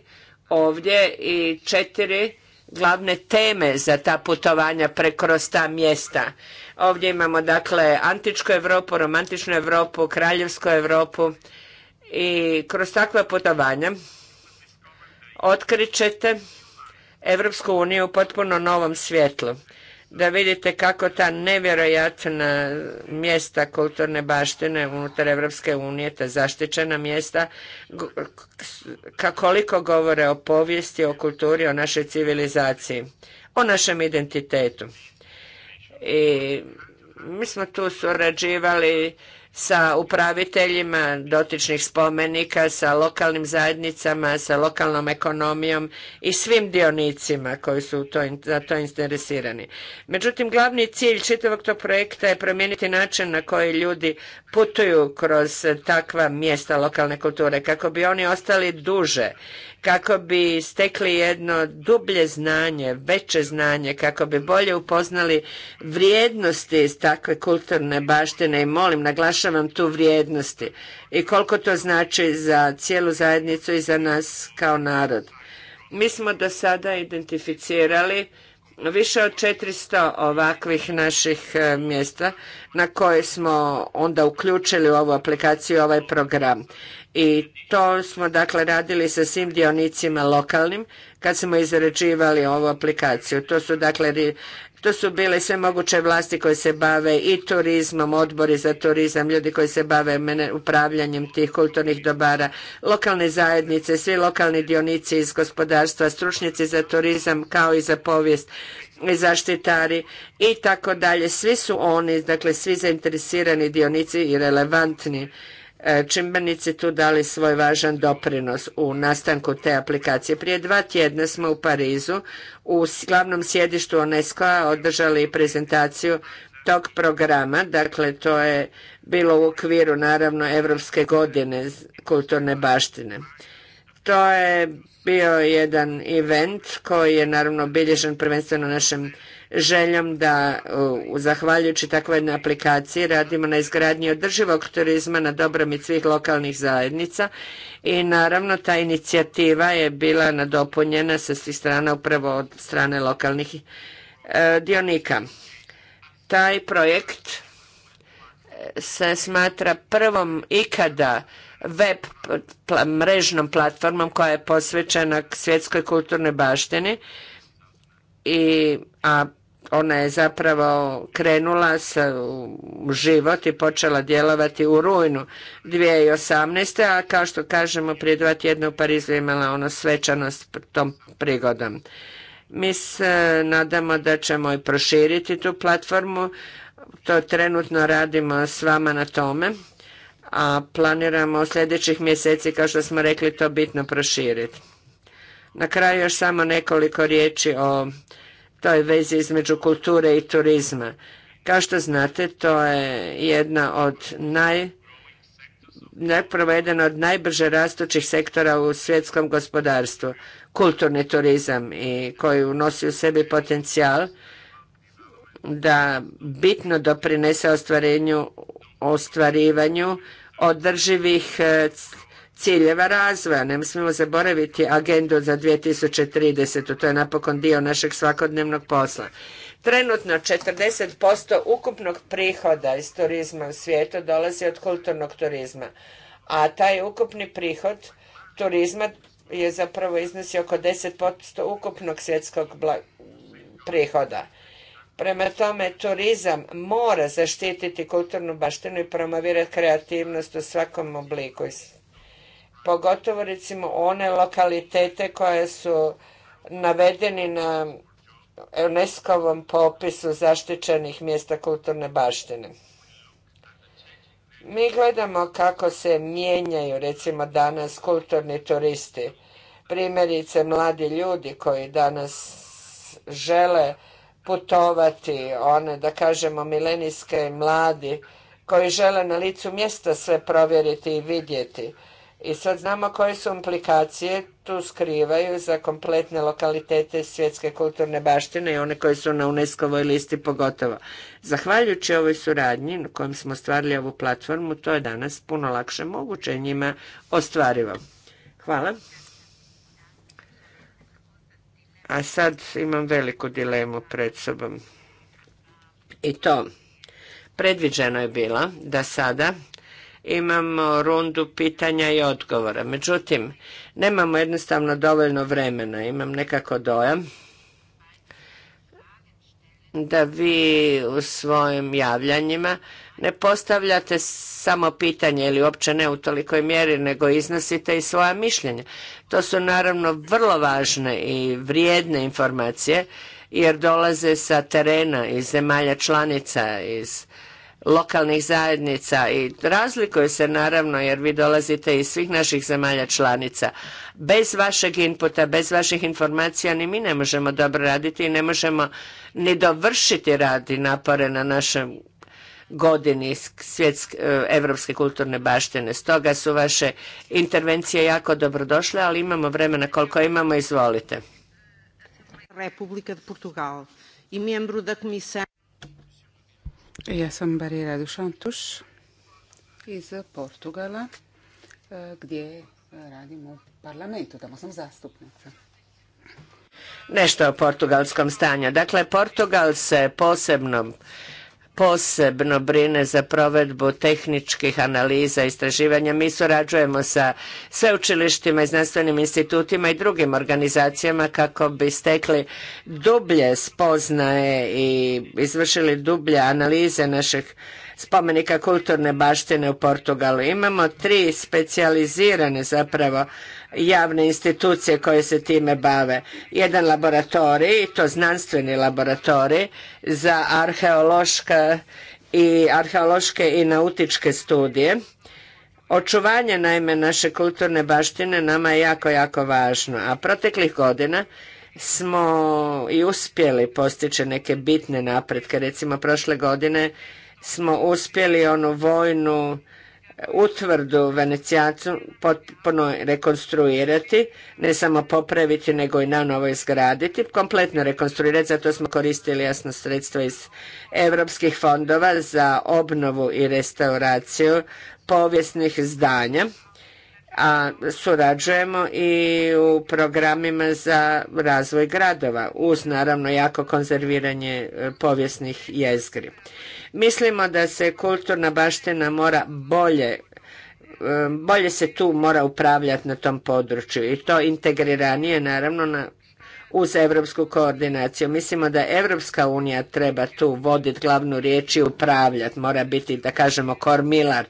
ovdje i četiri glavne teme za ta putovanja prekroz ta mjesta. Ovdje imamo dakle antičku Europu, romantičnu Europu, kraljevsku Europu i kroz takva putovanja otkrićete Europsku uniju u potpuno novom svjetlu da vidite kako ta nevjerojatna mjesta kulturne baštine unutar Evropske unije, ta zaštićena mjesta, koliko govore o povijesti, o kulturi, o našoj civilizaciji, o našem identitetu. I mi smo tu surađivali sa upraviteljima dotičnih spomenika, sa lokalnim zajednicama, sa lokalnom ekonomijom i svim dionicima koji su za to interesirani. Međutim, glavni cilj čitavog tog projekta je promijeniti način na koji ljudi putuju kroz takva mjesta lokalne kulture kako bi oni ostali duže kako bi stekli jedno dublje znanje, veće znanje, kako bi bolje upoznali vrijednosti iz takve kulturne baštine i molim, naglašavam tu vrijednosti i koliko to znači za cijelu zajednicu i za nas kao narod. Mi smo do sada identificirali više od 400 ovakvih naših e, mjesta na koje smo onda uključili u ovu aplikaciju, ovaj program. I to smo dakle radili sa svim dionicima lokalnim kad smo izrađivali ovu aplikaciju. To su dakle to su bile sve moguće vlasti koje se bave i turizmom, odbori za turizam, ljudi koji se bave upravljanjem tih kulturnih dobara, lokalne zajednice, svi lokalni dionici iz gospodarstva, stručnjaci za turizam kao i za povijest i zaštitari i tako dalje. Svi su oni, dakle svi zainteresirani dionici i relevantni E, čimbenici tu dali svoj važan doprinos u nastanku te aplikacije. Prije dva tjedna smo u Parizu u glavnom sjedištu UNESCO-a održali prezentaciju tog programa, dakle to je bilo u okviru naravno Europske godine kulturne baštine. To je bio jedan event koji je naravno obilježen prvenstveno našim željom da zahvaljujući takvoj jednoj aplikaciji radimo na izgradnji održivog turizma na dobrobit svih lokalnih zajednica i naravno ta inicijativa je bila nadopunjena sa svih strana upravo od strane lokalnih e, dionika. Taj projekt e, se smatra prvom ikada web mrežnom platformom koja je posvećena svjetskoj kulturnoj baštini i a ona je zapravo krenula sa, u život i počela djelovati u rujnu 2018. a kao što kažemo prije dva tjedna u Parizu imala ono svečanost tom prigodom. Mi se nadamo da ćemo i proširiti tu platformu, to trenutno radimo s vama na tome, a planiramo u sljedećih mjeseci, kao što smo rekli, to bitno proširiti. Na kraju još samo nekoliko riječi o toj vezi između kulture i turizma. Kao što znate, to je jedna od naj od najbrže rastućih sektora u svjetskom gospodarstvu, kulturni turizam i koji unosi u sebi potencijal da bitno doprinese ostvarenju, ostvarivanju održivih eh, ciljeva razvoja. Ne smijemo zaboraviti agendu za 2030. To je napokon dio našeg svakodnevnog posla. Trenutno 40% ukupnog prihoda iz turizma u svijetu dolazi od kulturnog turizma, a taj ukupni prihod turizma je zapravo iznosi oko 10% ukupnog svjetskog prihoda. Prema tome, turizam mora zaštititi kulturnu baštinu i promovirati kreativnost u svakom obliku pogotovo recimo one lokalitete koje su navedeni na unesco popisu zaštićenih mjesta kulturne baštine. Mi gledamo kako se mijenjaju recimo danas kulturni turisti. Primjerice mladi ljudi koji danas žele putovati, one da kažemo milenijske mladi koji žele na licu mjesta sve provjeriti i vidjeti. I sad znamo koje su implikacije tu skrivaju za kompletne lokalitete svjetske kulturne baštine i one koje su na unesco listi pogotovo. Zahvaljujući ovoj suradnji na kojem smo stvarili ovu platformu, to je danas puno lakše moguće njima ostvarivo. Hvala. A sad imam veliku dilemu pred sobom. I to, predviđeno je bilo da sada imamo rundu pitanja i odgovora. Međutim, nemamo jednostavno dovoljno vremena. Imam nekako dojam da vi u svojim javljanjima ne postavljate samo pitanje ili uopće ne u tolikoj mjeri, nego iznosite i svoja mišljenja. To su naravno vrlo važne i vrijedne informacije jer dolaze sa terena iz zemalja članica, iz lokalnih zajednica i razlikuje se naravno jer vi dolazite iz svih naših zemalja članica. Bez vašeg inputa, bez vaših informacija ni mi ne možemo dobro raditi i ne možemo ni dovršiti rad napore na našem godini svjetske e, evropske kulturne baštine. Stoga su vaše intervencije jako dobrodošle, ali imamo vremena koliko imamo, izvolite. Republika Portugal i membro da komisija... Ja sam Barira Dušantuš iz Portugala e, gdje e, radim u parlamentu, tamo sam zastupnica. Nešto o portugalskom stanju. Dakle, Portugal se posebno posebno brine za provedbu tehničkih analiza istraživanja. Mi surađujemo sa sveučilištima i znanstvenim institutima i drugim organizacijama kako bi stekli dublje spoznaje i izvršili dublje analize naših spomenika kulturne baštine u Portugalu. Imamo tri specijalizirane zapravo javne institucije koje se time bave. Jedan laboratorij, to znanstveni laboratorij za arheološka i arheološke i nautičke studije. Očuvanje naime naše kulturne baštine nama je jako, jako važno, a proteklih godina smo i uspjeli postići neke bitne napretke. Recimo prošle godine smo uspjeli onu vojnu utvrdu Venecijacu potpuno rekonstruirati, ne samo popraviti, nego i na novo izgraditi, kompletno rekonstruirati, zato smo koristili jasno sredstva iz europskih fondova za obnovu i restauraciju povijesnih zdanja a surađujemo i u programima za razvoj gradova uz naravno jako konzerviranje e, povijesnih jezgri. Mislimo da se kulturna baština mora bolje e, bolje se tu mora upravljati na tom području i to integriranije naravno na, uz evropsku koordinaciju. Mislimo da Evropska unija treba tu voditi glavnu riječ i upravljati, mora biti da kažemo kormilar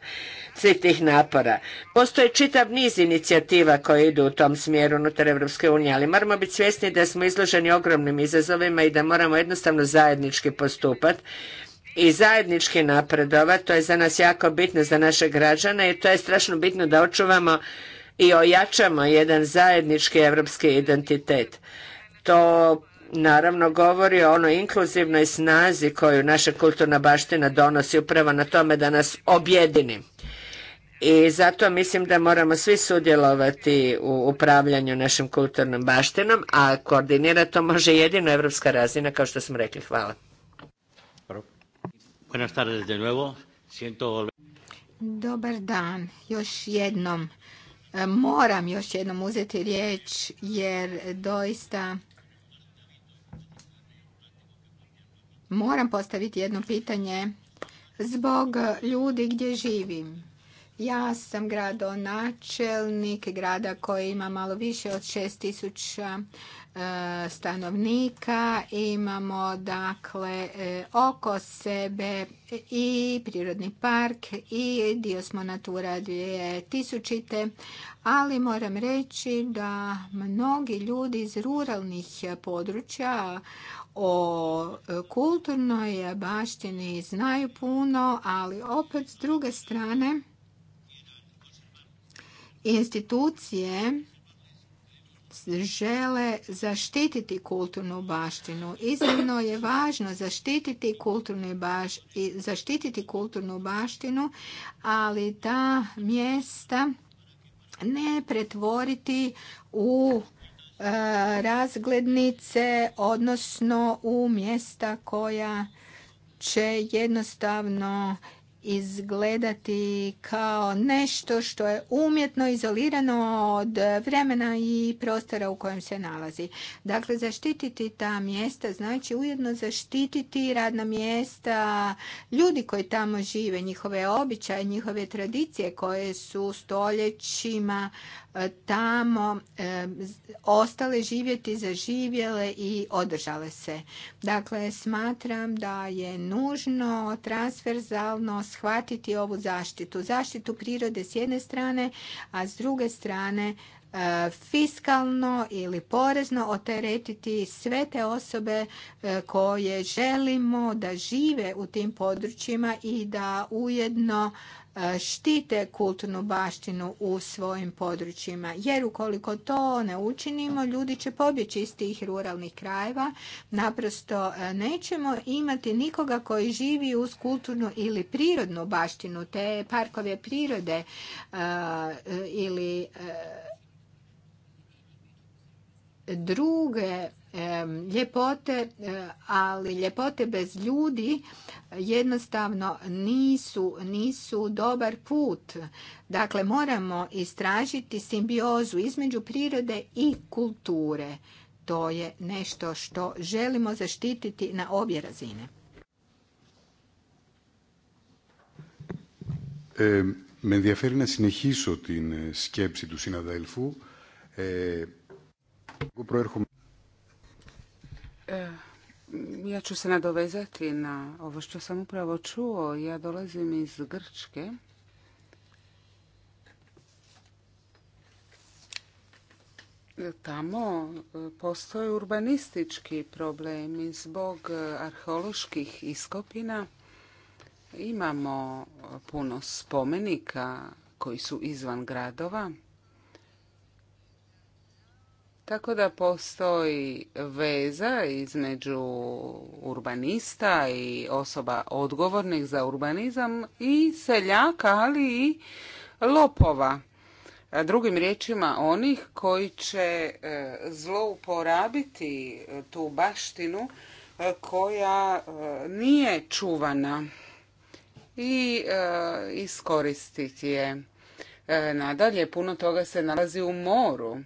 svih tih napora. Postoje čitav niz inicijativa koje idu u tom smjeru unutar Europske unije, ali moramo biti svjesni da smo izloženi ogromnim izazovima i da moramo jednostavno zajednički postupati i zajednički napredovat. To je za nas jako bitno, za naše građane i to je strašno bitno da očuvamo i ojačamo jedan zajednički europski identitet. To naravno govori o onoj inkluzivnoj snazi koju naša kulturna baština donosi upravo na tome da nas objedini. I zato mislim da moramo svi sudjelovati u upravljanju našim kulturnom baštinom, a koordinirati to može jedino evropska razina, kao što smo rekli. Hvala. Dobar dan. Još jednom e, moram još jednom uzeti riječ jer doista moram postaviti jedno pitanje zbog ljudi gdje živim. Ja sam gradonačelnik grada koji ima malo više od 6000 e, stanovnika imamo dakle e, oko sebe i prirodni park i dio smo Natura 2000 ali moram reći da mnogi ljudi iz ruralnih područja o kulturnoj baštini znaju puno ali opet s druge strane institucije žele zaštititi kulturnu baštinu. Iznimno je važno zaštititi kulturnu, baš, zaštititi kulturnu baštinu, ali ta mjesta ne pretvoriti u e, razglednice, odnosno u mjesta koja će jednostavno izgledati kao nešto što je umjetno izolirano od vremena i prostora u kojem se nalazi. Dakle, zaštititi ta mjesta znači ujedno zaštititi radna mjesta ljudi koji tamo žive, njihove običaje, njihove tradicije koje su stoljećima tamo e, ostale živjeti, zaživjele i održale se. Dakle, smatram da je nužno transverzalno shvatiti ovu zaštitu. Zaštitu prirode s jedne strane, a s druge strane e, fiskalno ili porezno oteretiti sve te osobe e, koje želimo da žive u tim područjima i da ujedno E, štite kulturnu baštinu u svojim područjima. Jer ukoliko to ne učinimo, ljudi će pobjeći iz tih ruralnih krajeva. Naprosto e, nećemo imati nikoga koji živi uz kulturnu ili prirodnu baštinu, te parkove prirode e, ili druge ljepote, e, ali ljepote bez ljudi jednostavno nisu, nisu dobar put. Dakle, moramo istražiti simbiozu između prirode i kulture. To je nešto što želimo zaštititi na obje razine. E, me ενδιαφέρει να συνεχίσω την σκέψη του E, ja ću se nadovezati na ovo što sam upravo čuo. Ja dolazim iz Grčke. Tamo e, postoje urbanistički problemi zbog e, arheoloških iskopina. Imamo puno spomenika koji su izvan gradova. Tako da postoji veza između urbanista i osoba odgovornih za urbanizam i seljaka, ali i lopova. Drugim riječima onih koji će e, zlouporabiti tu baštinu e, koja e, nije čuvana i iskoristiti je. Nadalje, puno toga se nalazi u moru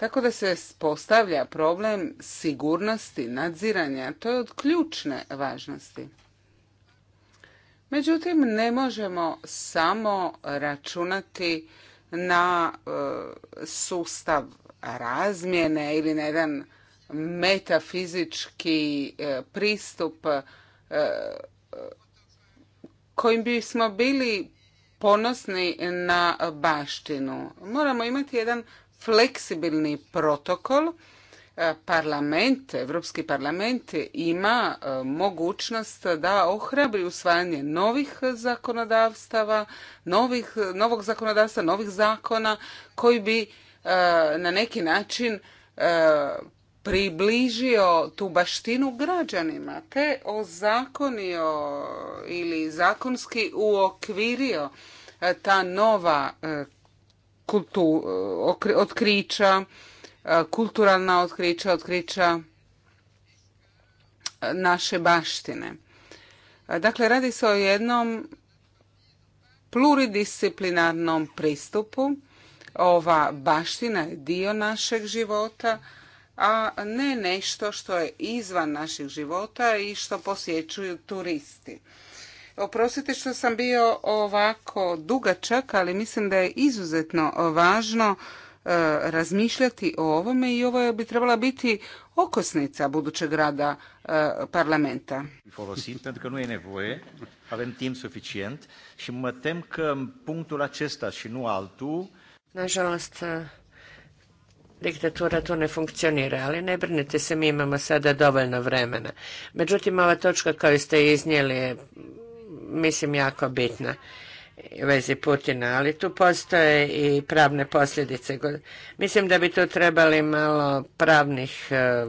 tako da se postavlja problem sigurnosti, nadziranja. To je od ključne važnosti. Međutim, ne možemo samo računati na e, sustav razmjene ili na jedan metafizički e, pristup e, kojim bismo bili ponosni na baštinu. Moramo imati jedan fleksibilni protokol e, parlament, Europski parlament ima e, mogućnost da ohrabri usvajanje novih zakonodavstava, novih, novog zakonodavstva, novih zakona koji bi e, na neki način približio tu baštinu građanima, te ozakonio ili zakonski uokvirio ta nova kultu, otkrića, kulturalna otkrića, otkrića naše baštine. Dakle, radi se o jednom pluridisciplinarnom pristupu. Ova baština je dio našeg života, a ne nešto što je izvan našeg života i što posjećuju turisti. Oprostite što sam bio ovako dugačak, ali mislim da je izuzetno važno e, razmišljati o ovome i ovo bi trebala biti okosnica budućeg rada e, parlamenta. nu e avem suficient nu Nažalost, diktatura to ne funkcionira, ali ne brinite se, mi imamo sada dovoljno vremena. Međutim, ova točka koju ste iznijeli je mislim, jako bitna vezi Putina, ali tu postoje i pravne posljedice. Mislim da bi tu trebali malo pravnih e,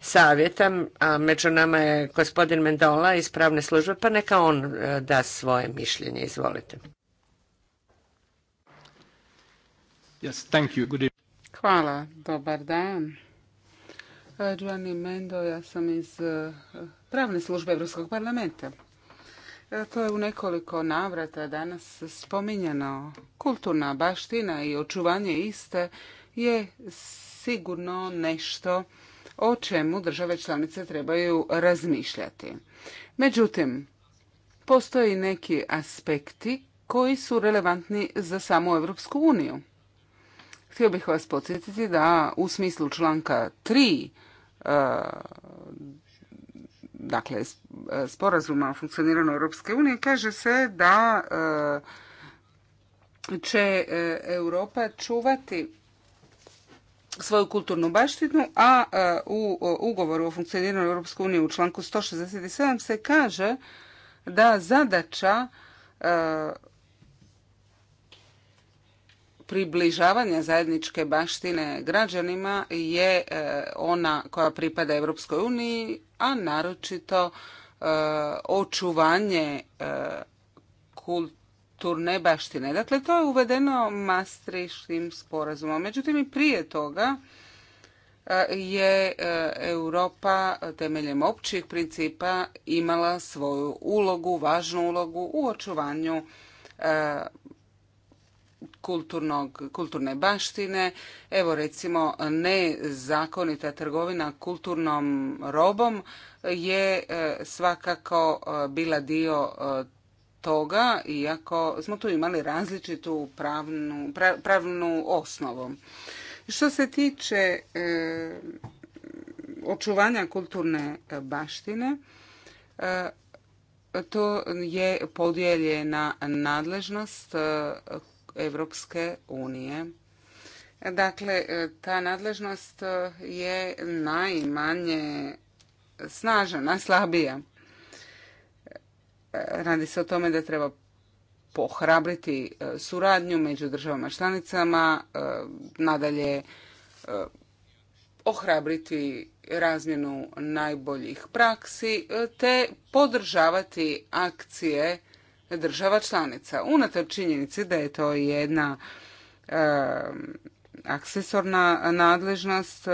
savjeta, a među nama je gospodin Mendola iz pravne službe, pa neka on e, da svoje mišljenje. Izvolite. Yes, thank you. Good Hvala, dobar dan. E, Giovanni Mendo, ja sam iz pravne službe Europskog parlamenta. E, to je u nekoliko navrata danas spominjano. Kulturna baština i očuvanje iste je sigurno nešto o čemu države članice trebaju razmišljati. Međutim, postoje neki aspekti koji su relevantni za samu Europsku uniju. Htio bih vas podsjetiti da u smislu članka 3 dakle, e, sporazuma o funkcioniranju Europske unije, kaže se da e, će e, Europa čuvati svoju kulturnu baštinu, a u ugovoru o funkcioniranju Europske unije u članku 167 se kaže da zadaća približavanja zajedničke baštine građanima je e, ona koja pripada Europskoj uniji, a naročito e, očuvanje e, kulturne baštine. Dakle, to je uvedeno mastriškim sporazumom. Međutim, i prije toga je Europa temeljem općih principa imala svoju ulogu, važnu ulogu u očuvanju kulturnog, kulturne baštine, evo recimo nezakonita trgovina kulturnom robom je e, svakako e, bila dio e, toga, iako smo tu imali različitu pravnu, pravnu osnovu. Što se tiče očuvanja kulturne baštine, to je podijeljena nadležnost Europske unije. Dakle, e, ta nadležnost e, je najmanje snažena, slabija. E, radi se o tome da treba pohrabriti suradnju među državama članicama, nadalje ohrabriti razmjenu najboljih praksi te podržavati akcije država članica. unatoč činjenici da je to jedna aksesorna nadležnost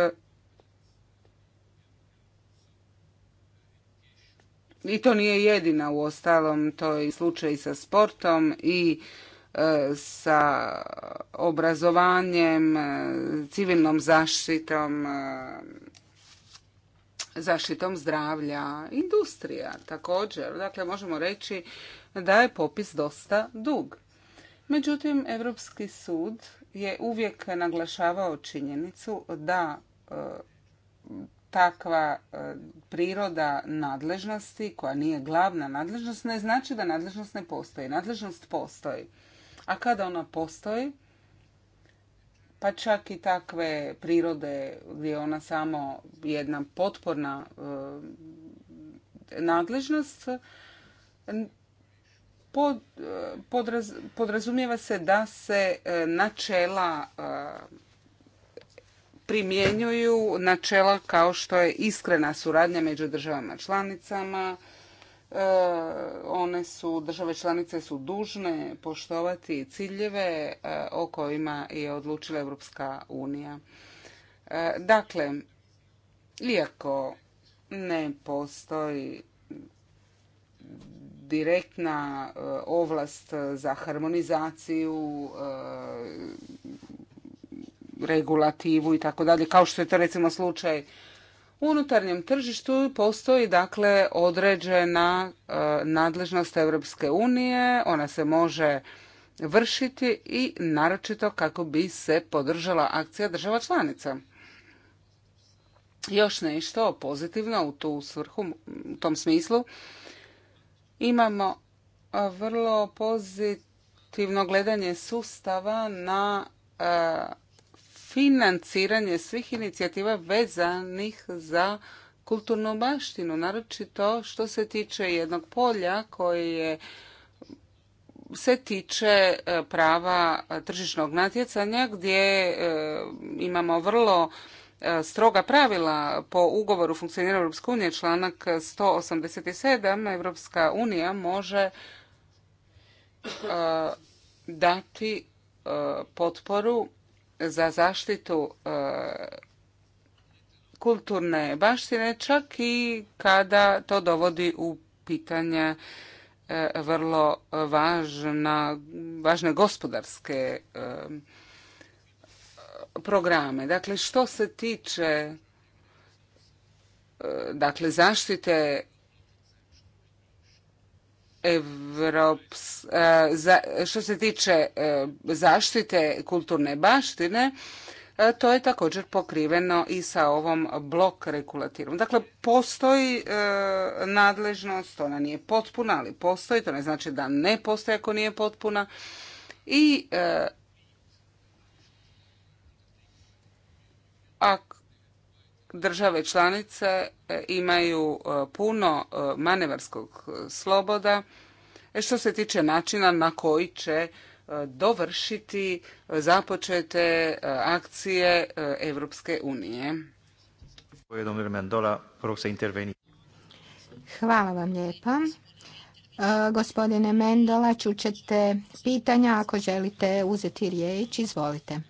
i to nije jedina u ostalom, to je slučaj sa sportom i e, sa obrazovanjem, e, civilnom zaštitom, e, zaštitom zdravlja, industrija također. Dakle, možemo reći da je popis dosta dug. Međutim, Europski sud je uvijek naglašavao činjenicu da e, takva e, priroda nadležnosti koja nije glavna nadležnost ne znači da nadležnost ne postoji. Nadležnost postoji. A kada ona postoji, pa čak i takve prirode gdje je ona samo jedna potporna e, nadležnost, podrazumijeva se da se e, načela e, primjenjuju načela kao što je iskrena suradnja među državama članicama. E, one su, države članice su dužne poštovati ciljeve o kojima je odlučila Europska unija. Dakle, iako ne postoji direktna e, ovlast e, za harmonizaciju, e, regulativu i tako dalje, kao što je to recimo slučaj u unutarnjem tržištu postoji dakle određena nadležnost Europske unije, ona se može vršiti i naročito kako bi se podržala akcija država članica. Još nešto pozitivno u tu svrhu, u tom smislu imamo vrlo pozitivno gledanje sustava na financiranje svih inicijativa vezanih za kulturnu baštinu, naročito što se tiče jednog polja koji je se tiče prava tržišnog natjecanja gdje imamo vrlo E, stroga pravila po ugovoru o funkcioniranju Europske unije, članak 187, Europska unija može e, dati e, potporu za zaštitu kulturne baštine, čak i kada to dovodi u pitanje vrlo važne gospodarske programe. Dakle, što se tiče e, dakle, zaštite Evrops, e, što se tiče e, zaštite kulturne baštine, to je također pokriveno i sa ovom blok regulativom. Dakle, postoji nadležnost, ona nije potpuna, ali postoji, to ne znači da ne postoji ako nije potpuna. I a države članice e, imaju e, puno e, manevarskog sloboda što se tiče načina na koji će dovršiti započete akcije Europske unije. Hvala vam lijepa. Gospodine Mendola, čućete pitanja. Ako želite uzeti riječ, izvolite.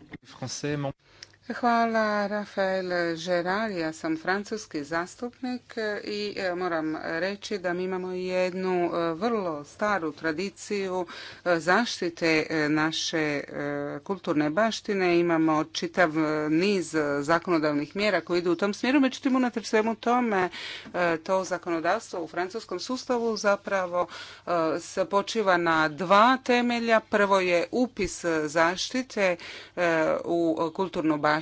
Hvala, Rafael Žerar. Ja sam francuski zastupnik i e, moram reći da mi imamo jednu e, vrlo staru tradiciju e, zaštite naše kulturne baštine. Imamo čitav niz zakonodavnih mjera koji idu u tom smjeru. Međutim, unatoč svemu tome, to zakonodavstvo u francuskom sustavu zapravo se počiva na dva temelja. Prvo je upis zaštite u kulturnu baštinu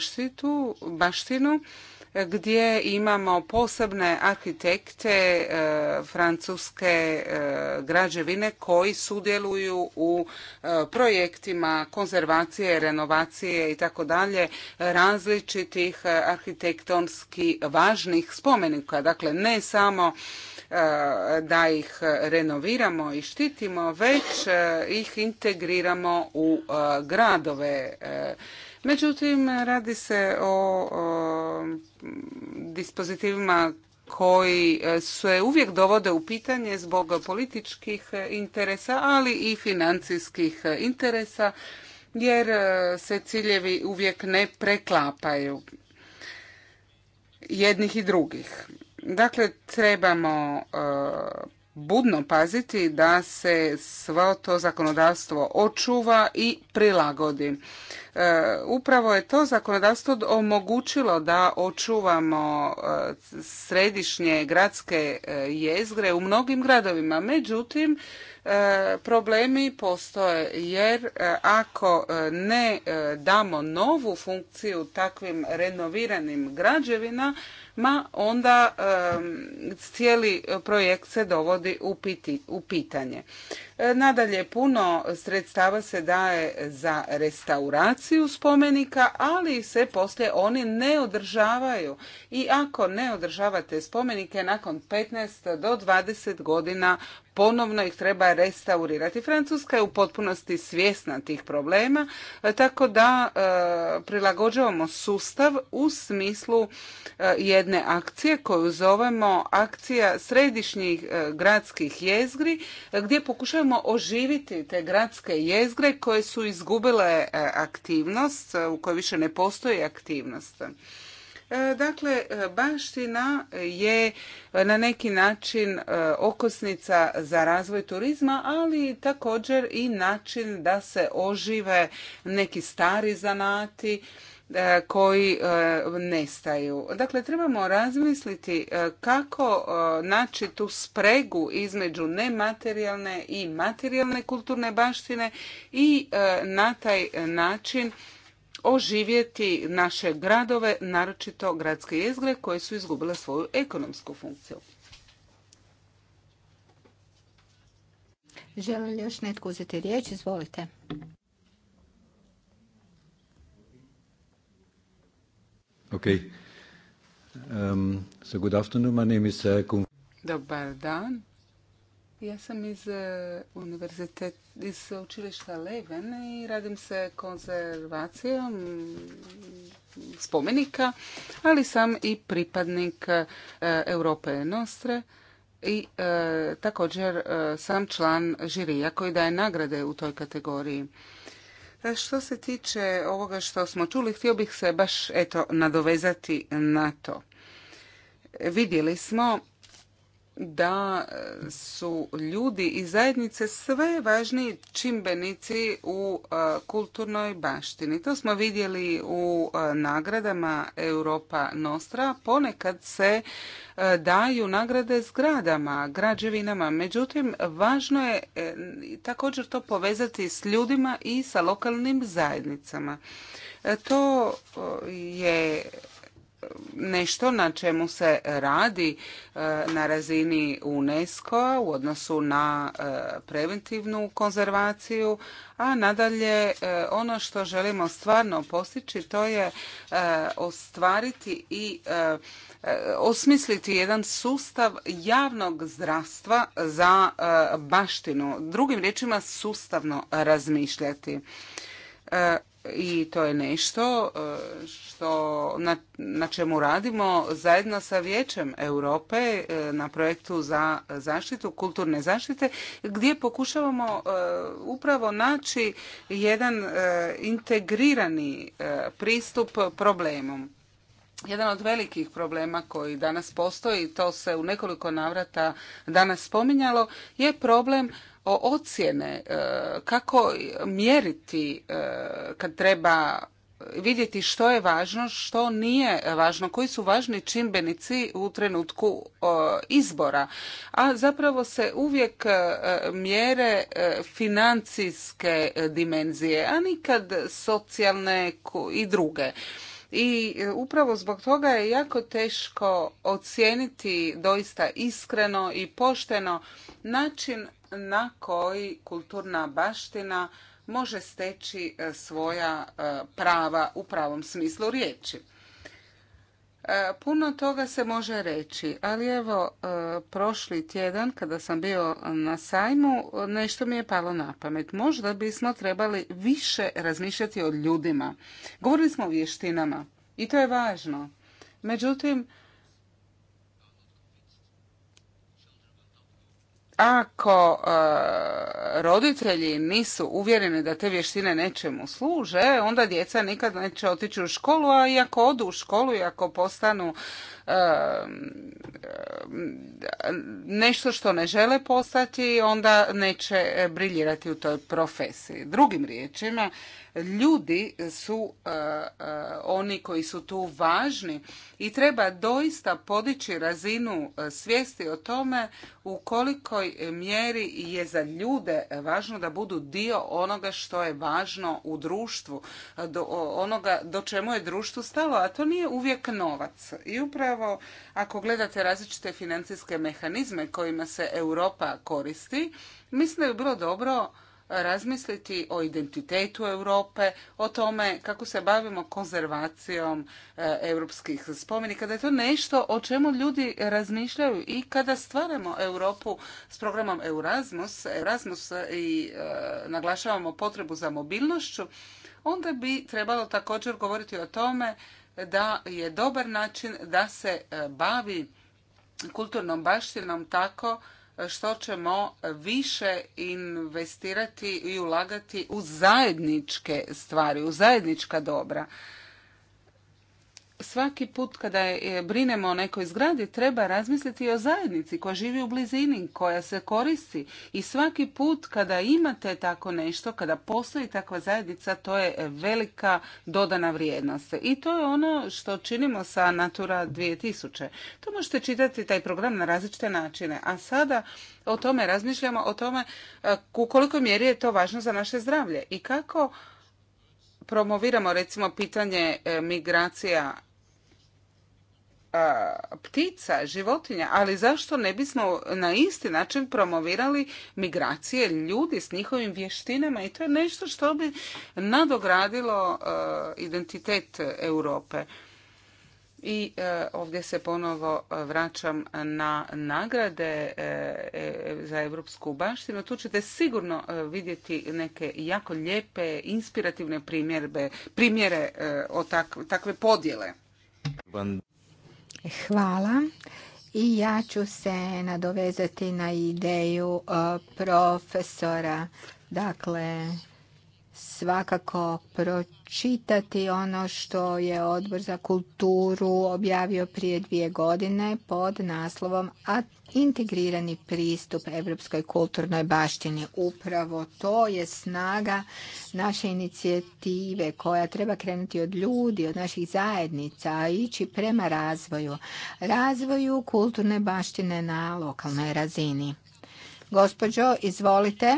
baštinu gdje imamo posebne arhitekte e, francuske e, građevine koji sudjeluju u e, projektima konzervacije, renovacije i tako dalje različitih arhitektonski važnih spomenika. Dakle, ne samo da ih renoviramo i štitimo, već ih integriramo u gradove Međutim, radi se o, dispozitivima koji e, se uvijek dovode u pitanje zbog političkih e, interesa, ali i financijskih e, interesa, jer se ciljevi uvijek ne preklapaju jednih i drugih. Dakle, trebamo budno paziti da se svo to zakonodavstvo očuva i prilagodi. E, upravo je to zakonodavstvo omogućilo da očuvamo e, središnje gradske e, jezgre u mnogim gradovima. Međutim, problemi postoje jer ako ne damo novu funkciju takvim renoviranim građevina, onda cijeli projekt se dovodi u pitanje. E, nadalje, puno sredstava se daje za restauraciju spomenika, ali se poslije oni ne održavaju. I ako ne održavate spomenike, nakon 15 do 20 godina ponovno ih treba restaurirati. Francuska je u potpunosti svjesna tih problema, e, tako da e, prilagođavamo sustav u smislu e, jedne akcije koju zovemo akcija središnjih gradskih jezgri, gdje pokušavamo oživiti te gradske jezgre koje su izgubile aktivnost, u kojoj više ne postoji aktivnost. E, dakle, e, baština je e, na neki način okosnica za razvoj turizma, ali također i način da se ožive neki stari zanati koji nestaju. Dakle, trebamo razmisliti kako naći tu spregu između nematerijalne i materijalne kulturne baštine i na taj način oživjeti naše gradove, naročito gradske jezgre koje su izgubile svoju ekonomsku funkciju. Želi li još netko uzeti riječ? Izvolite. Okay. Um, so good afternoon. name is, uh, Dobar dan. Ja sam iz e, univerziteta, iz učilišta Leven i radim se konzervacijom spomenika, ali sam i pripadnik e, Europe Nostre i e, također sam član žirija koji daje nagrade u toj kategoriji. Što se tiče ovoga što smo čuli, htio bih se baš eto nadovezati na to. Vidjeli smo da e, su ljudi i zajednice sve važniji čimbenici u e, kulturnoj baštini. To smo vidjeli u e, nagradama Europa Nostra. Ponekad se daju nagrade zgradama, građevinama. Međutim, važno je također to povezati s ljudima i sa lokalnim zajednicama. To je nešto na čemu se radi e, na razini UNESCO u odnosu na e, preventivnu konzervaciju, a nadalje e, ono što želimo stvarno postići to je ostvariti i osmisliti jedan sustav javnog zdravstva za baštinu. Drugim riječima sustavno razmišljati i to je nešto e, što na, na čemu radimo zajedno sa Vijećem Europe e, na projektu za zaštitu kulturne zaštite gdje pokušavamo e, upravo naći jedan integrirani pristup problemom. Jedan od velikih problema koji danas postoji, to se u nekoliko navrata danas spominjalo, je problem ocjene, e, kako mjeriti e, kad treba vidjeti što je važno, što nije važno, koji su važni čimbenici u trenutku e, izbora. A zapravo se uvijek mjere financijske dimenzije, a nikad socijalne i druge i e, upravo zbog toga je jako teško ocijeniti doista iskreno i pošteno način na koji kulturna baština može steći e, svoja e, prava u pravom smislu riječi. E, puno toga se može reći, ali evo e, prošli tjedan kada sam bio na sajmu nešto mi je palo na pamet. Možda bismo trebali više razmišljati o ljudima. Govorili smo o vještinama i to je važno. Međutim, ako e, roditelji nisu uvjereni da te vještine nečemu služe, onda djeca nikad neće otići u školu, a i ako odu u školu i ako postanu e, nešto što ne žele postati, onda neće briljirati u toj profesiji. Drugim riječima, ljudi su e, e, oni koji su tu važni i treba doista podići razinu e, svijesti o tome u kolikoj mjeri je za ljude važno da budu dio onoga što je važno u društvu, do onoga do čemu je društvu stalo, a to nije uvijek novac. I upravo ako gledate različite financijske mehanizme kojima se Europa koristi, mislim da je bilo dobro razmisliti o identitetu Europe, o tome kako se bavimo konzervacijom e, europskih spomenika, da je to nešto o čemu ljudi razmišljaju i kada stvaramo Europu s programom Erasmus, Erasmus i e, naglašavamo potrebu za mobilnošću, onda bi trebalo također govoriti o tome da je dobar način da se e, bavi kulturnom baštinom tako e, što ćemo više investirati i ulagati u zajedničke stvari, u zajednička dobra svaki put kada e, brinemo o nekoj zgradi treba razmisliti i o zajednici koja živi u blizini, koja se koristi i svaki put kada imate tako nešto, kada postoji takva zajednica, to je velika dodana vrijednost. I to je ono što činimo sa Natura 2000. To možete čitati taj program na različite načine, a sada o tome razmišljamo, o tome e, u koliko mjeri je to važno za naše zdravlje i kako promoviramo recimo pitanje e, migracija ptica, životinja, ali zašto ne bismo na isti način promovirali migracije ljudi s njihovim vještinama i to je nešto što bi nadogradilo e, identitet Europe. I e, ovdje se ponovo vraćam na nagrade e, za evropsku baštinu. Tu ćete sigurno vidjeti neke jako lijepe, inspirativne primjere o takve podjele. Hvala. I ja ću se nadovezati na ideju eh, profesora. Dakle, svakako pročitati ono što je Odbor za kulturu objavio prije dvije godine pod naslovom a Integrirani pristup Europskoj kulturnoj baštini. Upravo to je snaga naše inicijative koja treba krenuti od ljudi, od naših zajednica, ići prema razvoju. Razvoju kulturne baštine na lokalnoj razini. Gospođo, izvolite.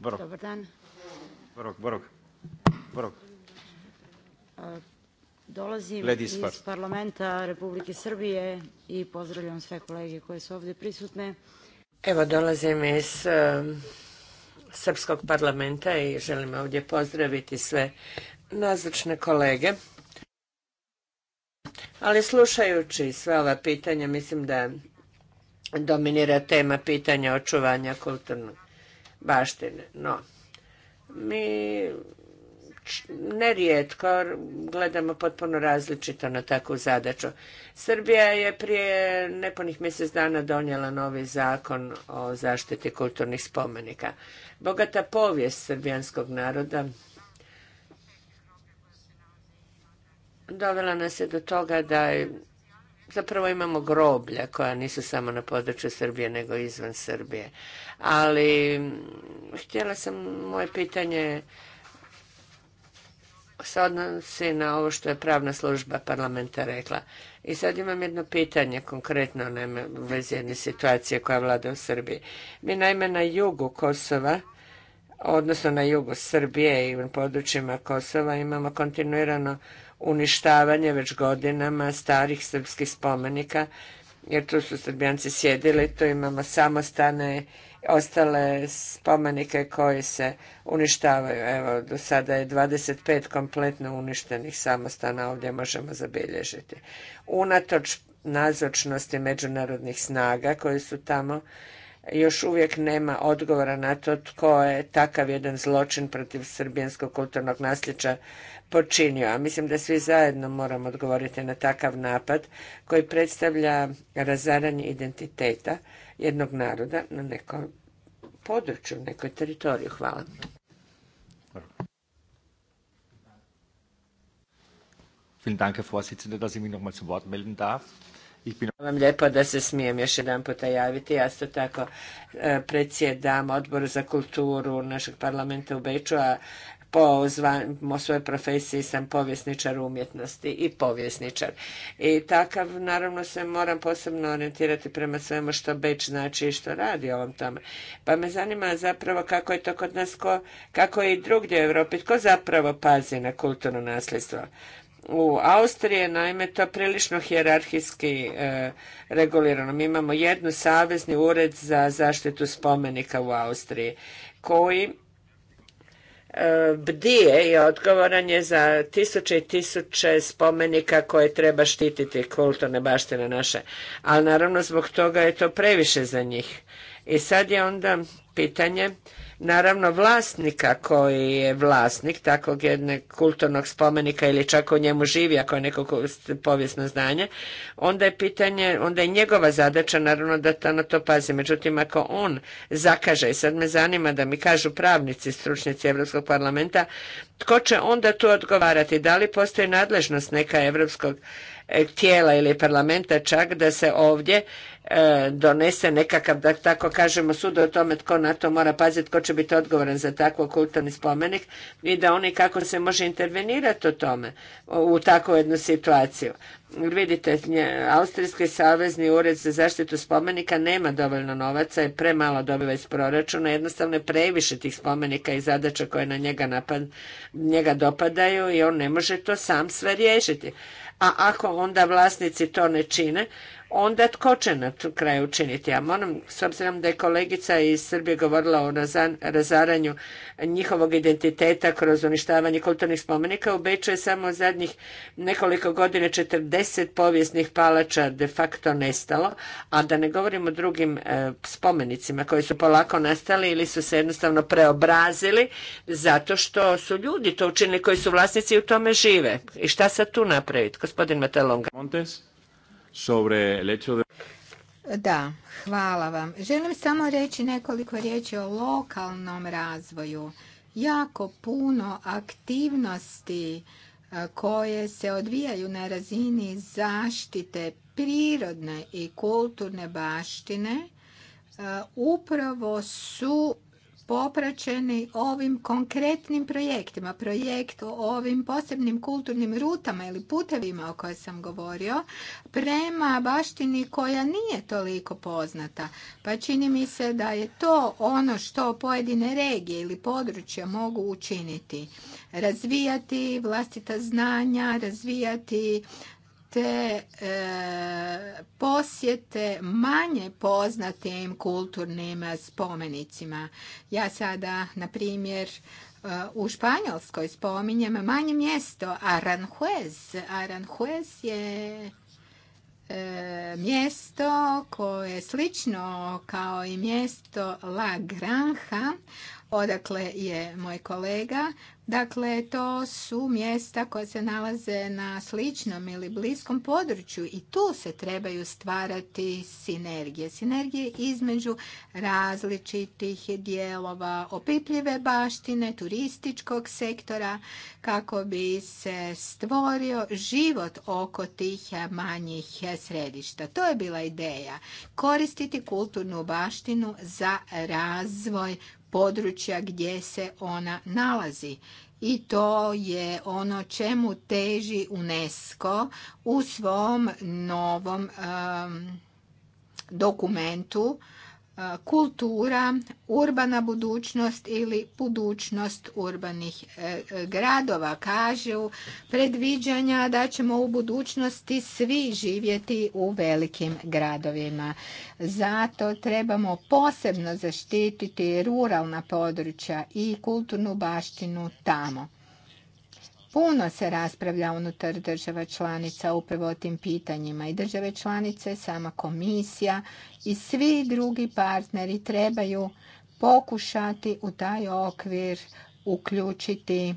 Dobar dan. Borok, Dolazim iz parlamenta Republike Srbije i pozdravljam sve kolege koje su ovdje prisutne. Evo dolazim iz Srpskog parlamenta i želim ovdje pozdraviti sve nazočne kolege. Ali slušajući sve ova pitanja, mislim da dominira tema pitanja očuvanja kulturnog baštine. No, mi nerijetko gledamo potpuno različito na takvu zadaću. Srbija je prije nepunih mjesec dana donijela novi zakon o zaštiti kulturnih spomenika. Bogata povijest srbijanskog naroda dovela nas je do toga da zapravo imamo groblja koja nisu samo na području Srbije nego izvan Srbije. Ali htjela sam moje pitanje se odnosi na ovo što je pravna služba parlamenta rekla. I sad imam jedno pitanje konkretno na vezi jedne situacije koja vlada u Srbiji. Mi naime na jugu Kosova, odnosno na jugu Srbije i u područjima Kosova imamo kontinuirano uništavanje već godinama starih srpskih spomenika, jer tu su srbijanci sjedili, tu imamo samostane, ostale spomenike koje se uništavaju. Evo, do sada je 25 kompletno uništenih samostana ovdje možemo zabilježiti. Unatoč nazočnosti međunarodnih snaga koje su tamo još uvijek nema odgovora na to tko je takav jedan zločin protiv srbijanskog kulturnog nasljeđa počinio. A mislim da svi zajedno moramo odgovoriti na takav napad koji predstavlja razaranje identiteta jednog naroda na nekom području, nekoj teritoriju. Hvala. Vielen Dank, Herr Hvala vam lijepo da se smijem još jedan puta javiti. Ja isto tako e, predsjedam odboru za kulturu našeg parlamenta u Beču, a po svojoj profesiji sam povjesničar umjetnosti i povjesničar. I takav, naravno, se moram posebno orijentirati prema svemu što Beč znači i što radi ovom tome. Pa me zanima zapravo kako je to kod nas, kako je i drugdje u Europi, tko zapravo pazi na kulturno nasljedstvo. U Austriji je naime to prilično hjerarhijski e, regulirano. Mi imamo jednu savezni ured za zaštitu spomenika u Austriji koji e, bdije i odgovoran je za tisuće i tisuće spomenika koje treba štititi kulturne baštine naše. Ali naravno zbog toga je to previše za njih. I sad je onda pitanje Naravno, vlasnika koji je vlasnik takvog jednog kulturnog spomenika ili čak u njemu živi, ako je neko povijesno znanje, onda je pitanje, onda je njegova zadaća, naravno, da to na to pazi. Međutim, ako on zakaže, i sad me zanima da mi kažu pravnici, stručnjaci Europskog parlamenta, tko će onda tu odgovarati? Da li postoji nadležnost neka Europskog tijela ili parlamenta čak da se ovdje e, donese nekakav, da tako kažemo, sud o tome tko na to mora paziti, tko će biti odgovoran za takvo kulturni spomenik i da oni kako se može intervenirati o tome, u takvu jednu situaciju. Vidite, Austrijski savezni ured za zaštitu spomenika nema dovoljno novaca i premalo dobiva iz proračuna. Jednostavno je previše tih spomenika i zadaća koje na njega, njega dopadaju i on ne može to sam sve riješiti a ako onda vlasnici to ne čine, onda tko će na kraju učiniti? Ja moram, s obzirom da je kolegica iz Srbije govorila o razaranju njihovog identiteta kroz uništavanje kulturnih spomenika, u Beču je samo zadnjih nekoliko godina 40 povijesnih palača de facto nestalo, a da ne govorim o drugim e, spomenicima koji su polako nastali ili su se jednostavno preobrazili zato što su ljudi to učinili koji su vlasnici i u tome žive. I šta sad tu napraviti, gospodin Matelonga? Montes sobre el hecho de... Da, hvala vam. Želim samo reći nekoliko riječi o lokalnom razvoju. Jako puno aktivnosti e, koje se odvijaju na razini zaštite prirodne i kulturne baštine e, upravo su popraćeni ovim konkretnim projektima. Projekt o ovim posebnim kulturnim rutama ili putevima o kojoj sam govorio prema baštini koja nije toliko poznata. Pa čini mi se da je to ono što pojedine regije ili područja mogu učiniti. Razvijati vlastita znanja, razvijati te e, posjete manje poznatim kulturnim spomenicima. Ja sada, na primjer, e, u Španjolskoj spominjem manje mjesto Aranjuez. Aranjuez je e, mjesto koje je slično kao i mjesto La Granja odakle je moj kolega. Dakle, to su mjesta koja se nalaze na sličnom ili bliskom području i tu se trebaju stvarati sinergije. Sinergije između različitih dijelova opipljive baštine, turističkog sektora, kako bi se stvorio život oko tih manjih središta. To je bila ideja. Koristiti kulturnu baštinu za razvoj područja gdje se ona nalazi i to je ono čemu teži UNESCO u svom novom dokumentu kultura, urbana budućnost ili budućnost urbanih e, e, gradova. Kažu predviđanja da ćemo u budućnosti svi živjeti u velikim gradovima. Zato trebamo posebno zaštititi ruralna područja i kulturnu baštinu tamo. Puno se raspravlja unutar država članica upravo o tim pitanjima i države članice, sama komisija i svi drugi partneri trebaju pokušati u taj okvir uključiti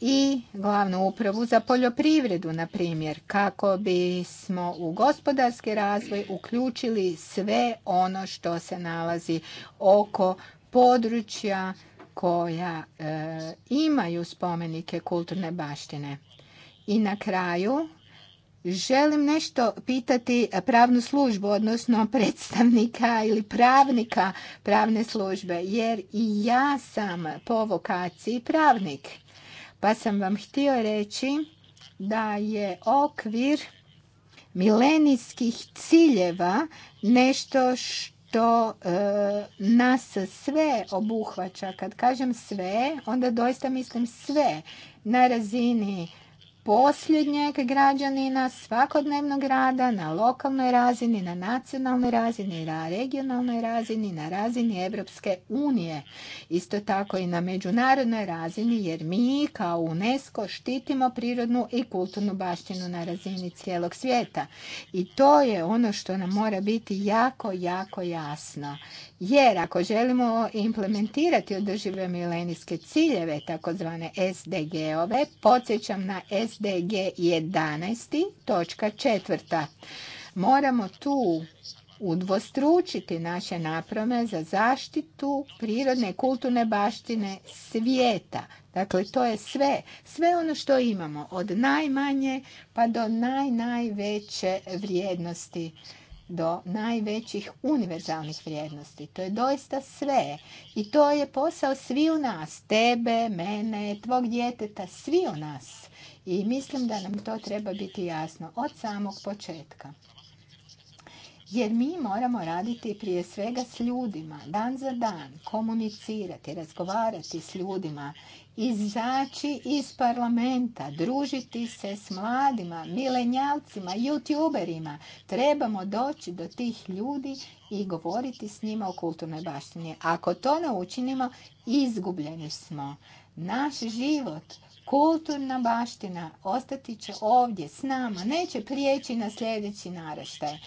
i glavnu upravu za poljoprivredu, na primjer, kako bismo u gospodarski razvoj uključili sve ono što se nalazi oko područja koja e, imaju spomenike kulturne baštine. I na kraju želim nešto pitati pravnu službu, odnosno predstavnika ili pravnika pravne službe, jer i ja sam po vokaciji pravnik. Pa sam vam htio reći da je okvir milenijskih ciljeva nešto što to e, nas sve obuhvaća. Kad kažem sve, onda doista mislim sve na razini posljednjeg građanina svakodnevnog rada na lokalnoj razini, na nacionalnoj razini, na regionalnoj razini, na razini Evropske unije. Isto tako i na međunarodnoj razini jer mi kao UNESCO štitimo prirodnu i kulturnu baštinu na razini cijelog svijeta. I to je ono što nam mora biti jako, jako jasno. Jer ako želimo implementirati održive milenijske ciljeve, takozvane SDG-ove, podsjećam na SDG 11. Moramo tu udvostručiti naše naprome za zaštitu prirodne i kulturne baštine svijeta. Dakle, to je sve. Sve ono što imamo, od najmanje pa do najveće vrijednosti do najvećih univerzalnih vrijednosti. To je doista sve. I to je posao svi u nas, tebe, mene, tvog djeteta, Svi u nas. I mislim da nam to treba biti jasno od samog početka. Jer mi moramo raditi prije svega s ljudima, dan za dan, komunicirati, razgovarati s ljudima, izaći iz parlamenta, družiti se s mladima, milenjalcima, youtuberima. Trebamo doći do tih ljudi i govoriti s njima o kulturnoj baštini. Ako to ne učinimo, izgubljeni smo. Naš život, kulturna baština ostati će ovdje s nama, neće prijeći na sljedeći naraštaj.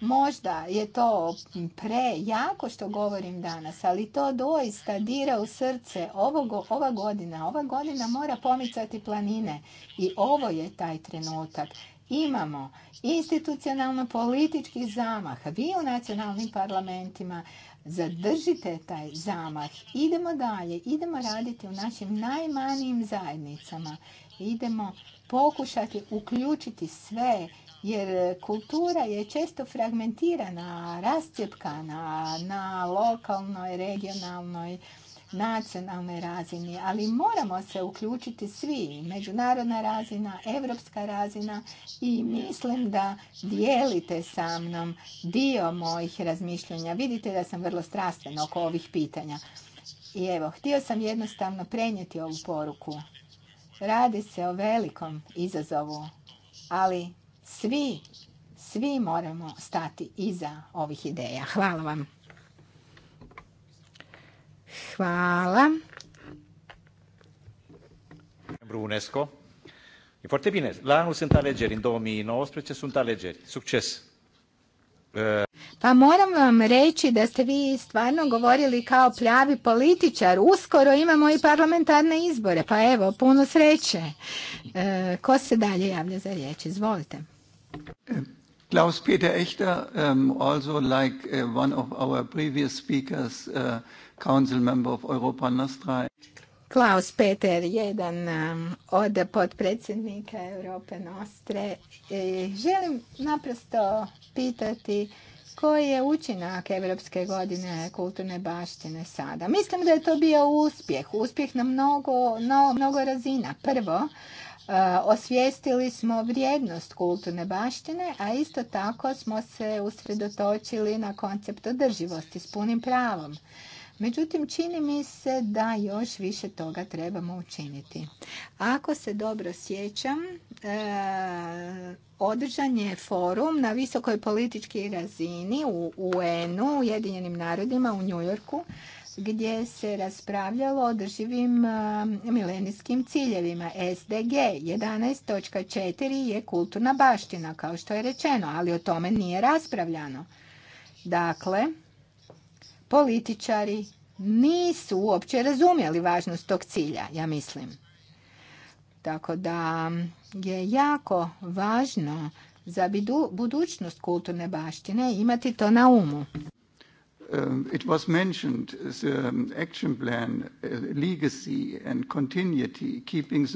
Možda je to pre jako što govorim danas, ali to doista dira u srce. ova godina, ova godina mora pomicati planine i ovo je taj trenutak. Imamo institucionalno-politički zamah. Vi u nacionalnim parlamentima zadržite taj zamah. Idemo dalje, idemo raditi u našim najmanijim zajednicama. Idemo pokušati uključiti sve jer e, kultura je često fragmentirana, rascijepkana na lokalnoj, regionalnoj, nacionalnoj razini, ali moramo se uključiti svi, međunarodna razina, evropska razina i mislim da dijelite sa mnom dio mojih razmišljanja. Vidite da sam vrlo strastvena oko ovih pitanja. I evo, htio sam jednostavno prenijeti ovu poruku. Radi se o velikom izazovu, ali svi, svi moramo stati iza ovih ideja. Hvala vam. Hvala. Brunesco. E foarte bine. La anul sunt alegeri. În 2019 sunt alegeri. Succes! Eh. Pa moram vam reći da ste vi stvarno govorili kao pljavi političar. Uskoro imamo i parlamentarne izbore. Pa evo, puno sreće. Eh, ko se dalje javlja za riječ? Izvolite. Klaus Peter Echter, um, also like uh, one of our previous speakers, uh, council member of Europa Nostra. Klaus Peter, jedan um, od potpredsjednika Europe Nostre. želim naprosto pitati koji je učinak Evropske godine kulturne baštine sada. Mislim da je to bio uspjeh. Uspjeh na mnogo, no, mnogo razina. Prvo, E, osvijestili smo vrijednost kulturne baštine, a isto tako smo se usredotočili na koncept održivosti s punim pravom. Međutim, čini mi se da još više toga trebamo učiniti. Ako se dobro sjećam, e, održan je forum na visokoj političkoj razini u UN-u, Ujedinjenim narodima u Njujorku, gdje se raspravljalo o održivim milenijskim ciljevima. SDG 11.4 je kulturna baština, kao što je rečeno, ali o tome nije raspravljano. Dakle, političari nisu uopće razumjeli važnost tog cilja, ja mislim. Tako da je jako važno za budućnost kulturne baštine imati to na umu. Um, it was mentioned the um, action plan, uh, legacy and continuity, keeping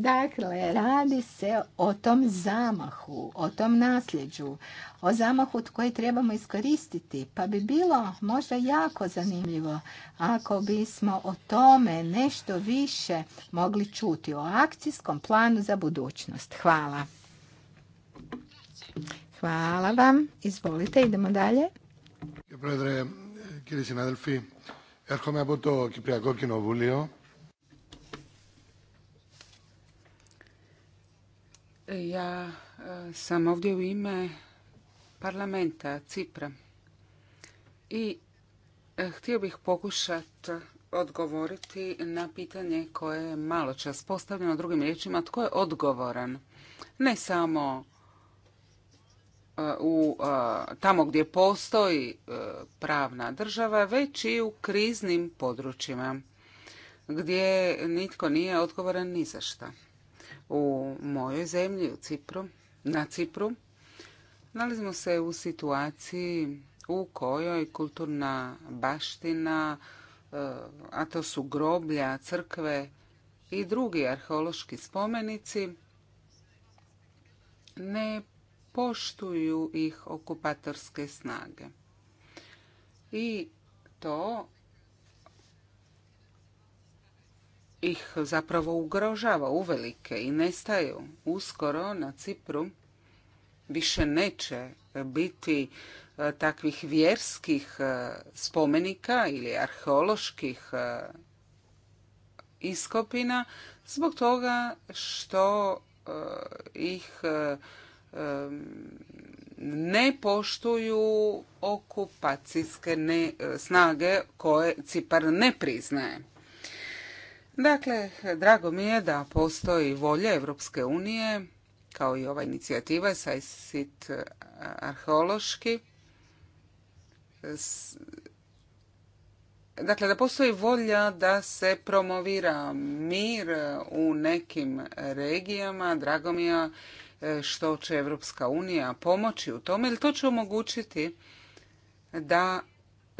Dakle, radi se o tom zamahu, o tom nasljeđu, o zamahu koji trebamo iskoristiti, pa bi bilo možda jako zanimljivo ako bismo o tome nešto više mogli čuti, o akcijskom planu za budućnost. Hvala. Hvala vam. Izvolite, idemo dalje. Ja sam ovdje u ime parlamenta Cipra i e, htio bih pokušati odgovoriti na pitanje koje je malo čas postavljeno drugim riječima tko je odgovoran ne samo E, u, e, tamo gdje postoji e, pravna država, već i u kriznim područjima gdje nitko nije odgovoran ni za šta. U mojoj zemlji, u Cipru, na Cipru, nalazimo se u situaciji u kojoj kulturna baština, a to su groblja, crkve i drugi arheološki spomenici, ne poštuju ih okupatorske snage. I to ih zapravo ugrožava uvelike i nestaju. Uskoro na Cipru više neće biti e, takvih vjerskih e, spomenika ili arheoloških e, iskopina zbog toga što ih ne poštuju okupacijske e, snage koje Cipar ne priznaje. Dakle, drago mi je da postoji volja Europske unije, kao i ova inicijativa sit e, arheološki, dakle da postoji volja da se promovira mir u nekim regijama. Drago mi je E, što će Europska unija pomoći u tome, jer to će omogućiti da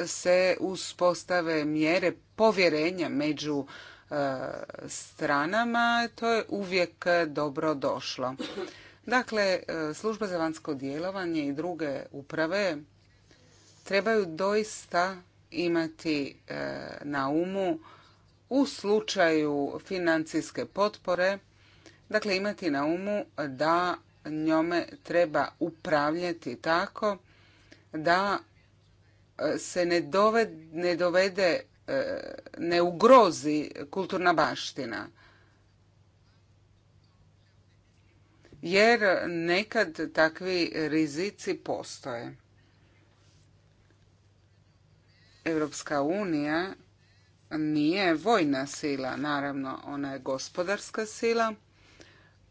se uspostave mjere povjerenja među e, stranama, to je uvijek dobro došlo. Dakle, e, služba za vanjsko djelovanje i druge uprave trebaju doista imati na umu u slučaju financijske potpore Dakle, imati na umu da njome treba upravljati tako da e, se ne dovede, ne, dovede, e, ne ugrozi kulturna baština. Jer nekad takvi rizici postoje. Evropska unija nije vojna sila, naravno ona je gospodarska sila –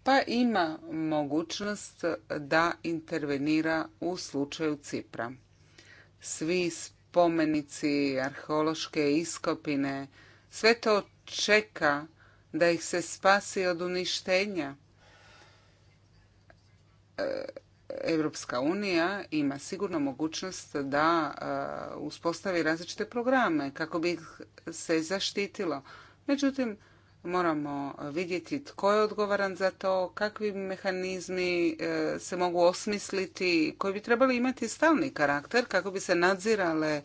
pa ima mogućnost da intervenira u slučaju Cipra. Svi spomenici, arheološke iskopine, sve to čeka da ih se spasi od uništenja. E, Evropska unija ima sigurno mogućnost da e, uspostavi različite programe kako bi ih se zaštitilo. Međutim, Moramo vidjeti tko je odgovoran za to, kakvi mehanizmi e, se mogu osmisliti, koji bi trebali imati stalni karakter kako bi se nadzirala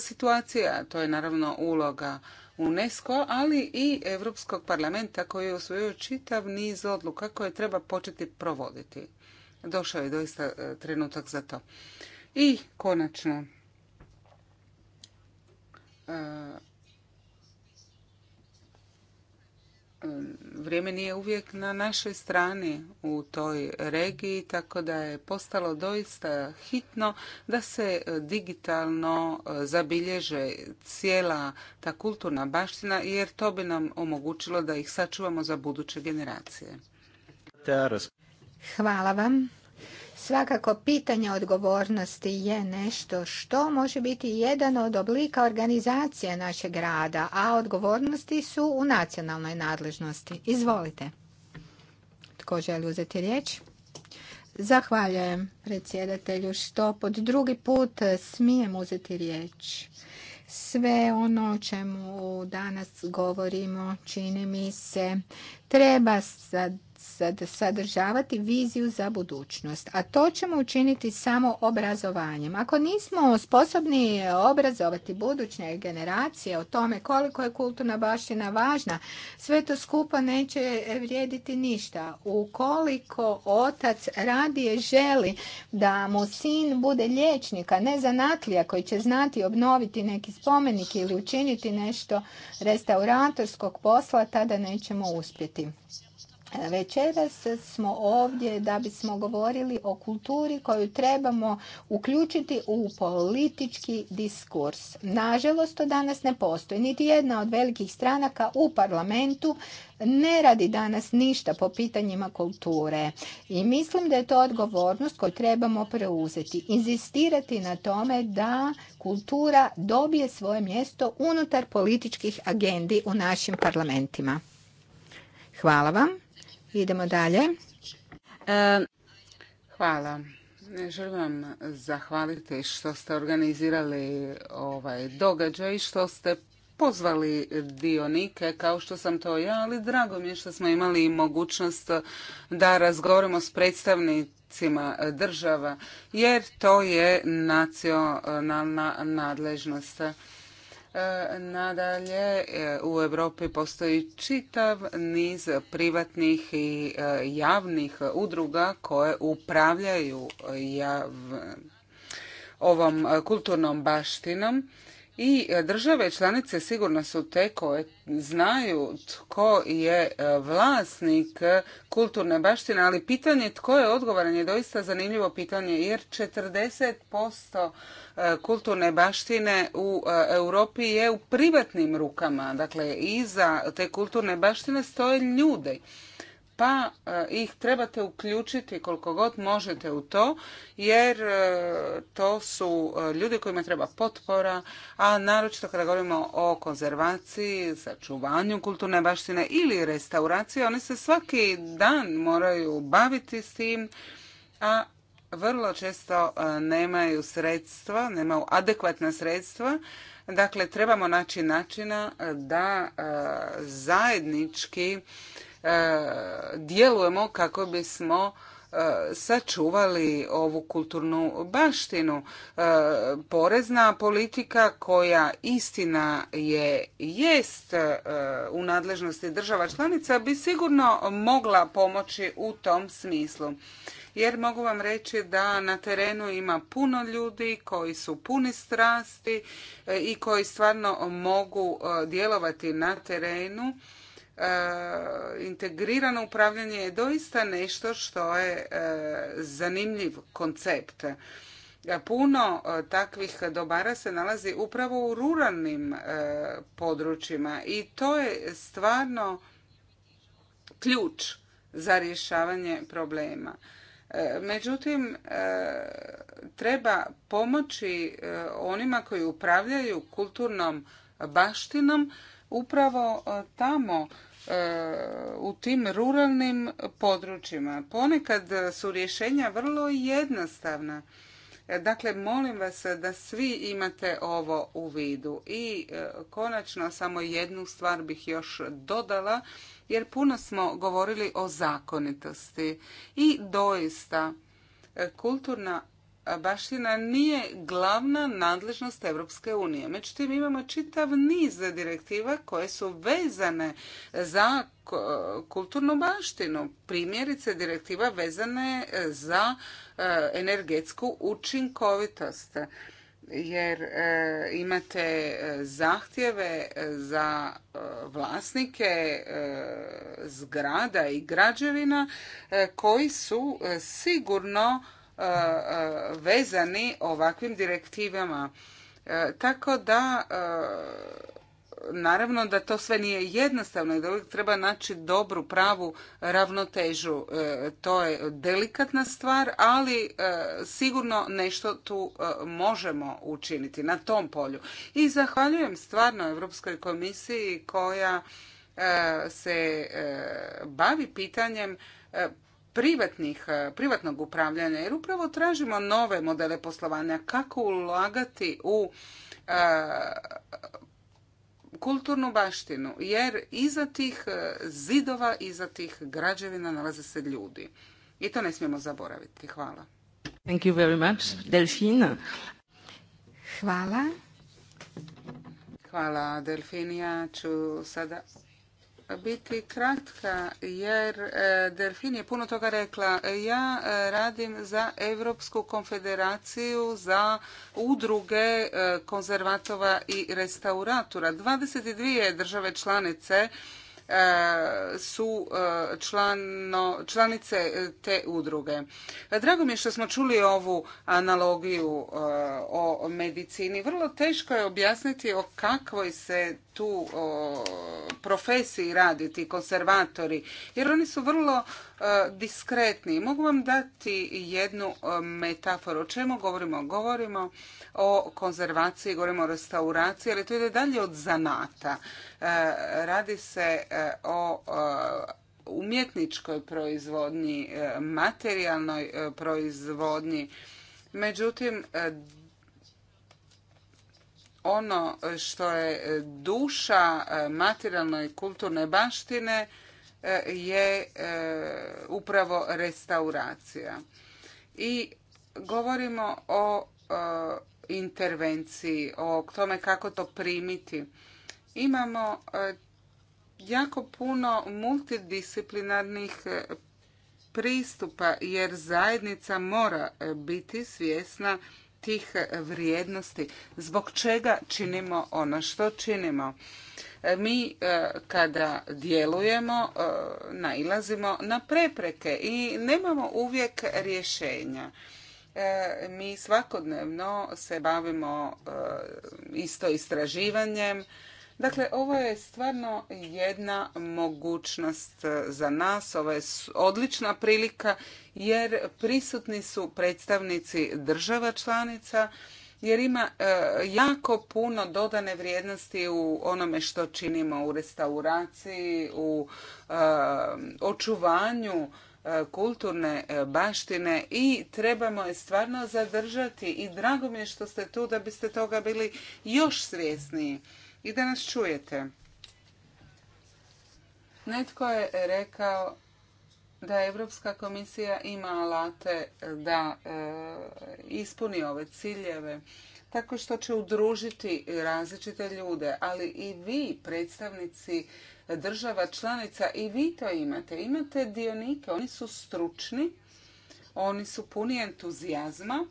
situacija. To je naravno uloga UNESCO, ali i Europskog parlamenta koji je osvojio čitav niz odluka koje treba početi provoditi. Došao je doista e, trenutak za to. I konačno, e, vrijeme nije uvijek na našoj strani u toj regiji, tako da je postalo doista hitno da se digitalno e, zabilježe cijela ta kulturna baština, jer to bi nam omogućilo da ih sačuvamo za buduće generacije. Hvala vam. Svakako, pitanje odgovornosti je nešto što može biti jedan od oblika organizacije našeg rada, a odgovornosti su u nacionalnoj nadležnosti. Izvolite. Tko želi uzeti riječ? Zahvaljujem predsjedatelju što pod drugi put smijem uzeti riječ. Sve ono o čemu danas govorimo, čini mi se, treba sad sadržavati viziju za budućnost, a to ćemo učiniti samo obrazovanjem. Ako nismo sposobni obrazovati buduće generacije o tome koliko je kulturna baština važna, sve to skupa neće vrijediti ništa. Ukoliko otac radije želi da mu sin bude liječnik, a ne zanatlija koji će znati obnoviti neki spomenik ili učiniti nešto restauratorskog posla, tada nećemo uspjeti. Večeras smo ovdje da bismo govorili o kulturi koju trebamo uključiti u politički diskurs. Nažalost, to danas ne postoji. Niti jedna od velikih stranaka u parlamentu ne radi danas ništa po pitanjima kulture. I mislim da je to odgovornost koju trebamo preuzeti. Inzistirati na tome da kultura dobije svoje mjesto unutar političkih agendi u našim parlamentima. Hvala vam. Idemo dalje. E, hvala. Želim vam zahvaliti što ste organizirali ovaj događaj, i što ste pozvali dionike kao što sam to ja, ali drago mi je što smo imali mogućnost da razgovaramo s predstavnicima država, jer to je nacionalna nadležnost. Nadalje, e, u Europi postoji čitav niz privatnih i e, javnih udruga koje upravljaju ovom kulturnom baštinom i države članice sigurno su te koje znaju tko je e, vlasnik kulturne baštine, ali pitanje tko je odgovoran je doista zanimljivo pitanje jer 40% E, kulturne baštine u e, Europi je u privatnim rukama. Dakle, iza te kulturne baštine stoje ljudi pa e, ih trebate uključiti koliko god možete u to, jer to su ljudi kojima treba potpora, a naročito kada govorimo o konzervaciji, sačuvanju kulturne baštine ili restauraciji, oni se svaki dan moraju baviti s tim, a vrlo često e, nemaju sredstva, nemaju adekvatna sredstva. Dakle, trebamo naći načina e, da e, zajednički djelujemo kako bismo sačuvali ovu kulturnu baštinu. Porezna politika koja istina je jest u nadležnosti država članica bi sigurno mogla pomoći u tom smislu jer mogu vam reći da na terenu ima puno ljudi koji su puni strasti e, i koji stvarno mogu e, djelovati na terenu. E, integrirano upravljanje je doista nešto što je zanimljiv koncept. Puno takvih dobara se nalazi upravo u ruralnim područjima i to je stvarno ključ za rješavanje problema. E, međutim, e, treba pomoći e, onima koji upravljaju kulturnom baštinom upravo tamo u tim ruralnim područjima. Ponekad su rješenja vrlo jednostavna. Dakle, molim vas da svi imate ovo u vidu. I konačno samo jednu stvar bih još dodala jer puno smo govorili o zakonitosti i doista kulturna baština nije glavna nadležnost Europske unije. Međutim, imamo čitav niz direktiva koje su vezane za kulturnu baštinu. Primjerice, direktiva vezane za e, energetsku učinkovitost jer e, imate e, zahtjeve e, za vlasnike zgrada i građevina koji su sigurno vezani ovakvim direktivama. Tako da naravno da to sve nije jednostavno i da uvijek treba naći dobru pravu ravnotežu. E, to je delikatna stvar, ali e, sigurno nešto tu e, možemo učiniti na tom polju. I zahvaljujem stvarno Europskoj komisiji koja se bavi pitanjem privatnih, privatnog upravljanja jer upravo tražimo nove modele poslovanja kako ulagati u kulturnu baštinu, jer iza tih e, zidova, iza tih građevina nalaze se ljudi. I to ne smijemo zaboraviti. Hvala. Thank you very much, Delfina. Hvala. Hvala, Delfinija. Ću sada biti kratka jer e, Delfin je puno toga rekla. Ja e, radim za Europsku konfederaciju za udruge e, konzervatova i restauratora. 22 države članice E, su e, člano, članice te udruge. E, drago mi je što smo čuli ovu analogiju o medicini. Vrlo teško je objasniti o kakvoj se tu profesiji radi ti konservatori jer oni su vrlo E, diskretni. Mogu vam dati jednu e, metaforu. O čemu govorimo? Govorimo o konzervaciji, govorimo o restauraciji, ali to ide dalje od zanata. E, radi se o umjetničkoj proizvodnji, materijalnoj proizvodnji. Međutim, ono što je duša materijalne i kulturne baštine je e, upravo restauracija. I govorimo o e, intervenciji, o tome kako to primiti. Imamo e, jako puno multidisciplinarnih pristupa jer zajednica mora biti svjesna tih vrijednosti zbog čega činimo ono što činimo. Mi e, kada djelujemo e, nailazimo na prepreke i nemamo uvijek rješenja. E, mi svakodnevno se bavimo isto istraživanjem. Dakle, ovo je stvarno jedna mogućnost za nas, ovo je odlična prilika jer prisutni su predstavnici država članica, jer ima e, jako puno dodane vrijednosti u onome što činimo u restauraciji, u e, očuvanju e, kulturne baštine i trebamo je stvarno zadržati i drago mi je što ste tu da biste toga bili još svjesniji i da nas čujete. Netko je rekao da je Europska komisija ima alate da e, ispuni ove ciljeve tako što će udružiti različite ljude, ali i vi predstavnici država članica i vi to imate. Imate dionike, oni su stručni, oni su puni entuzijazma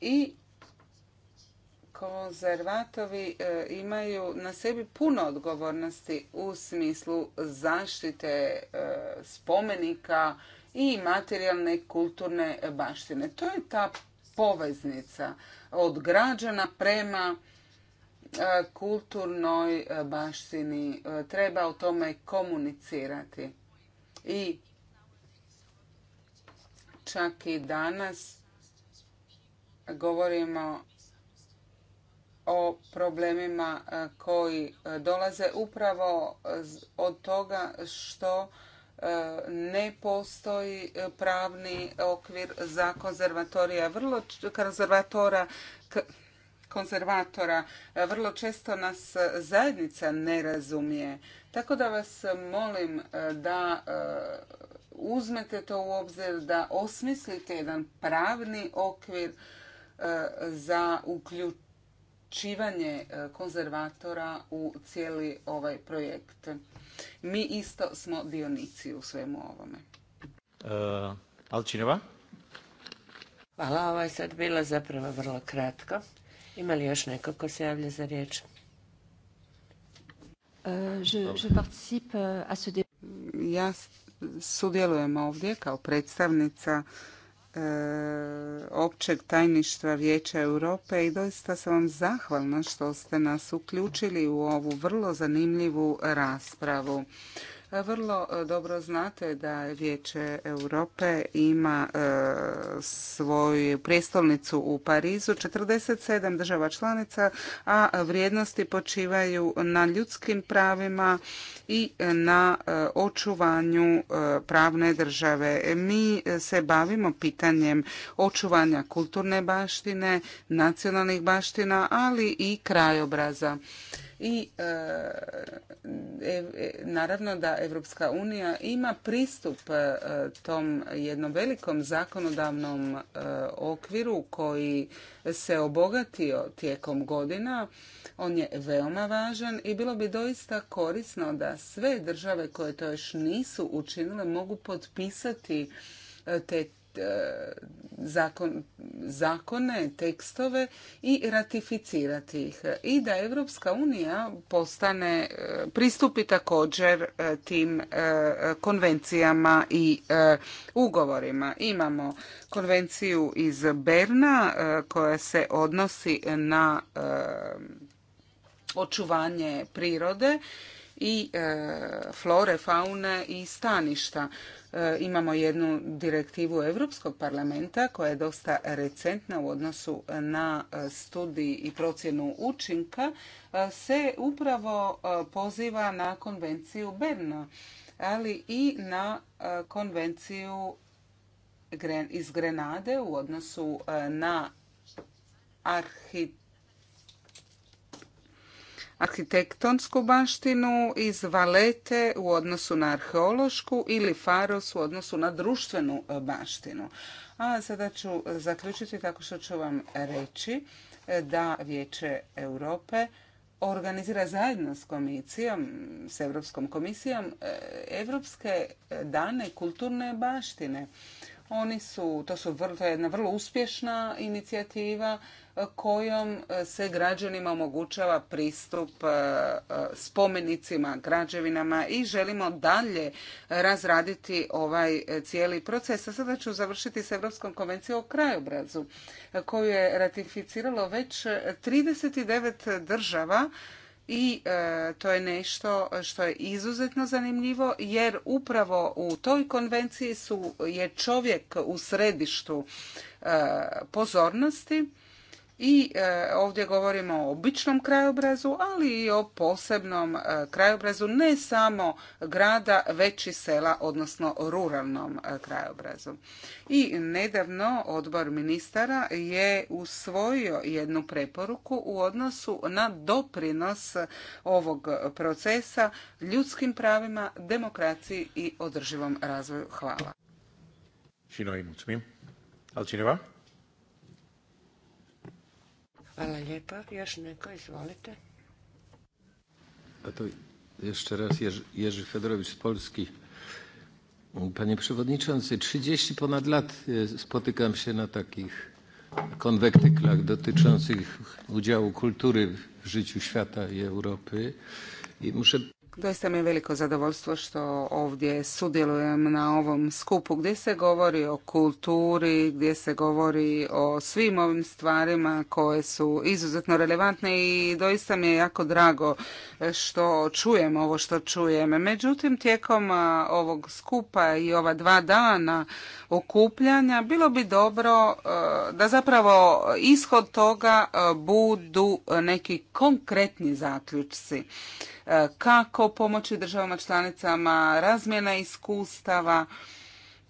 i konzervatovi e, imaju na sebi puno odgovornosti u smislu zaštite e, spomenika i materijalne kulturne baštine. To je ta poveznica od građana prema e, kulturnoj baštini. Treba o tome komunicirati. I čak i danas govorimo o problemima e, koji e, dolaze upravo od toga što e, ne postoji pravni okvir za konzervatorija. Vrlo konzervatora konzervatora. Vrlo često nas zajednica ne razumije. Tako da vas molim da uzmete to u obzir, da osmislite jedan pravni okvir za uključenje uključivanje e, konzervatora u cijeli ovaj projekt. Mi isto smo dionici u svemu ovome. Uh, Alčinova? Hvala, ovo je sad bilo zapravo vrlo kratko. Ima li još neko ko se javlja za riječ? E, ja sudjelujem ovdje kao predstavnica E, općeg tajništva Vijeća Europe i doista sam vam zahvalna što ste nas uključili u ovu vrlo zanimljivu raspravu. Vrlo e, dobro znate da Vijeće Europe ima e, svoju prijestolnicu u Parizu, 47 država članica, a vrijednosti počivaju na ljudskim pravima i na e, očuvanju pravne države. Mi se bavimo pitanjem očuvanja kulturne baštine, nacionalnih baština, ali i krajobraza i e, e, e, naravno da Evropska unija ima pristup tom jednom velikom zakonodavnom okviru koji se obogatio tijekom godina. On je veoma važan i bilo bi doista korisno da sve države koje to još nisu učinile mogu potpisati te E, zakon, zakone, tekstove i ratificirati ih. I da Evropska unija postane, e, pristupi također e, tim konvencijama i ugovorima. Imamo konvenciju iz Berna koja se odnosi na očuvanje prirode i e, flore, faune i staništa. E, imamo jednu direktivu Europskog parlamenta koja je dosta recentna u odnosu na e, studij i procjenu učinka se upravo poziva na konvenciju Berna, ali i na konvenciju iz Grenade u odnosu na arhitekturu arhitektonsku baštinu iz Valete u odnosu na arheološku ili Faros u odnosu na društvenu e, baštinu. A sada ću zaključiti tako što ću vam reći e, da Vijeće Europe organizira zajedno s komisijom, s Europskom komisijom, Europske e, dane kulturne baštine. Oni su, to su jedna vrlo uspješna inicijativa kojom e, se građanima omogućava pristup e, e, spomenicima, građevinama i želimo dalje razraditi ovaj cijeli proces. A sada ću završiti s Europskom konvencijom o krajobrazu koju je ratificiralo već 39 država i to je nešto što je izuzetno zanimljivo jer upravo u toj konvenciji su je čovjek u središtu pozornosti i e, ovdje govorimo o običnom krajobrazu, ali i o posebnom e, krajobrazu ne samo grada, već i sela, odnosno ruralnom e, krajobrazu. I nedavno odbor ministara je usvojio jednu preporuku u odnosu na doprinos ovog procesa ljudskim pravima, demokraciji i održivom razvoju. Hvala. Hvala lijepa. Još neko, izvolite. A to jeszcze raz Jerzy, Jerzy Fedorowicz z Polski. Panie Przewodniczący, 30 ponad lat e, spotykam się na takich konwektyklach dotyczących udziału kultury w życiu świata i Europy i muszę Doista mi je veliko zadovoljstvo što ovdje sudjelujem na ovom skupu gdje se govori o kulturi, gdje se govori o svim ovim stvarima koje su izuzetno relevantne i doista mi je jako drago e, što čujem ovo što čujem. Međutim, tijekom ovog skupa i ova dva dana okupljanja bilo bi dobro e, da zapravo ishod toga e, budu neki konkretni zaključci E, kako pomoći državama članicama, razmjena iskustava,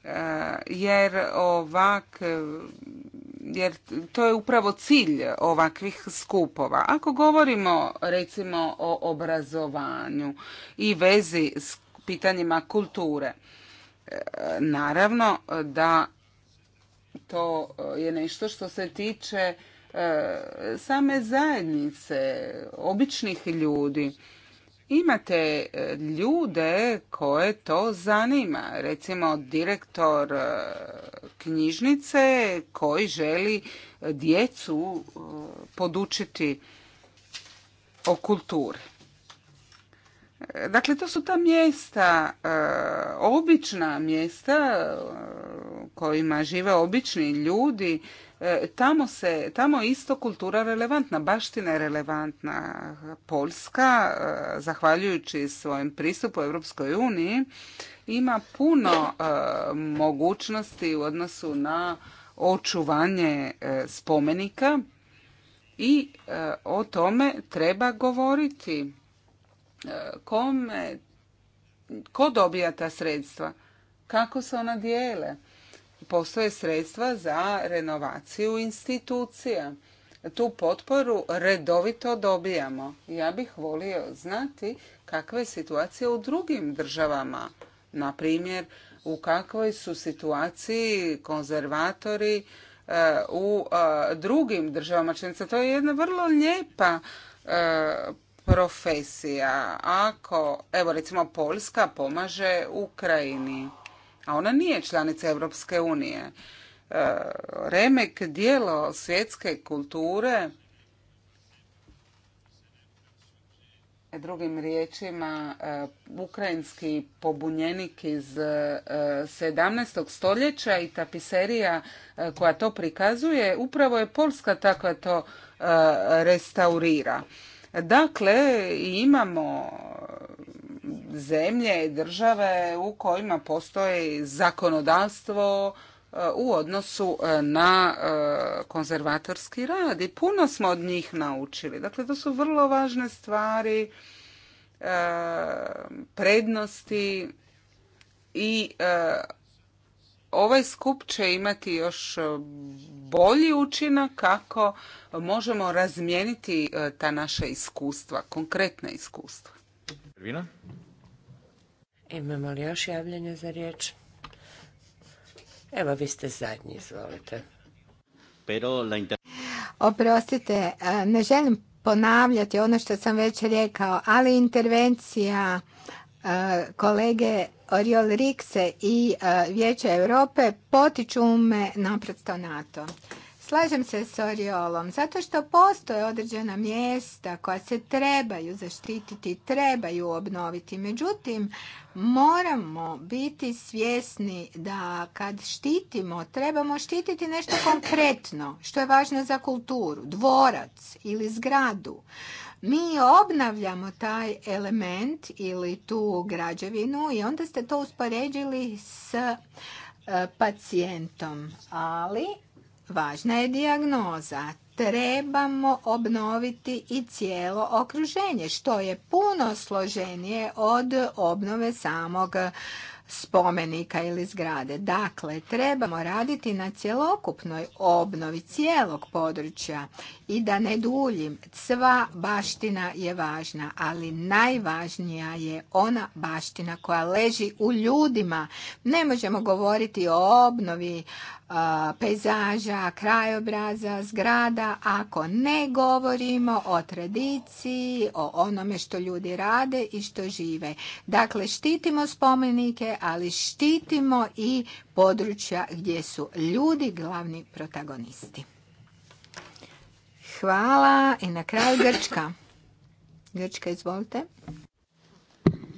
e, jer ovak e, jer to je upravo cilj ovakvih skupova. Ako govorimo recimo o obrazovanju i vezi s pitanjima kulture, naravno da to je nešto što se tiče same zajednice, običnih ljudi imate e, ljude koje to zanima. Recimo direktor e, knjižnice koji želi e, djecu podučiti o kulturi. Dakle, to su ta mjesta, e, obična mjesta e, kojima žive obični ljudi. E, tamo, se, tamo je isto kultura relevantna, baština je relevantna. Poljska, zahvaljujući svojem pristupu Europskoj uniji, ima puno mogućnosti u odnosu na očuvanje spomenika i o tome treba govoriti kome, ko dobija ta sredstva, kako se ona dijele. Postoje sredstva za renovaciju institucija. Tu potporu redovito dobijamo. Ja bih volio znati kakva je situacija u drugim državama. Na primjer, u kakvoj su situaciji konzervatori e, u e, drugim državama To je jedna vrlo lijepa e, profesija. Ako, evo recimo Poljska pomaže Ukrajini, a ona nije članica Europske unije. E, remek dijelo svjetske kulture, drugim riječima, e, ukrajinski pobunjenik iz 17. E, stoljeća i tapiserija koja to prikazuje, upravo je Poljska takva to restaurira. Dakle, imamo zemlje i države u kojima postoji zakonodavstvo e, u odnosu e, na e, konzervatorski rad i puno smo od njih naučili. Dakle, to su vrlo važne stvari, prednosti i ovaj skup će imati još e, bolji učinak kako možemo razmijeniti e, ta naša iskustva, konkretna iskustva. Vina? Imamo li još javljanje za riječ? Evo, vi ste zadnji, izvolite. Oprostite, e, ne želim ponavljati ono što sam već rekao, ali intervencija kolege Oriol Rikse i e, Vijeća Europe potiču me naprosto NATO. Slažem se s Oriolom, zato što postoje određena mjesta koja se trebaju zaštititi, trebaju obnoviti. Međutim, moramo biti svjesni da kad štitimo, trebamo štititi nešto konkretno, što je važno za kulturu, dvorac ili zgradu mi obnavljamo taj element ili tu građevinu i onda ste to uspoređili s e, pacijentom. Ali važna je dijagnoza. Trebamo obnoviti i cijelo okruženje, što je puno složenije od obnove samog spomenika ili zgrade. Dakle, trebamo raditi na cjelokupnoj obnovi cijelog područja i da ne duljim, sva baština je važna, ali najvažnija je ona baština koja leži u ljudima. Ne možemo govoriti o obnovi pejzaža, krajobraza, zgrada, ako ne govorimo o tradiciji, o onome što ljudi rade i što žive. Dakle, štitimo spomenike, ali štitimo i područja gdje su ljudi glavni protagonisti. Hvala i na kraju Grčka. Grčka, izvolite.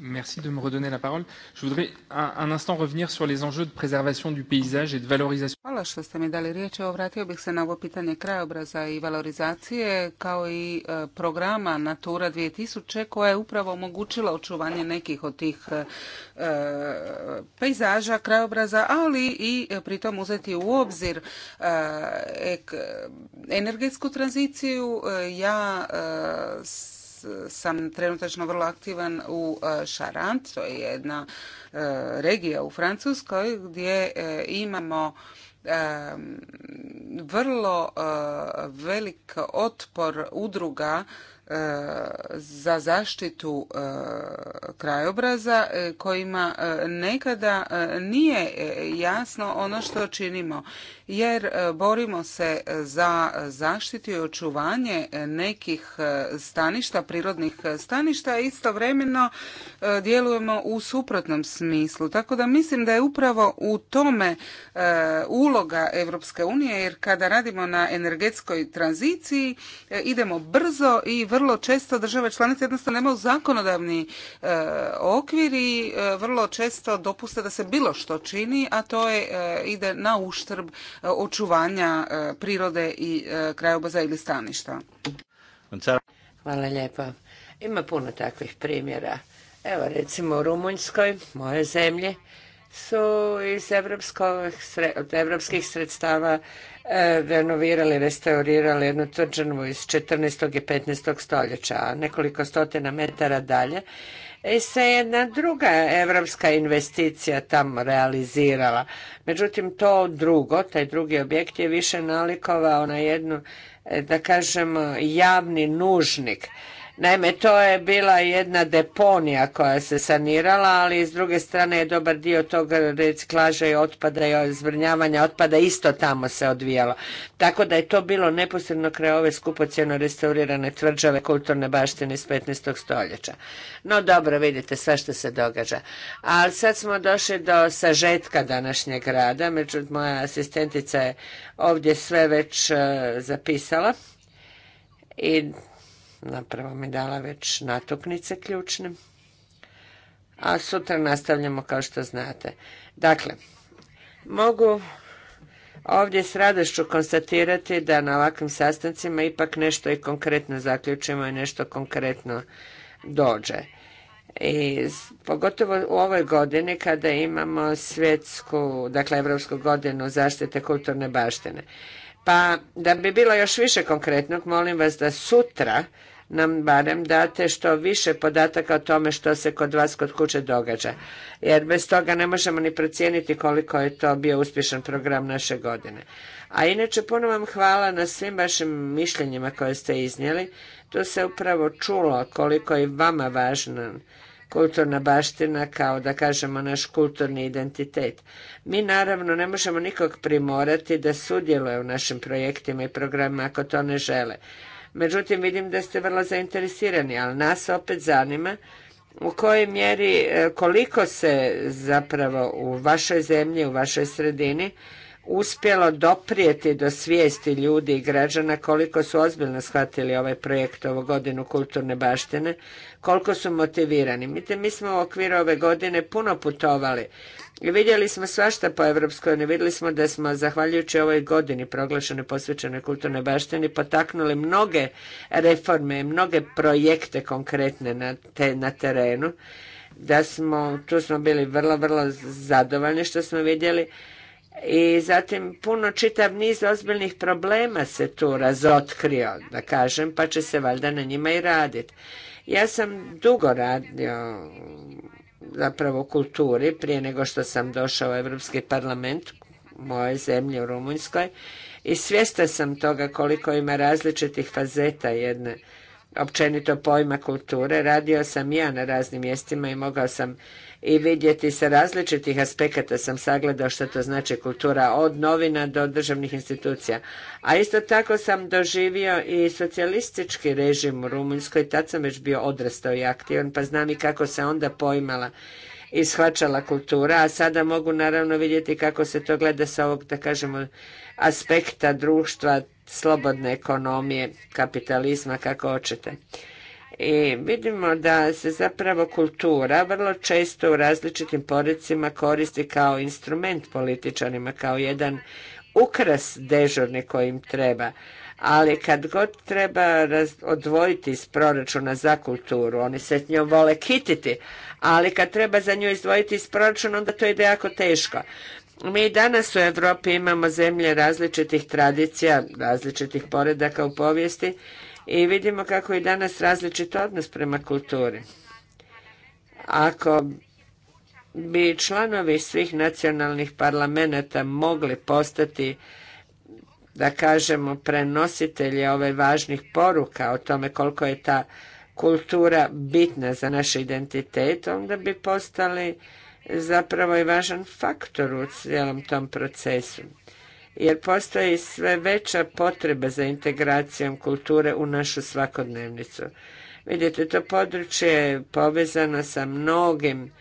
Merci de me redonner la parole. Je voudrais un, instant revenir sur les enjeux de préservation du paysage et de valorisation. Hvala što ste mi dali riječ. Evo vratio bih se na ovo pitanje krajobraza i valorizacije kao i e, programa Natura 2000 koja je upravo omogućila očuvanje nekih od tih e, e, pejzaža, krajobraza, ali i pritom uzeti u obzir energetsku tranziciju. Ja sam trenutačno vrlo aktivan u e, Charente, to je jedna e, regija u Francuskoj gdje e, imamo vrlo velik otpor udruga E, za zaštitu e, krajobraza e, kojima nekada nije jasno ono što činimo jer borimo se za zaštitu i očuvanje nekih staništa, prirodnih staništa, a istovremeno djelujemo u suprotnom smislu. Tako da mislim da je upravo u tome uloga Europske unije jer kada radimo na energetskoj tranziciji idemo brzo i vrlo vrlo često države članice jednostavno nemaju zakonodavni e, okvir i e, vrlo često dopuste da se bilo što čini, a to je e, ide na uštrb očuvanja prirode i krajobaza ili staništa. Hvala lijepo. Ima puno takvih primjera. Evo recimo u Rumunjskoj, moje zemlje, su iz evropskih sredstava E, renovirali, restaurirali jednu tvrđanu iz 14. i 15. stoljeća, nekoliko stotina metara dalje i e, se jedna druga evropska investicija tam realizirala. Međutim, to drugo, taj drugi objekt je više nalikovao na jednu, e, da kažem, javni nužnik Naime, to je bila jedna deponija koja se sanirala, ali s druge strane je dobar dio tog reciklaža i otpada i zbrinjavanja otpada isto tamo se odvijalo. Tako da je to bilo neposredno kraj ove skupocjeno restaurirane tvrđave kulturne baštine iz 15. stoljeća. No dobro, vidite sve što se događa. Ali sad smo došli do sažetka današnjeg rada, međutim moja asistentica je ovdje sve već e, zapisala i zapravo mi dala već natuknice ključne. A sutra nastavljamo kao što znate. Dakle, mogu ovdje s radošću konstatirati da na ovakvim sastancima ipak nešto i konkretno zaključimo i nešto konkretno dođe. I pogotovo u ovoj godini kada imamo svjetsku, dakle Evropsku godinu zaštite kulturne baštine. Pa da bi bilo još više konkretnog, molim vas da sutra nam barem date što više podataka o tome što se kod vas kod kuće događa. Jer bez toga ne možemo ni procijeniti koliko je to bio uspješan program naše godine. A inače puno vam hvala na svim vašim mišljenjima koje ste iznijeli. To se upravo čulo koliko je vama važna kulturna baština kao da kažemo naš kulturni identitet. Mi naravno ne možemo nikog primorati da sudjeluje u našim projektima i programima ako to ne žele. Međutim, vidim da ste vrlo zainteresirani, ali nas opet zanima u kojoj mjeri, e, koliko se zapravo u vašoj zemlji, u vašoj sredini uspjelo doprijeti do svijesti ljudi i građana koliko su ozbiljno shvatili ovaj projekt, ovu godinu kulturne baštine, koliko su motivirani. mi smo u okviru ove godine puno putovali Vidjeli smo svašta po Evropskoj ne vidjeli smo da smo zahvaljujući ovoj godini proglašenoj posvećenoj kulturnoj baštini potaknuli mnoge reforme, mnoge projekte konkretne na, te, na terenu, da smo, tu smo bili vrlo, vrlo zadovoljni što smo vidjeli i zatim puno čitav niz ozbiljnih problema se tu razotkrio, da kažem, pa će se valjda na njima i raditi. Ja sam dugo radio zapravo kulturi prije nego što sam došao u Europski parlament moje zemlje u Rumunjskoj i svjestan sam toga koliko ima različitih fazeta jedne općenito pojma kulture. Radio sam ja na raznim mjestima i mogao sam i vidjeti sa različitih aspekata sam sagledao što to znači kultura od novina do državnih institucija. A isto tako sam doživio i socijalistički režim u Rumunjskoj, tad sam već bio odrastao i aktivan pa znam i kako se onda poimala i shvaćala kultura, a sada mogu naravno vidjeti kako se to gleda sa ovog, da kažemo, aspekta društva, slobodne ekonomije, kapitalizma, kako hoćete. I vidimo da se zapravo kultura vrlo često u različitim poricima koristi kao instrument političarima, kao jedan ukras dežurni koji im treba. Ali kad god treba odvojiti iz proračuna za kulturu, oni se s njom vole kititi, ali kad treba za nju izdvojiti iz proračuna, onda to ide jako teško. Mi danas u Europi imamo zemlje različitih tradicija, različitih poredaka u povijesti i vidimo kako je danas različit odnos prema kulturi. Ako bi članovi svih nacionalnih parlamenta mogli postati da kažemo prenositelji ove važnih poruka o tome koliko je ta kultura bitna za naš identitet, onda bi postali zapravo i važan faktor u cijelom tom procesu jer postoji sve veća potreba za integracijom kulture u našu svakodnevnicu. Vidite, to područje je povezano sa mnogim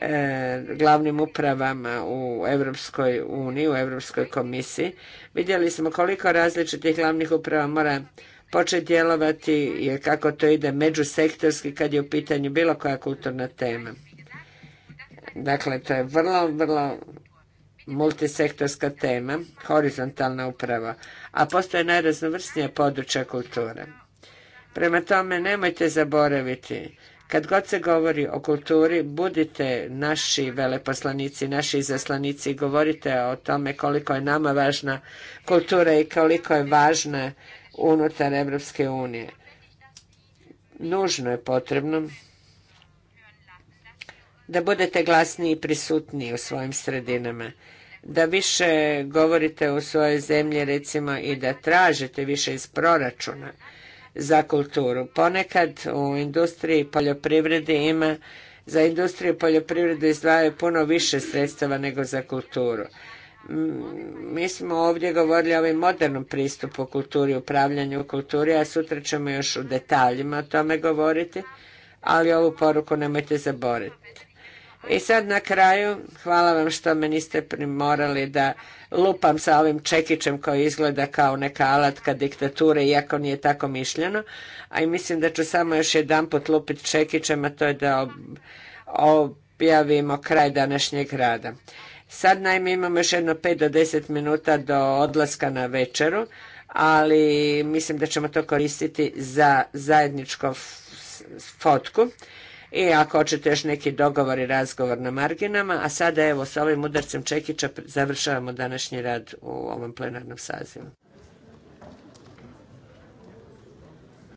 e, glavnim upravama u Europskoj uniji, u Europskoj komisiji. Vidjeli smo koliko različitih glavnih uprava mora početi djelovati jer kako to ide međusektorski kad je u pitanju bilo koja kulturna tema. Dakle, to je vrlo, vrlo multisektorska tema, horizontalna uprava, a postoje najraznovrsnija područja kulture. Prema tome, nemojte zaboraviti, kad god se govori o kulturi, budite naši veleposlanici, naši izaslanici i govorite o tome koliko je nama važna kultura i koliko je važna unutar Evropske unije. Nužno je potrebno da budete glasniji i prisutniji u svojim sredinama da više govorite u svojoj zemlji recimo i da tražite više iz proračuna za kulturu. Ponekad u industriji poljoprivredi ima, za industriju poljoprivrede izdvajaju puno više sredstava nego za kulturu. Mm, mi smo ovdje govorili o ovom modernom pristupu kulturi, upravljanju kulturi, a sutra ćemo još u detaljima o tome govoriti, ali ovu poruku nemojte zaboraviti i sad na kraju, hvala vam što me niste primorali da lupam sa ovim čekićem koji izgleda kao neka alatka diktature, iako nije tako mišljeno. A i mislim da ću samo još jedan put lupiti čekićem, a to je da objavimo kraj današnjeg rada. Sad najme imamo još jedno 5 do 10 minuta do odlaska na večeru, ali mislim da ćemo to koristiti za zajedničko fotku i ako hoćete još neki dogovor i razgovor na marginama, a sada evo s ovim udarcem Čekića završavamo današnji rad u ovom plenarnom sazivu.